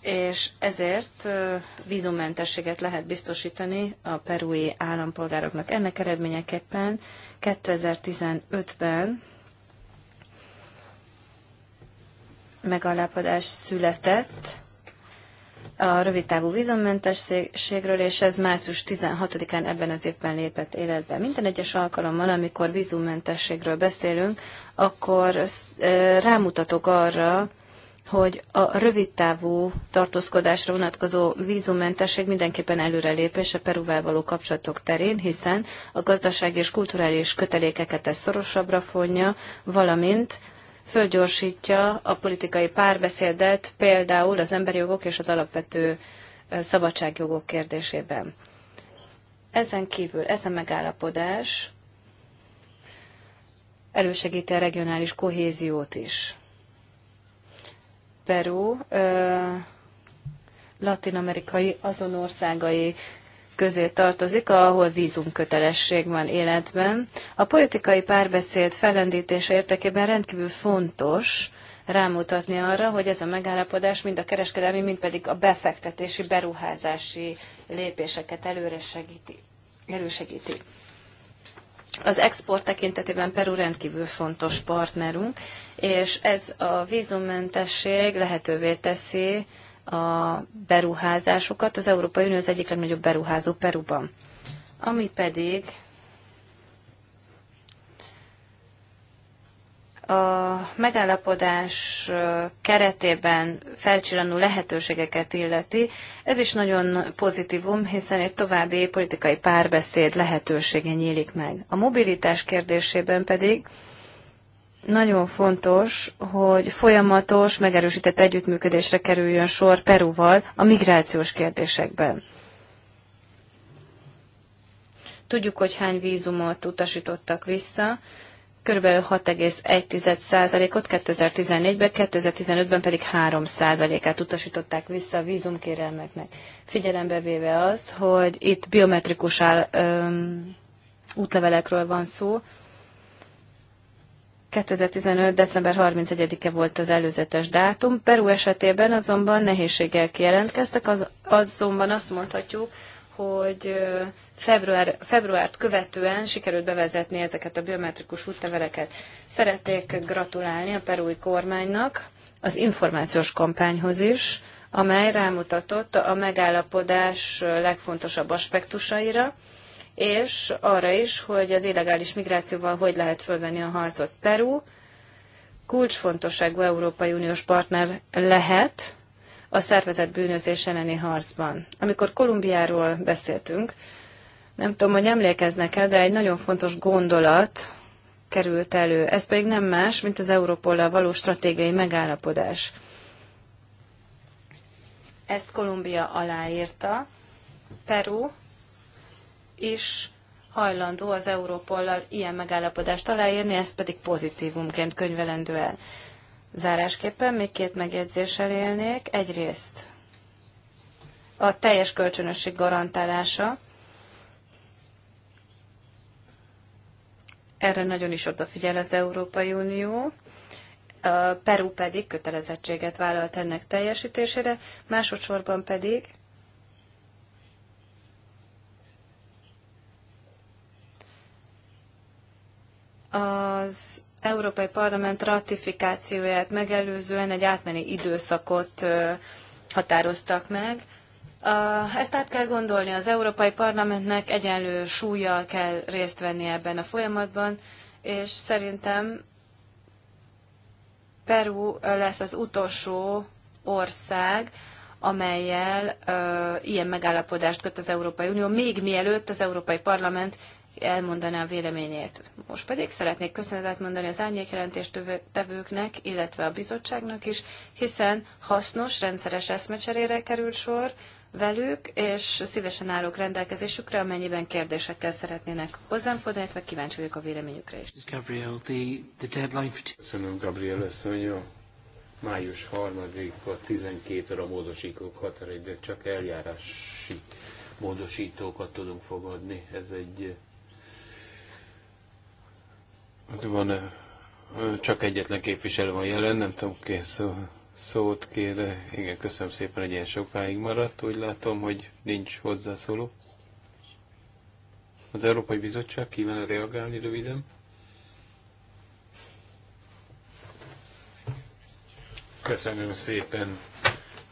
és ezért vízummentességet lehet biztosítani a perui állampolgároknak. Ennek eredményeképpen 2015-ben megalapodás született a rövidtávú vízummentességről, és ez március 16-án ebben az évben lépett életbe. Minden egyes alkalommal, amikor vízummentességről beszélünk, akkor rámutatok arra, hogy a rövidtávú tartózkodásra vonatkozó vízummentesség mindenképpen előrelépés a Perúval való kapcsolatok terén, hiszen a gazdasági és kulturális kötelékeket ez szorosabbra fonja, valamint fölgyorsítja a politikai párbeszédet, például az emberi jogok és az alapvető szabadságjogok kérdésében. Ezen kívül ez a megállapodás elősegíti a regionális kohéziót is. Peru latin-amerikai azon országai közé tartozik, ahol vízumkötelesség van életben. A politikai párbeszéd fellendítése értekében rendkívül fontos rámutatni arra, hogy ez a megállapodás mind a kereskedelmi, mind pedig a befektetési, beruházási lépéseket előre segíti, Erősegíti. Az export tekintetében Peru rendkívül fontos partnerünk, és ez a vízummentesség lehetővé teszi, a beruházásokat. Az Európai Unió az egyik legnagyobb beruházó Peruban. Ami pedig a megállapodás keretében felcsillanó lehetőségeket illeti. Ez is nagyon pozitívum, hiszen egy további politikai párbeszéd lehetősége nyílik meg. A mobilitás kérdésében pedig nagyon fontos, hogy folyamatos, megerősített együttműködésre kerüljön sor Peruval a migrációs kérdésekben. Tudjuk, hogy hány vízumot utasítottak vissza, Körülbelül 6,1%-ot 2014-ben, 2015-ben pedig 3%-át utasították vissza a vízumkérelmeknek. Figyelembe véve azt, hogy itt biometrikus áll, öm, útlevelekről van szó, 2015. december 31-e volt az előzetes dátum. Peru esetében azonban nehézségek jelentkeztek, az, azonban azt mondhatjuk, hogy február, februárt követően sikerült bevezetni ezeket a biometrikus útleveleket. Szeretnék gratulálni a perui kormánynak az információs kampányhoz is, amely rámutatott a megállapodás legfontosabb aspektusaira, és arra is, hogy az illegális migrációval hogy lehet fölvenni a harcot. Peru kulcsfontosságú Európai Uniós partner lehet a szervezett bűnözés elleni harcban. Amikor Kolumbiáról beszéltünk, nem tudom, hogy emlékeznek-e, de egy nagyon fontos gondolat került elő. Ez pedig nem más, mint az Európollal való stratégiai megállapodás. Ezt Kolumbia aláírta, Peru is hajlandó az Európollal ilyen megállapodást aláírni, ez pedig pozitívumként könyvelendő el. Zárásképpen még két megjegyzéssel élnék. Egyrészt a teljes kölcsönösség garantálása. Erre nagyon is odafigyel az Európai Unió. A Peru pedig kötelezettséget vállalt ennek teljesítésére, másodszorban pedig az Európai Parlament ratifikációját megelőzően egy átmeni időszakot határoztak meg. Ezt át kell gondolni, az Európai Parlamentnek egyenlő súlyjal kell részt venni ebben a folyamatban, és szerintem Peru lesz az utolsó ország, amelyel ilyen megállapodást köt az Európai Unió, még mielőtt az Európai Parlament elmondaná véleményét. Most pedig szeretnék köszönetet mondani az tevőknek, illetve a bizottságnak is, hiszen hasznos, rendszeres eszmecserére került sor velük, és szívesen állok rendelkezésükre, amennyiben kérdésekkel szeretnének hozzám fordulni, illetve kíváncsi vagyok a véleményükre is. Gabriel, the, the deadline for... Köszönöm, Gabriel, asszony, május 3-a 12 óra módosítók határidő, csak eljárási módosítókat tudunk fogadni. Ez egy van csak egyetlen képviselő van jelen, nem tudom, kész szót kér. Igen, köszönöm szépen, hogy ilyen sokáig maradt. Úgy látom, hogy nincs hozzászóló. Az Európai Bizottság kíván reagálni röviden? Köszönöm szépen,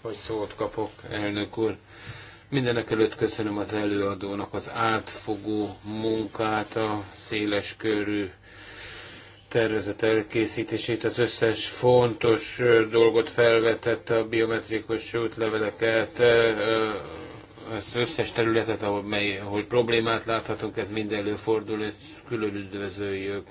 hogy szót kapok, elnök úr. Mindenek előtt köszönöm az előadónak az átfogó munkát, a széles körű tervezet elkészítését, az összes fontos dolgot felvetette, a biometrikus útleveleket, az összes területet, ahol, mely, ahol problémát láthatunk, ez mind előfordul, külön üdvözöljük.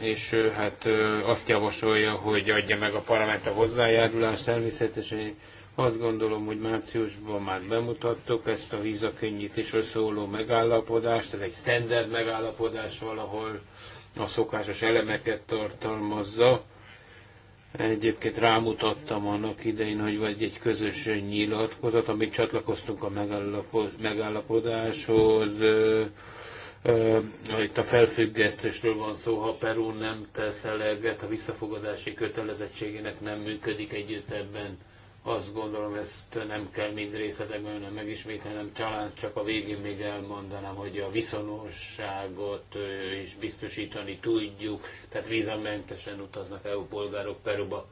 És hát azt javasolja, hogy adja meg a parlament a hozzájárulást természetesen, azt gondolom, hogy márciusban már bemutattuk ezt a vízakönnyítésről szóló megállapodást, ez egy standard megállapodás valahol a szokásos elemeket tartalmazza. Egyébként rámutattam annak idején, hogy vagy egy közös nyilatkozat, amit csatlakoztunk a megállapodáshoz. Itt a felfüggesztésről van szó, ha Perú nem tesz eleget, a visszafogadási kötelezettségének nem működik együtt ebben azt gondolom, ezt nem kell mind részletekben megismételnem, talán csak a végén még elmondanám, hogy a viszonosságot is biztosítani tudjuk, tehát vízamentesen utaznak EU polgárok Peruba.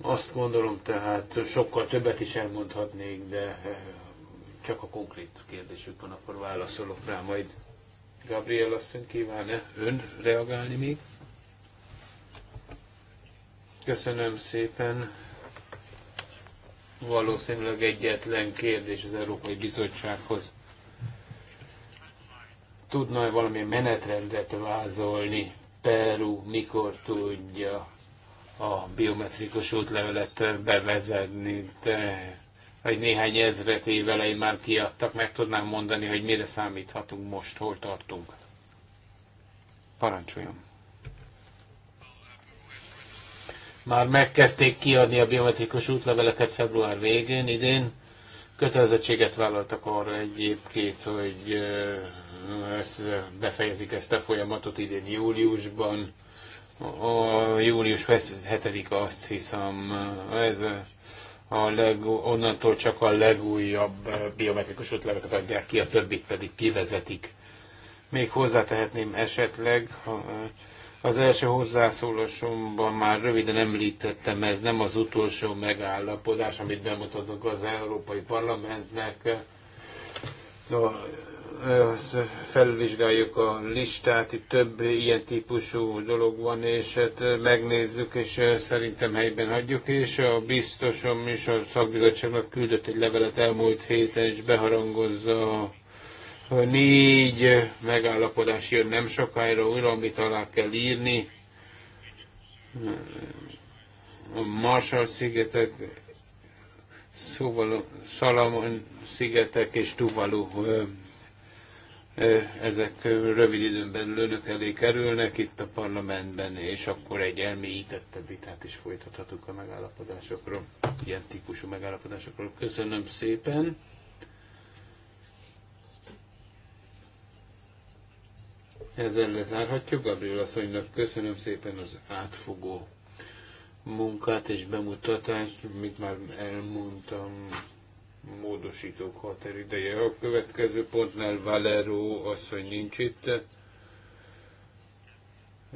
Azt gondolom tehát, sokkal többet is elmondhatnék, de csak a konkrét kérdésük van, akkor válaszolok rá majd. Gabriel asszony kíván-e ön reagálni még? Köszönöm szépen valószínűleg egyetlen kérdés az Európai Bizottsághoz. Tudna-e valami menetrendet vázolni? Peru mikor tudja a biometrikus útlevelet bevezetni? De egy néhány ezret évelei már kiadtak, meg tudnám mondani, hogy mire számíthatunk most, hol tartunk. Parancsoljon! Már megkezdték kiadni a biometrikus útleveleket február végén idén. Kötelezettséget vállaltak arra egyébként, hogy befejezik ezt a folyamatot idén júliusban. A július 7-e azt hiszem, ez a leg, onnantól csak a legújabb biometrikus útleveleket adják ki, a többit pedig kivezetik. Még hozzátehetném esetleg, ha, az első hozzászólásomban már röviden említettem, ez nem az utolsó megállapodás, amit bemutatok az Európai Parlamentnek. No, felvizsgáljuk a listát, itt több ilyen típusú dolog van, és hát megnézzük, és szerintem helyben hagyjuk, és a biztosom is a szakbizottságnak küldött egy levelet elmúlt héten, és beharangozza négy megállapodás jön nem sokára újra, amit alá kell írni. A Marshall-szigetek, szóval Salamon-szigetek és Tuvalu ezek rövid időn belül önök elé kerülnek itt a parlamentben, és akkor egy elmélyítettebb vitát is folytathatunk a megállapodásokról, ilyen típusú megállapodásokról. Köszönöm szépen! Ezzel lezárhatjuk. Gabriel asszonynak köszönöm szépen az átfogó munkát és bemutatást, mint már elmondtam, módosítók határideje. A következő pontnál Valero asszony nincs itt,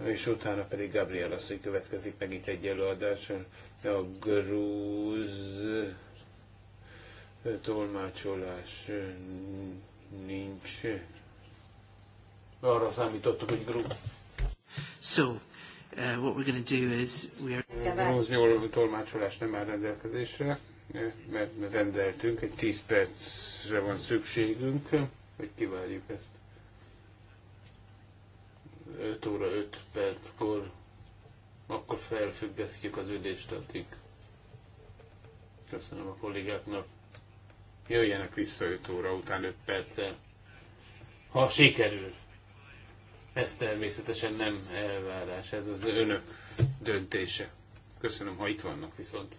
és utána pedig Gabriel asszony következik meg itt egy előadáson. A grúz tolmácsolás nincs. Arra számítottuk, hogy grúg. So, uh, what we're going to do is we are... 8 tolmácsolás nem áll rendelkezésre, eh, mert rendeltünk, egy 10 percre van szükségünk, hogy kivárjuk ezt. 5 óra 5 perckor, akkor felfüggesztjük az ülést addig. Köszönöm a kollégáknak. Jöjjenek vissza 5 óra után 5 perccel. Ha sikerül. Ez természetesen nem elvárás, ez az önök döntése. Köszönöm, ha itt vannak viszont.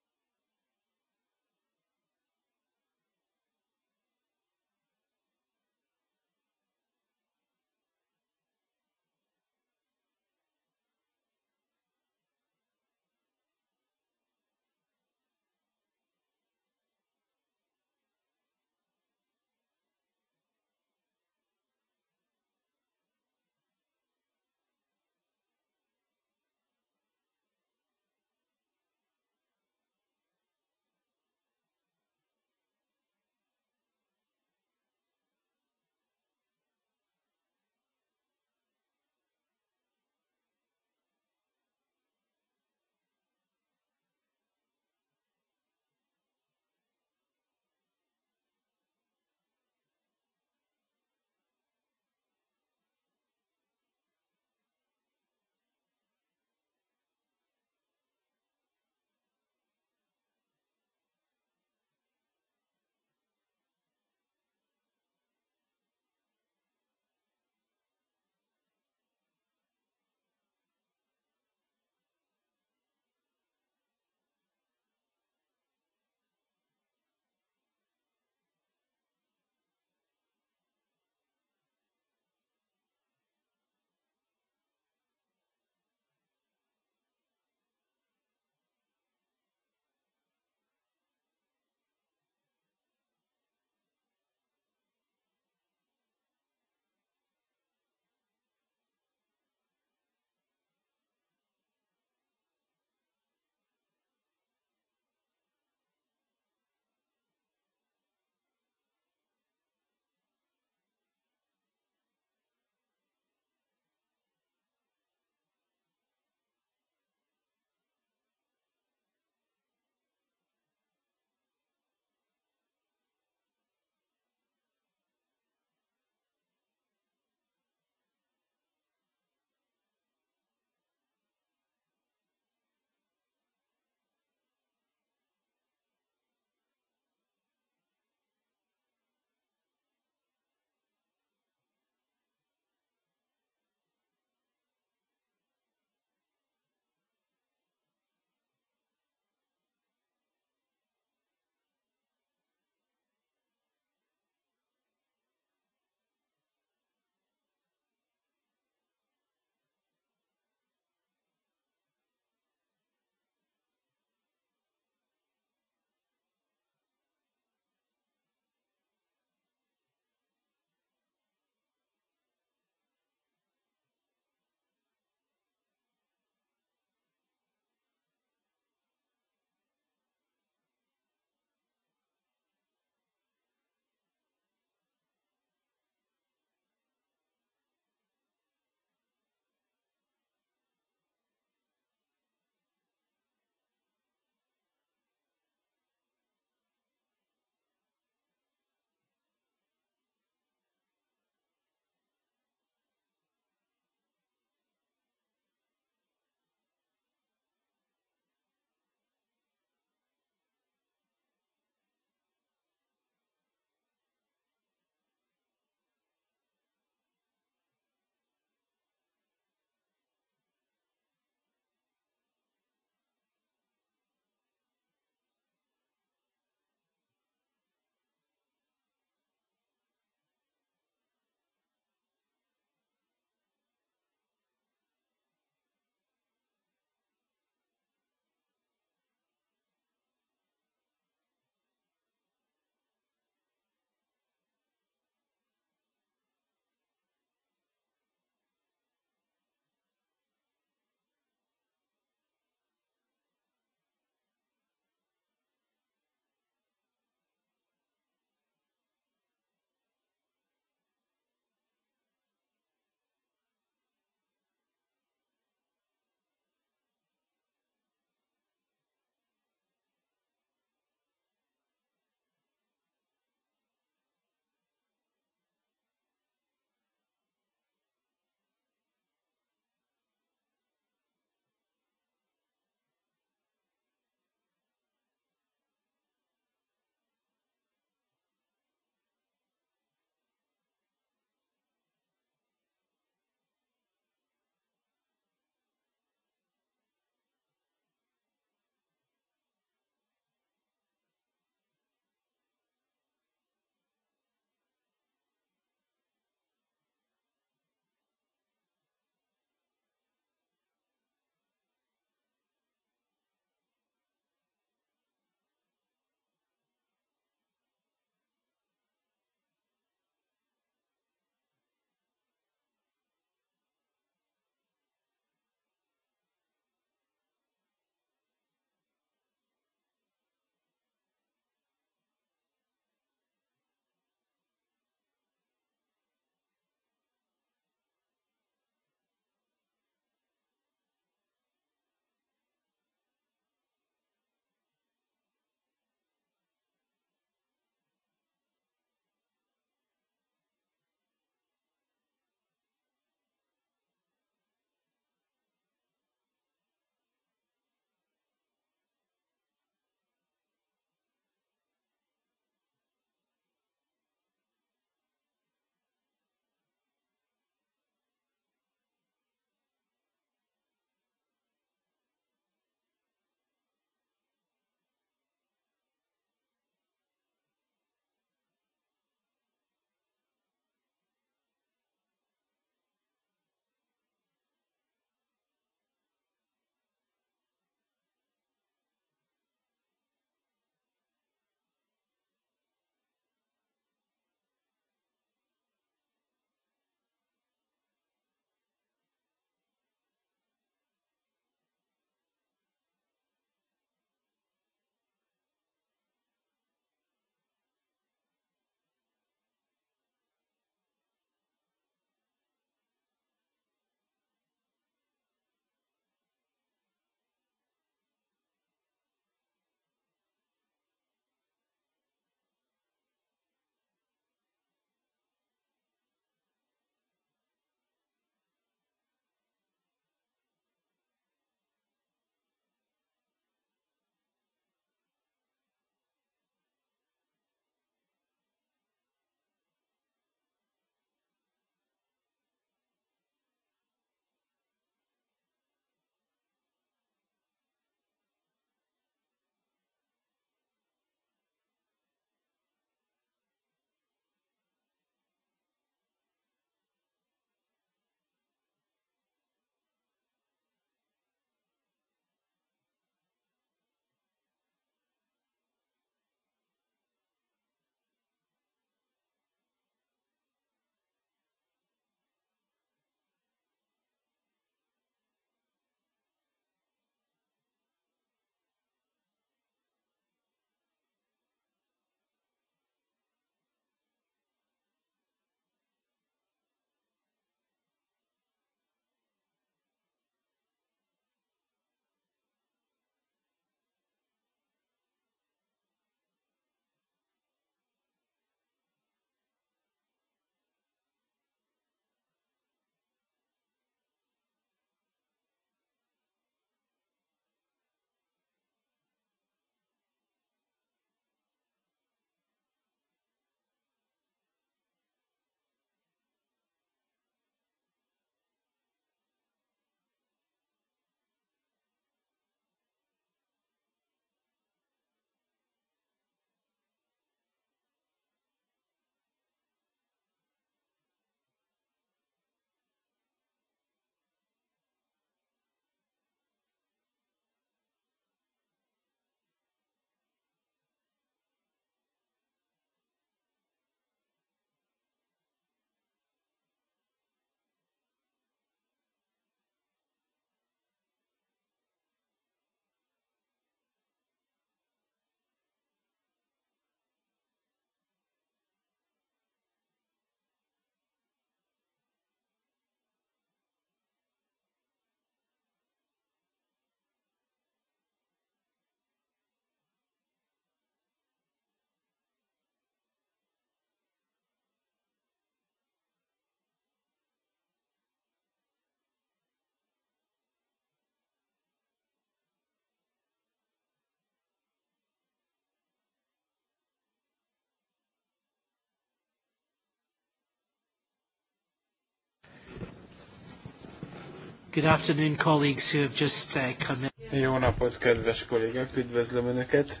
Good afternoon, colleagues who have just uh, come in. Jó napot, kedves kollégák, üdvözlöm Önöket.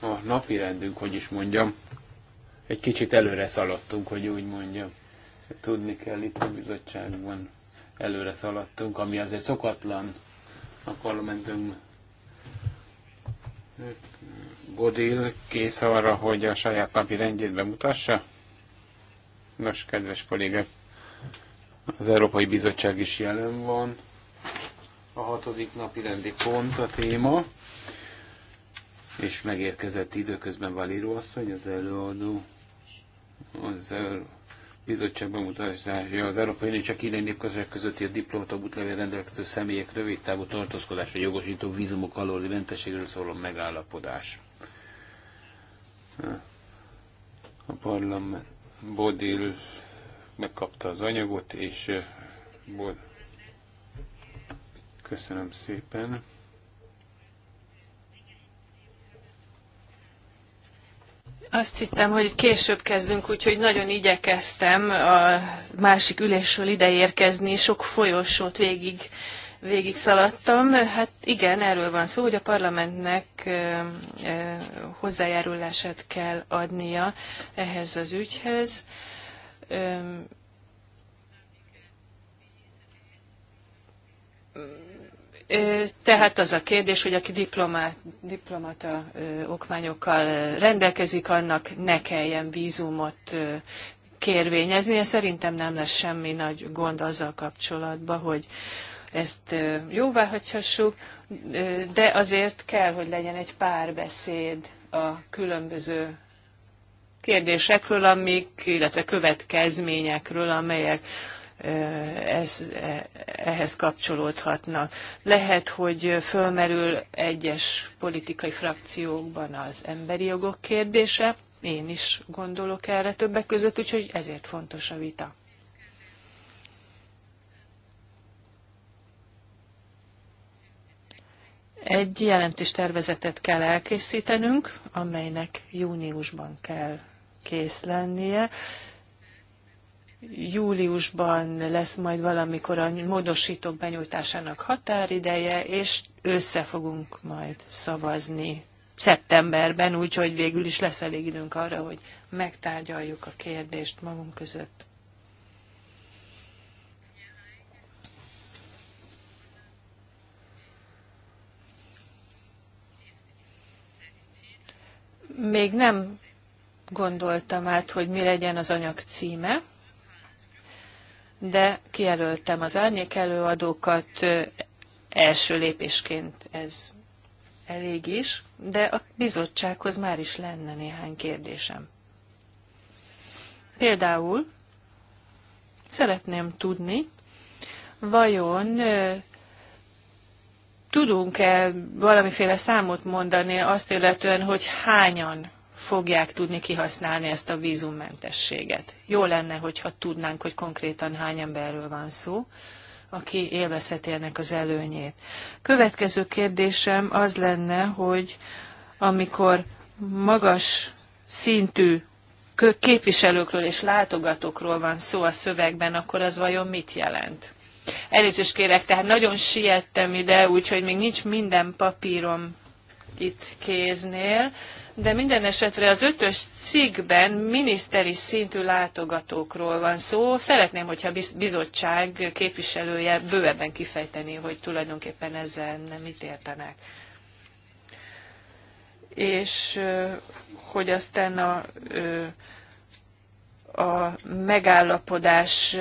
A napi rendünk, hogy is mondjam, egy kicsit előre szaladtunk, hogy úgy mondjam. Tudni kell, itt a bizottságban előre szaladtunk, ami azért szokatlan a parlamentum Bodil kész arra, hogy a saját napi rendjét bemutassa. Nos, kedves kollégák, az Európai Bizottság is jelen van. A hatodik napi rendi pont a téma. És megérkezett időközben Valíró asszony, az előadó. Az Euró bizottság bemutatása az Európai Unió csak idején közösség közötti a diplomata útlevél rendelkező személyek rövid távú tartózkodásra jogosító vízumok alóli mentességről szóló megállapodás. A parlament Bodil megkapta az anyagot, és köszönöm szépen. Azt hittem, hogy később kezdünk, úgyhogy nagyon igyekeztem a másik ülésről érkezni, sok folyosót végig, végig szaladtam. Hát igen, erről van szó, hogy a parlamentnek hozzájárulását kell adnia ehhez az ügyhez tehát az a kérdés, hogy aki diplomát, diplomata okmányokkal rendelkezik, annak ne kelljen vízumot kérvényezni. Szerintem nem lesz semmi nagy gond azzal kapcsolatban, hogy ezt jóvá hagyhassuk, de azért kell, hogy legyen egy párbeszéd a különböző kérdésekről, amik, illetve következményekről, amelyek ez, e, ehhez kapcsolódhatnak. Lehet, hogy fölmerül egyes politikai frakciókban az emberi jogok kérdése, én is gondolok erre többek között, úgyhogy ezért fontos a vita. Egy jelentéstervezetet kell elkészítenünk, amelynek júniusban kell kész lennie. Júliusban lesz majd valamikor a módosítók benyújtásának határideje, és össze fogunk majd szavazni szeptemberben, úgyhogy végül is lesz elég időnk arra, hogy megtárgyaljuk a kérdést magunk között. Még nem gondoltam át, hogy mi legyen az anyag címe, de kijelöltem az árnyék előadókat, első lépésként ez elég is, de a bizottsághoz már is lenne néhány kérdésem. Például szeretném tudni, vajon tudunk-e valamiféle számot mondani azt illetően, hogy hányan fogják tudni kihasználni ezt a vízummentességet. Jó lenne, hogyha tudnánk, hogy konkrétan hány emberről van szó, aki élvezheti ennek az előnyét. Következő kérdésem az lenne, hogy amikor magas szintű képviselőkről és látogatókról van szó a szövegben, akkor az vajon mit jelent? Elnézést kérek, tehát nagyon siettem ide, úgyhogy még nincs minden papírom itt kéznél de minden esetre az ötös cikkben miniszteri szintű látogatókról van szó. Szeretném, hogyha a bizottság képviselője bővebben kifejteni, hogy tulajdonképpen ezzel mit értenek. És hogy aztán a, a megállapodás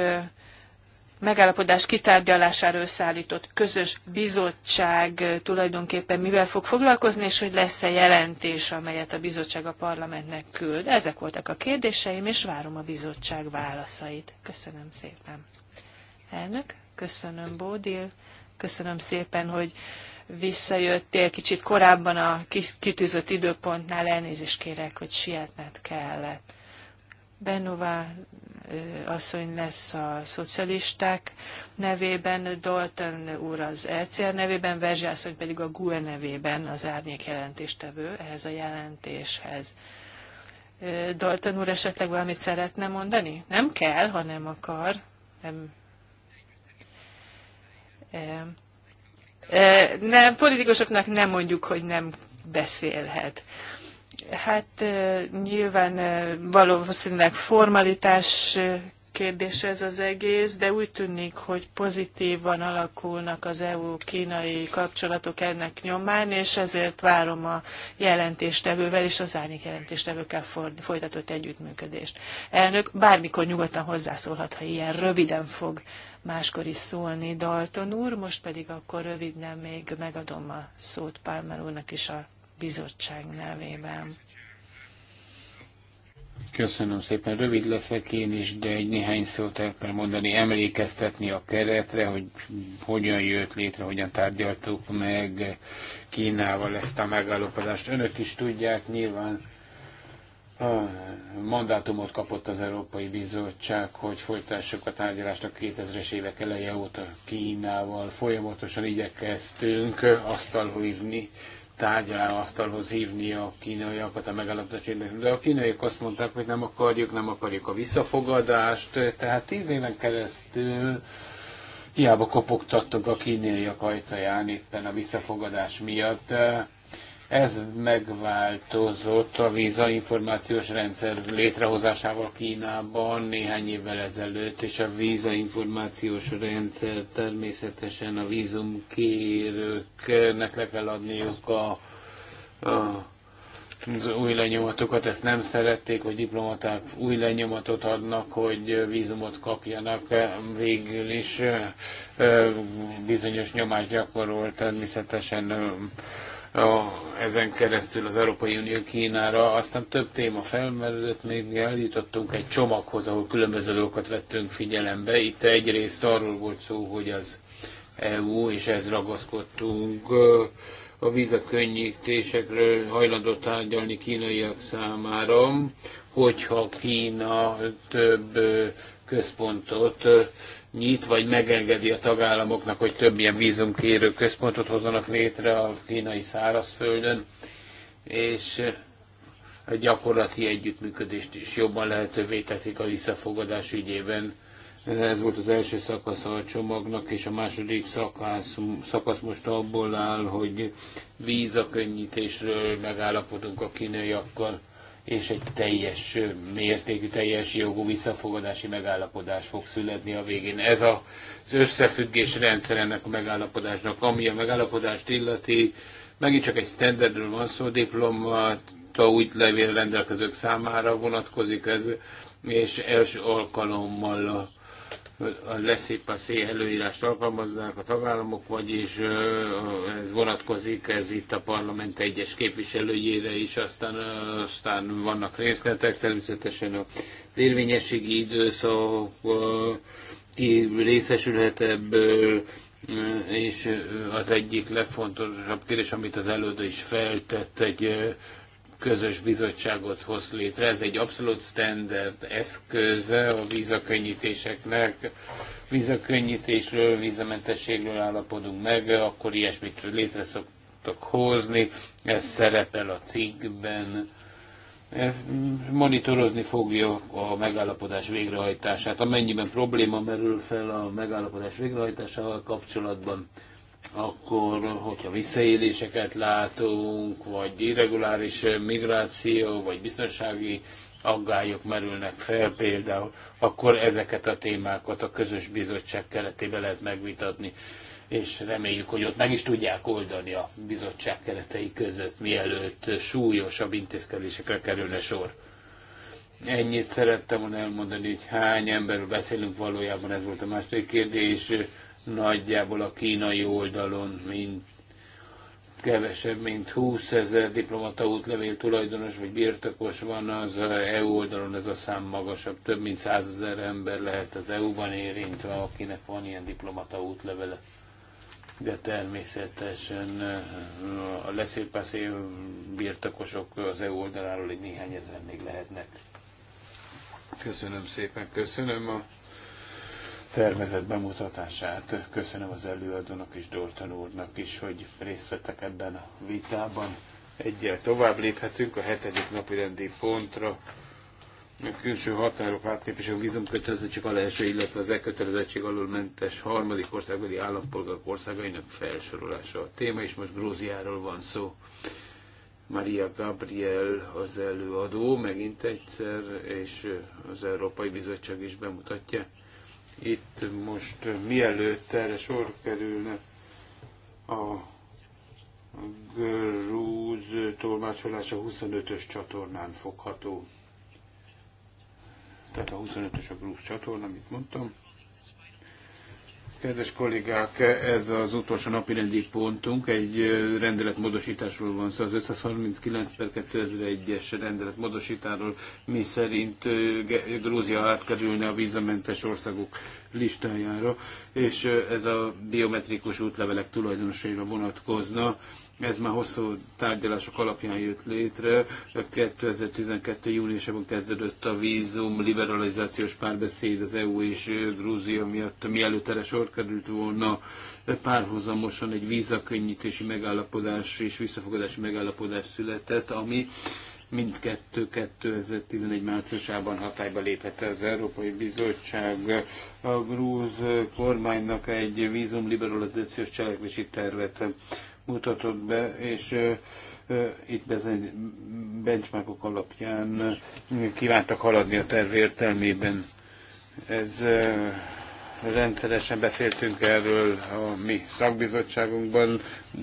megállapodás kitárgyalására összeállított közös bizottság tulajdonképpen mivel fog foglalkozni, és hogy lesz-e jelentés, amelyet a bizottság a parlamentnek küld. Ezek voltak a kérdéseim, és várom a bizottság válaszait. Köszönöm szépen. Elnök, köszönöm Bódil, köszönöm szépen, hogy visszajöttél kicsit korábban a kitűzött időpontnál, elnézést kérek, hogy sietned kellett. Benová asszony lesz a szocialisták nevében, Dalton úr az ECR nevében, Verzsi asszony pedig a GUE nevében az árnyék jelentéstevő ehhez a jelentéshez. Dalton úr esetleg valamit szeretne mondani? Nem kell, ha nem akar. Nem. Nem, politikusoknak nem mondjuk, hogy nem beszélhet. Hát nyilván valószínűleg formalitás kérdés ez az egész, de úgy tűnik, hogy pozitívan alakulnak az EU-kínai kapcsolatok ennek nyomán, és ezért várom a jelentéstevővel és az árnyék jelentéstevőkkel folytatott együttműködést. Elnök, bármikor nyugodtan hozzászólhat, ha ilyen röviden fog máskor is szólni Dalton úr, most pedig akkor röviden még megadom a szót Palmer úrnak is a bizottság nevében. Köszönöm szépen. Rövid leszek én is, de egy néhány szót el kell mondani, emlékeztetni a keretre, hogy hogyan jött létre, hogyan tárgyaltuk meg Kínával ezt a megállapodást. Önök is tudják, nyilván mandátumot kapott az Európai Bizottság, hogy folytassuk a tárgyalást a 2000-es évek eleje óta Kínával. Folyamatosan igyekeztünk asztalhoz hívni tárgyalóasztalhoz hívni a kínaiakat a megállapodásért. De a kínaiak azt mondták, hogy nem akarjuk, nem akarjuk a visszafogadást. Tehát tíz éven keresztül hiába kopogtattuk a kínaiak ajtaján éppen a visszafogadás miatt. Ez megváltozott a víza információs rendszer létrehozásával Kínában néhány évvel ezelőtt, és a víza információs rendszer természetesen a vízumkérőknek le kell adniuk a, a az új lenyomatokat, ezt nem szerették, hogy diplomaták új lenyomatot adnak, hogy vízumot kapjanak. Végül is bizonyos nyomást gyakorolt természetesen a, ezen keresztül az Európai Unió Kínára. Aztán több téma felmerült, még mi eljutottunk egy csomaghoz, ahol különböző dolgokat vettünk figyelembe. Itt egyrészt arról volt szó, hogy az EU, és ez ragaszkodtunk, a vízakönnyítésekről hajlandó tárgyalni kínaiak számára, hogyha Kína több központot nyit, vagy megengedi a tagállamoknak, hogy több ilyen vízumkérő központot hozzanak létre a kínai szárazföldön, és eh, a gyakorlati együttműködést is jobban lehetővé teszik a visszafogadás ügyében. Ez volt az első szakasz a csomagnak, és a második szakasz, szakasz most abból áll, hogy vízakönnyítésről megállapodunk a kínaiakkal és egy teljes mértékű, teljes jogú visszafogadási megállapodás fog születni a végén. Ez az összefüggés rendszer ennek a megállapodásnak, ami a megállapodást illeti, megint csak egy standardről van szó, diplomata levél rendelkezők számára vonatkozik ez, és első alkalommal a leszép a szély előírást alkalmaznák a tagállamok, vagyis ez vonatkozik, ez itt a parlament egyes képviselőjére is, aztán, aztán vannak részletek, természetesen az érvényességi időszak, ki részesülhet ebből, és az egyik legfontosabb kérdés, amit az elődő is feltett, egy közös bizottságot hoz létre. Ez egy abszolút standard eszköze a vízakönnyítéseknek. Vízakönnyítésről, vízamentességről állapodunk meg, akkor ilyesmit létre szoktak hozni. Ez szerepel a cikkben. Monitorozni fogja a megállapodás végrehajtását, amennyiben probléma merül fel a megállapodás végrehajtásával kapcsolatban akkor hogyha visszaéléseket látunk, vagy irreguláris eh, migráció, vagy biztonsági aggályok merülnek fel például, akkor ezeket a témákat a közös bizottság keretében lehet megvitatni, és reméljük, hogy ott meg is tudják oldani a bizottság keretei között, mielőtt súlyosabb intézkedésekre kerülne sor. Ennyit szerettem volna elmondani, hogy hány emberről beszélünk valójában, ez volt a második kérdés nagyjából a kínai oldalon, mint kevesebb, mint 20 ezer diplomata útlevél tulajdonos vagy birtokos van az EU oldalon, ez a szám magasabb, több mint 100 ezer ember lehet az EU-ban érintve, akinek van ilyen diplomata útlevele. De természetesen eh, a leszépeszé birtokosok az EU oldaláról egy néhány ezer még lehetnek. Köszönöm szépen, köszönöm a tervezett bemutatását. Köszönöm az előadónak és Dorton úrnak is, hogy részt vettek ebben a vitában. Egyel tovább léphetünk a hetedik napi rendi pontra. A külső határok átlépés a vízumkötelezettség alá első, illetve az elkötelezettség alól mentes harmadik országbeli állampolgárok országainak felsorolása a téma, és most Gróziáról van szó. Maria Gabriel az előadó, megint egyszer, és az Európai Bizottság is bemutatja itt most mielőtt erre sor kerülne a grúz tolmácsolása 25-ös csatornán fogható. Tehát a 25-ös a grúz csatorna, amit mondtam. Kedves kollégák, ez az utolsó napirendi pontunk. Egy rendeletmódosításról van szó, szóval az 539 per 2001-es rendeletmódosításról, mi szerint Grúzia átkerülne a vízamentes országok listájára, és ez a biometrikus útlevelek tulajdonosaira vonatkozna. Ez már hosszú tárgyalások alapján jött létre. 2012. júniusában kezdődött a vízum liberalizációs párbeszéd az EU és Grúzia miatt, mielőtt erre sor került volna párhuzamosan egy vízakönnyítési megállapodás és visszafogadási megállapodás született, ami mindkettő 2011 márciusában hatályba lépett az Európai Bizottság a grúz kormánynak egy vízumliberalizációs cselekvési tervet mutatott be, és itt bezeny, benchmarkok alapján kívántak haladni a terv értelmében. Ez rendszeresen beszéltünk erről a mi szakbizottságunkban.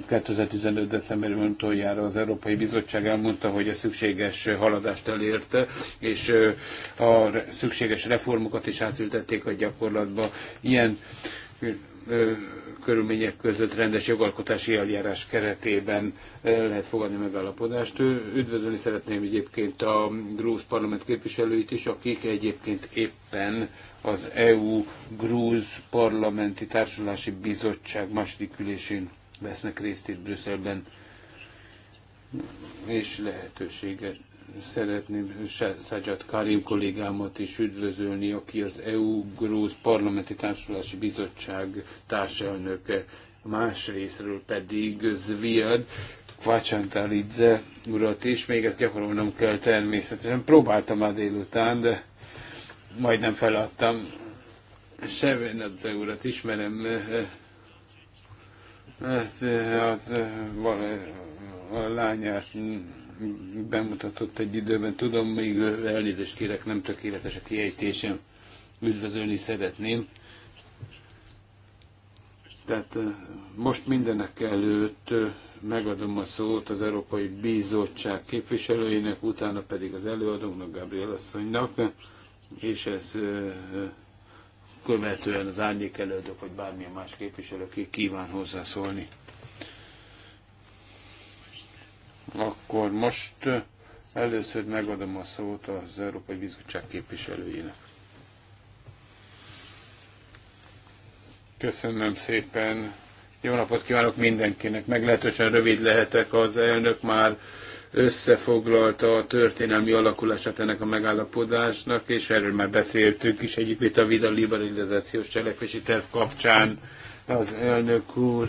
2015. decemberben utoljára az Európai Bizottság elmondta, hogy a szükséges haladást elérte, és a szükséges reformokat is átültették a gyakorlatba. Ilyen körülmények között rendes jogalkotási eljárás keretében lehet fogadni megállapodást. Üdvözölni szeretném egyébként a grúz parlament képviselőit is, akik egyébként éppen az EU grúz parlamenti társulási bizottság második ülésén vesznek részt itt Brüsszelben, és lehetőséget szeretném Szajat Karim kollégámat is üdvözölni, aki az EU-Grúz Parlamenti Társulási Bizottság társelnöke, más részről pedig Zviad Kvacsantalidze urat is, még ezt gyakorolnom kell természetesen. Próbáltam már délután, de majdnem feladtam. Sevenadze urat ismerem, hát, hát, a lányát bemutatott egy időben. Tudom, még elnézést kérek, nem tökéletes a kiejtésem. Üdvözölni szeretném. Tehát eh, most mindenek előtt eh, megadom a szót az Európai Bizottság képviselőjének, utána pedig az előadónak, Gabriel asszonynak, és ez eh, követően az árnyék előadók, vagy bármilyen más képviselő, ki kíván hozzászólni. Akkor most először megadom a szót az Európai Bizottság képviselőjének. Köszönöm szépen. Jó napot kívánok mindenkinek. Meglehetősen rövid lehetek. Az elnök már összefoglalta a történelmi alakulását ennek a megállapodásnak, és erről már beszéltünk is vita a liberalizációs cselekvési terv kapcsán az elnök úr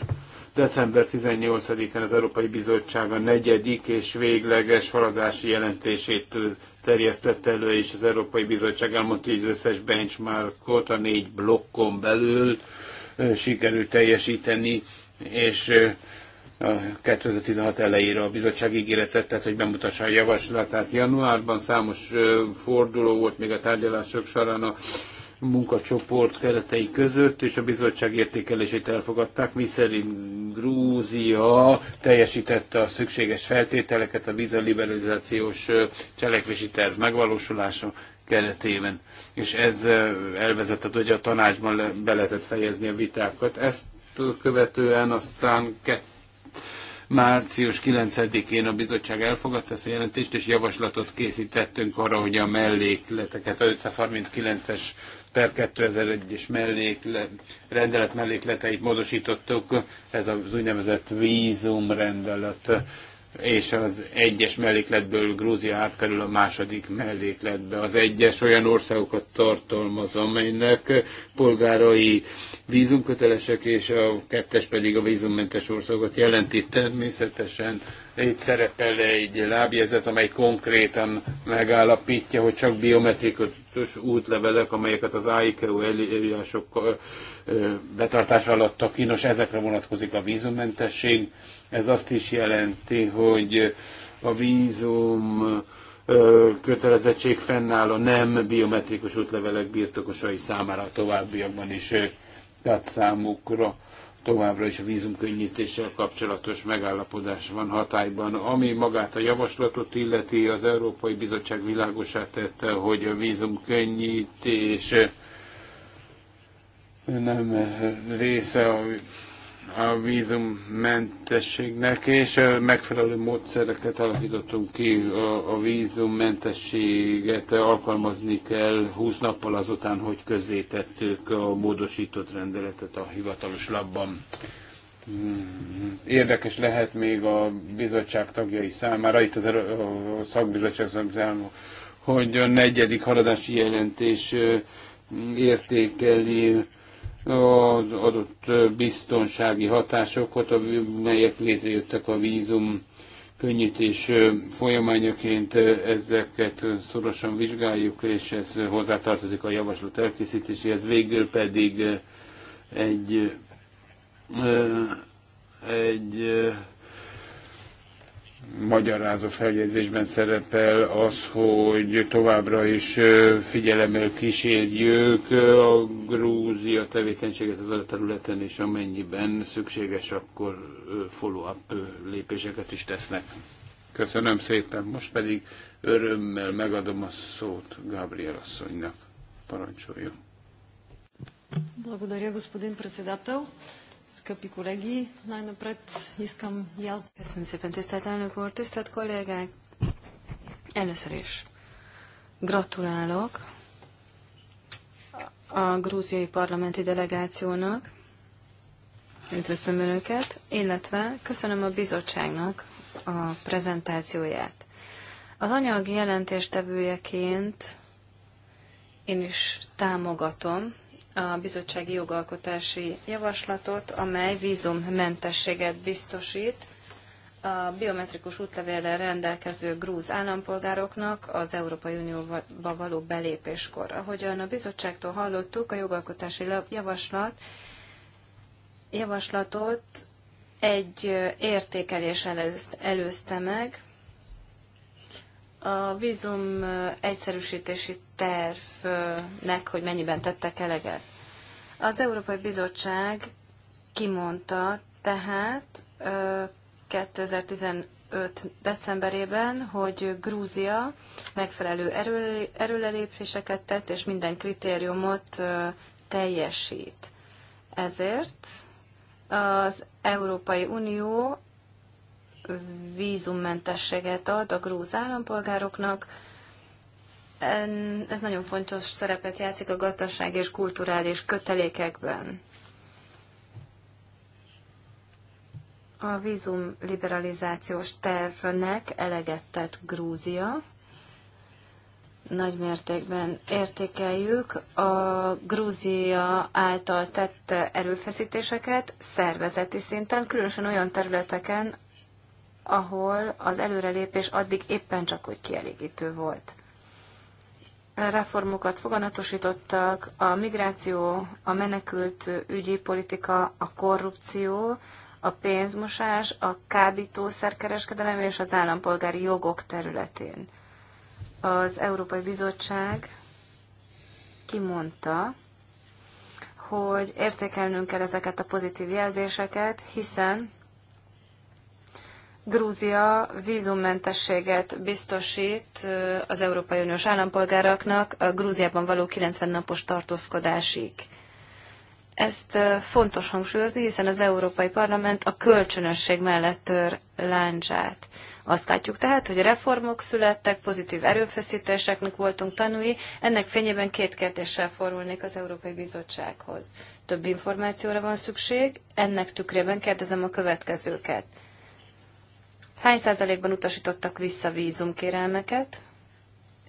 December 18-án az Európai Bizottság a negyedik és végleges haladási jelentését terjesztett elő, és az Európai Bizottság elmondta, hogy az összes benchmarkot a négy blokkon belül sikerült teljesíteni, és a 2016 elejére a bizottság ígéretet tett, hogy bemutassa a javaslatát. Januárban számos forduló volt még a tárgyalások során a munkacsoport keretei között, és a bizottság értékelését elfogadták, miszerint Grúzia teljesítette a szükséges feltételeket a vízaliberalizációs cselekvési terv megvalósulása keretében. És ez elvezetett, hogy a tanácsban be lehetett fejezni a vitákat. Ezt követően aztán kettő március 9-én a bizottság elfogadta ezt a jelentést, és javaslatot készítettünk arra, hogy a mellékleteket, a 539-es per 2001-es mellékle, rendelet mellékleteit módosítottuk, ez az úgynevezett vízumrendelet és az egyes mellékletből Grúzia átkerül a második mellékletbe. Az egyes olyan országokat tartalmaz, amelynek polgárai vízumkötelesek, és a kettes pedig a vízummentes országokat jelenti. Természetesen itt szerepel egy lábjegyzet, amely konkrétan megállapítja, hogy csak biometrikus útlevelek, amelyeket az AIKEU előírások betartása alatt kínos, ezekre vonatkozik a vízummentesség ez azt is jelenti, hogy a vízum kötelezettség fennáll a nem biometrikus útlevelek birtokosai számára a továbbiakban is, tehát számukra továbbra is a vízumkönnyítéssel kapcsolatos megállapodás van hatályban. Ami magát a javaslatot illeti, az Európai Bizottság világosát tette, hogy a vízumkönnyítés nem része a a vízummentességnek, és megfelelő módszereket alakítottunk ki. A, a vízummentességet alkalmazni kell 20 nappal azután, hogy közzétettük a módosított rendeletet a hivatalos labban. Hmm. Érdekes lehet még a bizottság tagjai számára, itt az a szakbizottság számára, hogy a negyedik haladási jelentés értékeli az adott biztonsági hatásokat, melyek létrejöttek a vízum könnyítés folyamányaként, ezeket szorosan vizsgáljuk, és ez hozzátartozik a javaslat elkészítéséhez. Végül pedig egy egy magyarázó feljegyzésben szerepel az, hogy továbbra is figyelemmel kísérjük a Grúzia tevékenységet az a területen, és amennyiben szükséges, akkor follow-up lépéseket is tesznek. Köszönöm szépen. Most pedig örömmel megadom a szót Gabriel asszonynak. Parancsoljon. Благодаря, господин председател скъпи колеги, най-напред искам и аз... tisztelt kollégák! Először is gratulálok a grúziai parlamenti delegációnak, üdvözlöm Önöket, illetve köszönöm a bizottságnak a prezentációját. Az anyag jelentéstevőjeként én is támogatom a bizottsági jogalkotási javaslatot, amely vízummentességet biztosít a biometrikus útlevéllel rendelkező grúz állampolgároknak az Európai Unióba való belépéskor. Ahogyan a bizottságtól hallottuk, a jogalkotási javaslat javaslatot egy értékelés előzte meg. A vízum egyszerűsítési tervnek, hogy mennyiben tettek eleget. Az Európai Bizottság kimondta tehát 2015 decemberében, hogy Grúzia megfelelő erőlelépéseket tett, és minden kritériumot teljesít. Ezért az Európai Unió vízummentességet ad a grúz állampolgároknak, ez nagyon fontos szerepet játszik a gazdaság és kulturális kötelékekben. A vízum liberalizációs tervnek eleget tett Grúzia. Nagy mértékben értékeljük a Grúzia által tett erőfeszítéseket szervezeti szinten, különösen olyan területeken, ahol az előrelépés addig éppen csak úgy kielégítő volt reformokat foganatosítottak, a migráció, a menekült ügyi politika, a korrupció, a pénzmosás, a kábítószerkereskedelem és az állampolgári jogok területén. Az Európai Bizottság kimondta, hogy értékelnünk kell ezeket a pozitív jelzéseket, hiszen Grúzia vízummentességet biztosít az Európai Uniós állampolgáraknak a Grúziában való 90 napos tartózkodásig. Ezt fontos hangsúlyozni, hiszen az Európai Parlament a kölcsönösség mellett tör láncsát. Azt látjuk tehát, hogy reformok születtek, pozitív erőfeszítéseknek voltunk tanúi. Ennek fényében két kérdéssel forulnék az Európai Bizottsághoz. Több információra van szükség, ennek tükrében kérdezem a következőket. Hány százalékban utasítottak vissza vízumkérelmeket,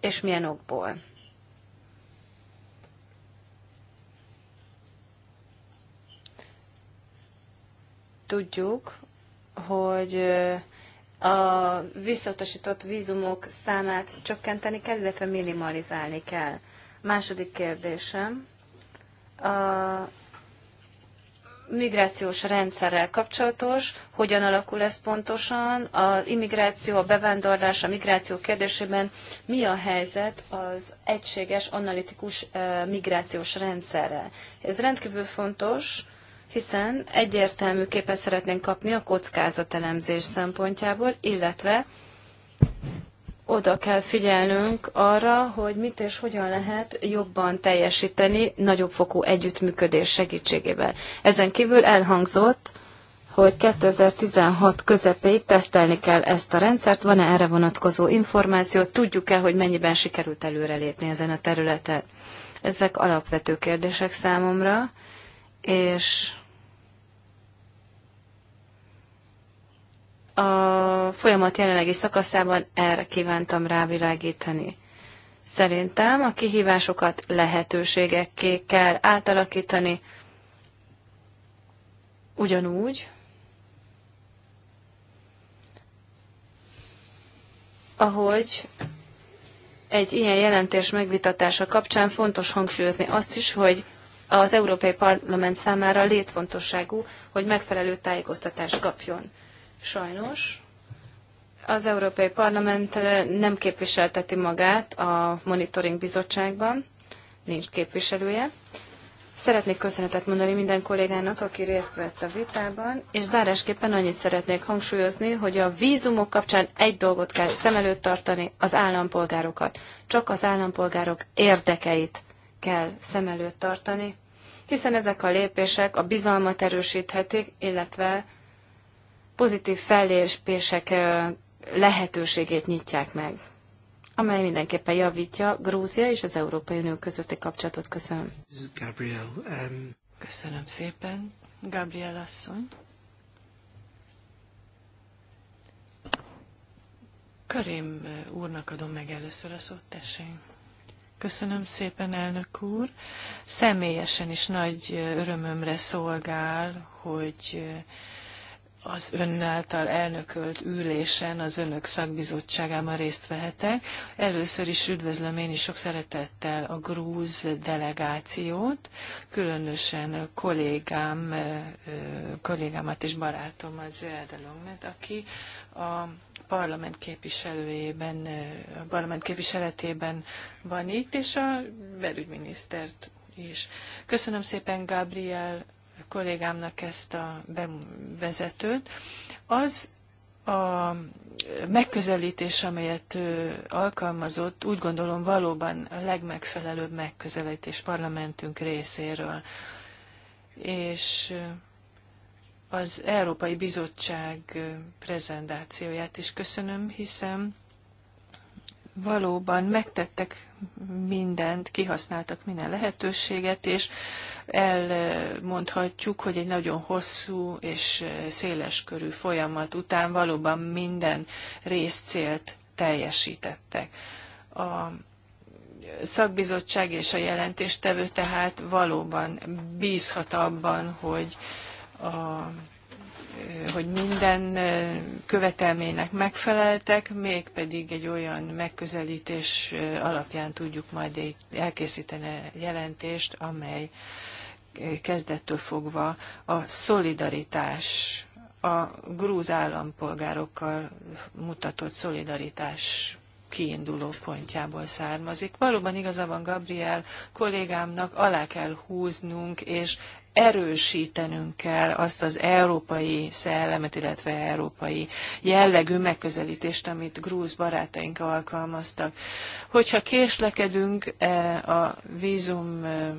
és milyen okból? Tudjuk, hogy a visszautasított vízumok számát csökkenteni kell, illetve minimalizálni kell. Második kérdésem. A migrációs rendszerrel kapcsolatos, hogyan alakul ez pontosan, a immigráció, a bevándorlás, a migráció kérdésében mi a helyzet az egységes analitikus migrációs rendszerrel. Ez rendkívül fontos, hiszen egyértelmű képet szeretnénk kapni a kockázatelemzés szempontjából, illetve oda kell figyelnünk arra, hogy mit és hogyan lehet jobban teljesíteni nagyobb fokú együttműködés segítségével. Ezen kívül elhangzott, hogy 2016 közepéig tesztelni kell ezt a rendszert, van-e erre vonatkozó információ, tudjuk-e, hogy mennyiben sikerült előrelépni ezen a területen. Ezek alapvető kérdések számomra, és a folyamat jelenlegi szakaszában erre kívántam rávilágítani. Szerintem a kihívásokat lehetőségekké kell átalakítani, ugyanúgy, ahogy egy ilyen jelentés megvitatása kapcsán fontos hangsúlyozni azt is, hogy az Európai Parlament számára létfontosságú, hogy megfelelő tájékoztatást kapjon. Sajnos az Európai Parlament eh, nem képviselteti magát a Monitoring Bizottságban, nincs képviselője. Szeretnék köszönetet mondani minden kollégának, aki részt vett a vitában, és zárásképpen annyit szeretnék hangsúlyozni, hogy a vízumok kapcsán egy dolgot kell szem előtt tartani, az állampolgárokat. Csak az állampolgárok érdekeit kell szem előtt tartani, hiszen ezek a lépések a bizalmat erősíthetik, illetve pozitív fellépések lehetőségét nyitják meg, amely mindenképpen javítja Grúzia és az Európai Unió közötti kapcsolatot. Köszönöm. Gabriel, um... Köszönöm szépen, Gabriel asszony. Karim úrnak adom meg először a szót, tessék. Köszönöm szépen, elnök úr. Személyesen is nagy örömömre szolgál, hogy az ön által elnökölt ülésen, az önök szakbizottságában részt vehetek. Először is üdvözlöm én is sok szeretettel a grúz delegációt, különösen kollégám, kollégámat és barátom az Edelongmet, aki a parlament képviselőjében, a parlament képviseletében van itt, és a belügyminisztert is. Köszönöm szépen Gabriel kollégámnak ezt a bevezetőt. Az a megközelítés, amelyet ő alkalmazott, úgy gondolom valóban a legmegfelelőbb megközelítés parlamentünk részéről. És az Európai Bizottság prezentációját is köszönöm, hiszen valóban megtettek mindent, kihasználtak minden lehetőséget, és elmondhatjuk, hogy egy nagyon hosszú és széles körű folyamat után valóban minden részcélt teljesítettek. A szakbizottság és a jelentéstevő tehát valóban bízhat abban, hogy a hogy minden követelménynek megfeleltek, mégpedig egy olyan megközelítés alapján tudjuk majd elkészíteni a jelentést, amely kezdettől fogva a szolidaritás, a grúz állampolgárokkal mutatott szolidaritás kiinduló pontjából származik. Valóban igaza van Gabriel kollégámnak, alá kell húznunk és erősítenünk kell azt az európai szellemet, illetve európai jellegű megközelítést, amit grúz barátaink alkalmaztak. Hogyha késlekedünk e, a vízum e,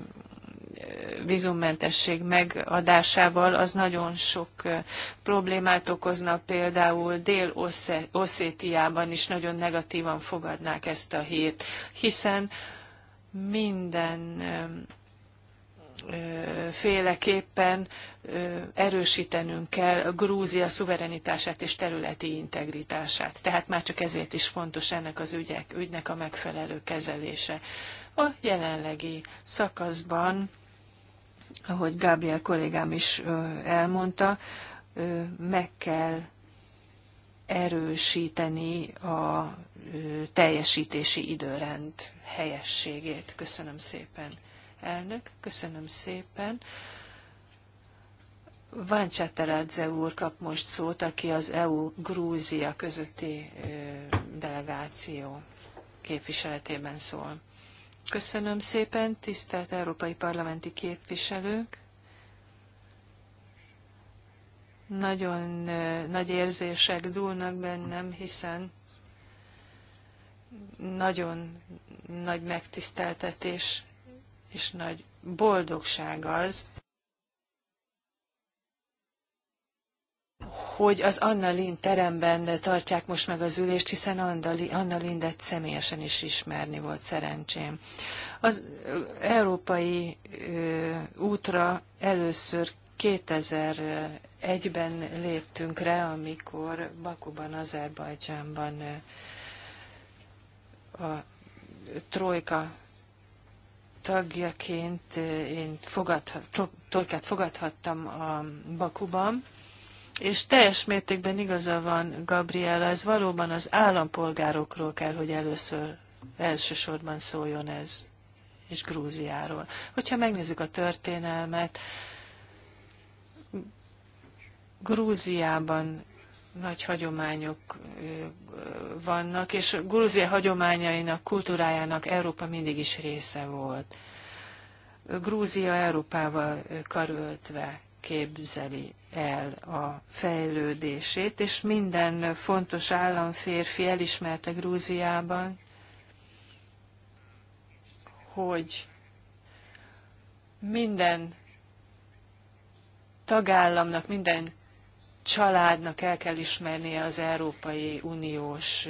vízummentesség megadásával, az nagyon sok e, problémát okozna, például Dél-Oszétiában is nagyon negatívan fogadnák ezt a hírt, hiszen minden féleképpen erősítenünk kell Grúzia szuverenitását és területi integritását. Tehát már csak ezért is fontos ennek az ügyek, ügynek a megfelelő kezelése. A jelenlegi szakaszban, ahogy Gabriel kollégám is elmondta, meg kell erősíteni a teljesítési időrend helyességét. Köszönöm szépen. Elnök, köszönöm szépen. Váncsáteradze úr kap most szót, aki az EU-Grúzia közötti delegáció képviseletében szól. Köszönöm szépen, tisztelt európai parlamenti képviselők! Nagyon nagy érzések dúlnak bennem, hiszen nagyon nagy megtiszteltetés és nagy boldogság az, hogy az Anna Lind teremben tartják most meg az ülést, hiszen Anna Lindet személyesen is ismerni volt szerencsém. Az európai ö, útra először 2001-ben léptünk rá, amikor Bakuban, Azerbajdzsánban a trojka tagjaként eh, én fogadha, fogadhattam a Bakuban, és teljes mértékben igaza van, Gabriela, ez valóban az állampolgárokról kell, hogy először elsősorban szóljon ez, és Grúziáról. Hogyha megnézzük a történelmet, Grúziában nagy hagyományok vannak, és Grúzia hagyományainak, kultúrájának Európa mindig is része volt. Grúzia Európával karöltve képzeli el a fejlődését, és minden fontos államférfi elismerte Grúziában, hogy minden tagállamnak, minden családnak el kell ismernie az Európai Uniós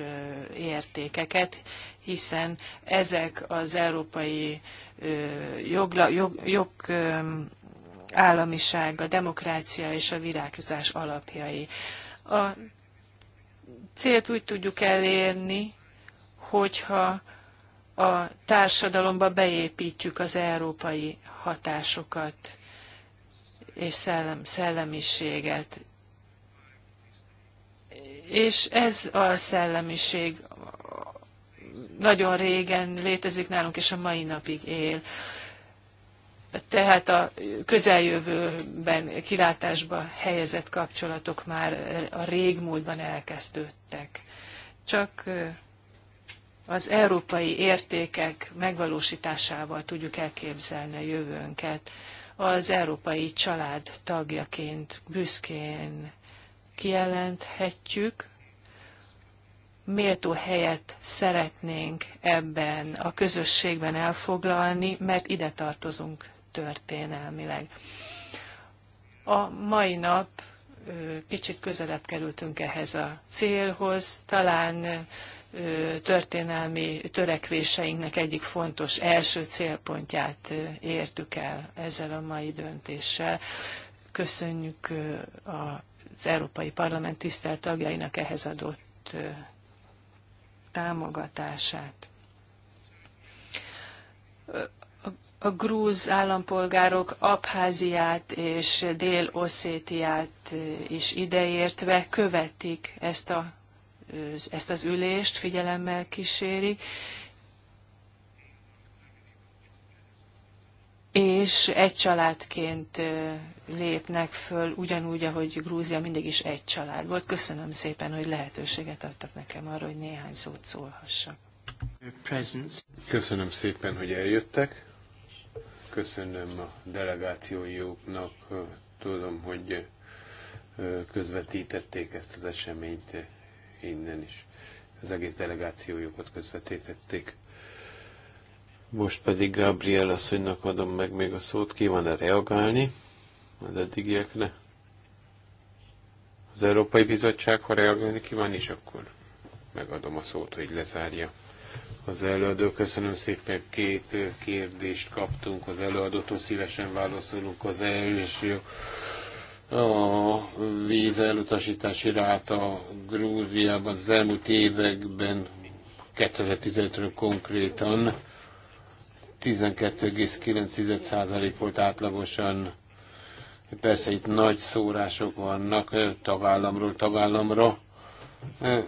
értékeket, hiszen ezek az európai jogla, jog, jog, államiság, a demokrácia és a virágzás alapjai. A célt úgy tudjuk elérni, hogyha a társadalomba beépítjük az európai hatásokat és szellem, szellemiséget. És ez a szellemiség nagyon régen létezik nálunk, és a mai napig él. Tehát a közeljövőben kilátásba helyezett kapcsolatok már a régmúltban elkezdődtek. Csak az európai értékek megvalósításával tudjuk elképzelni a jövőnket. Az európai család tagjaként büszkén kijelenthetjük, méltó helyet szeretnénk ebben a közösségben elfoglalni, mert ide tartozunk történelmileg. A mai nap kicsit közelebb kerültünk ehhez a célhoz, talán történelmi törekvéseinknek egyik fontos első célpontját értük el ezzel a mai döntéssel. Köszönjük a az Európai Parlament tisztelt tagjainak ehhez adott támogatását. A grúz állampolgárok Abháziát és Dél-Oszétiát is ideértve követik ezt a ezt az ülést figyelemmel kíséri, és egy családként lépnek föl, ugyanúgy, ahogy Grúzia mindig is egy család volt. Köszönöm szépen, hogy lehetőséget adtak nekem arra, hogy néhány szót szólhassak. Köszönöm szépen, hogy eljöttek. Köszönöm a delegációjuknak. Tudom, hogy közvetítették ezt az eseményt innen is. Az egész delegációjukat közvetítették. Most pedig Gabriel asszonynak adom meg még a szót, ki van-e reagálni az eddigiekre? Az Európai Bizottság, ha reagálni kíván, és akkor megadom a szót, hogy lezárja az előadó. Köszönöm szépen, két kérdést kaptunk az előadótól, szívesen válaszolunk az első. A víz elutasítási ráta Grúziában az elmúlt években 2015-ről konkrétan 12,9% volt átlagosan. Persze itt nagy szórások vannak eh, tagállamról tagállamra. Eh,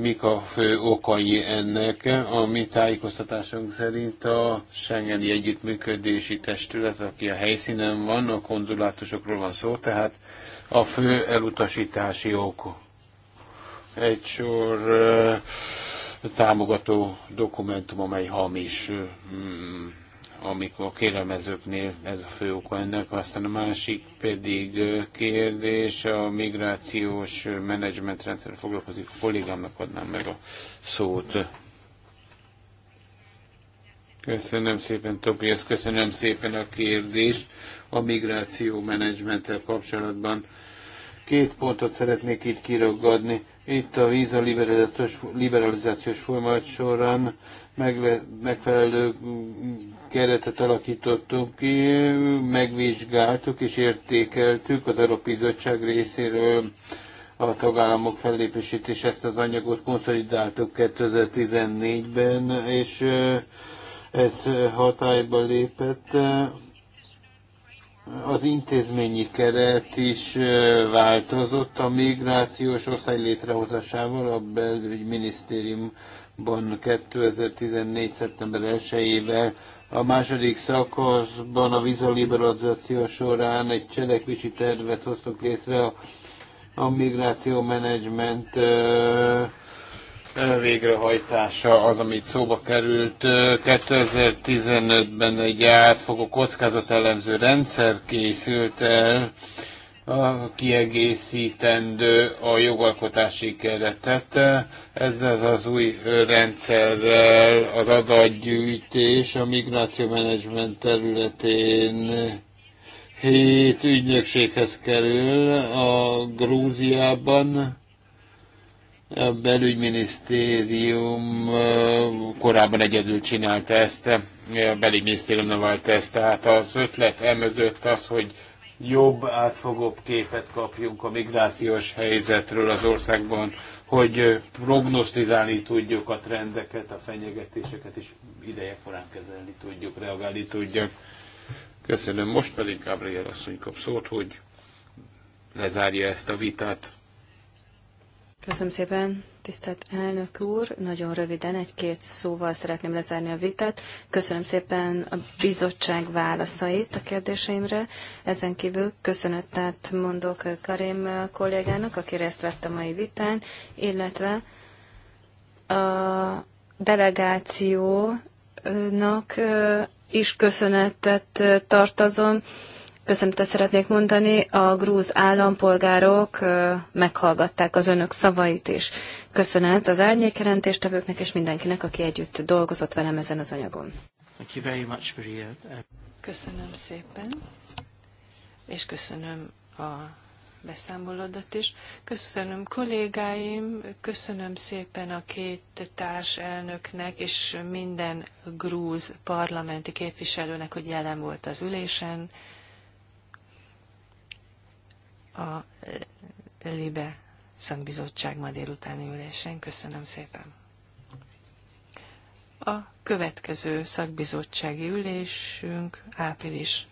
mik a fő okai ennek? A mi tájékoztatásunk szerint a Schengeni Együttműködési Testület, aki a helyszínen van, a konzulátusokról van szó, tehát a fő elutasítási ok. Egy sor uh, támogató dokumentum, amely hamis, mm, amikor a kérelmezőknél ez a fő oka ennek. Aztán a másik pedig kérdés, a migrációs menedzsmentrendszer foglalkozik kollégámnak adnám meg a szót. Köszönöm szépen, Topias, köszönöm szépen a kérdést a migráció menedzsmenttel kapcsolatban. Két pontot szeretnék itt kiragadni. Itt a víza liberalizációs folyamat során megfelelő keretet alakítottunk ki, megvizsgáltuk és értékeltük az Európai Bizottság részéről a tagállamok fellépését, és ezt az anyagot konszolidáltuk 2014-ben, és ez hatályba lépett az intézményi keret is változott a migrációs osztály létrehozásával, a belügyminisztériumban 2014. szeptember 1-ével a második szakaszban a vizaliberalizáció során egy cselekvési tervet hoztunk létre a, a migráció menedzsment végrehajtása az, amit szóba került. 2015-ben egy átfogó kockázatelemző rendszer készült el, kiegészítendő a jogalkotási keretet. Ezzel az új rendszerrel az adatgyűjtés a migráció menedzsment területén hét ügynökséghez kerül a Grúziában, a belügyminisztérium korábban egyedül csinálta ezt, a belügyminisztérium nem vált ezt, tehát az ötlet emögött az, hogy jobb, átfogóbb képet kapjunk a migrációs helyzetről az országban, hogy prognosztizálni tudjuk a trendeket, a fenyegetéseket, és ideje korán kezelni tudjuk, reagálni tudjuk. Köszönöm. Most pedig Gabriel asszony kap szót, hogy lezárja ezt a vitát. Köszönöm szépen, tisztelt elnök úr. Nagyon röviden, egy-két szóval szeretném lezárni a vitát. Köszönöm szépen a bizottság válaszait a kérdéseimre. Ezen kívül köszönetet mondok Karim kollégának, aki részt vett a mai vitán, illetve a delegációnak is köszönetet tartozom, köszöntet szeretnék mondani. A grúz állampolgárok meghallgatták az önök szavait is. Köszönet az árnyékjelentéstevőknek és mindenkinek, aki együtt dolgozott velem ezen az anyagon. Köszönöm szépen, és köszönöm a beszámolódat is. Köszönöm kollégáim, köszönöm szépen a két társelnöknek és minden grúz parlamenti képviselőnek, hogy jelen volt az ülésen a e, LIBE szakbizottság ma délutáni ülésen. Köszönöm szépen. A következő szakbizottsági ülésünk április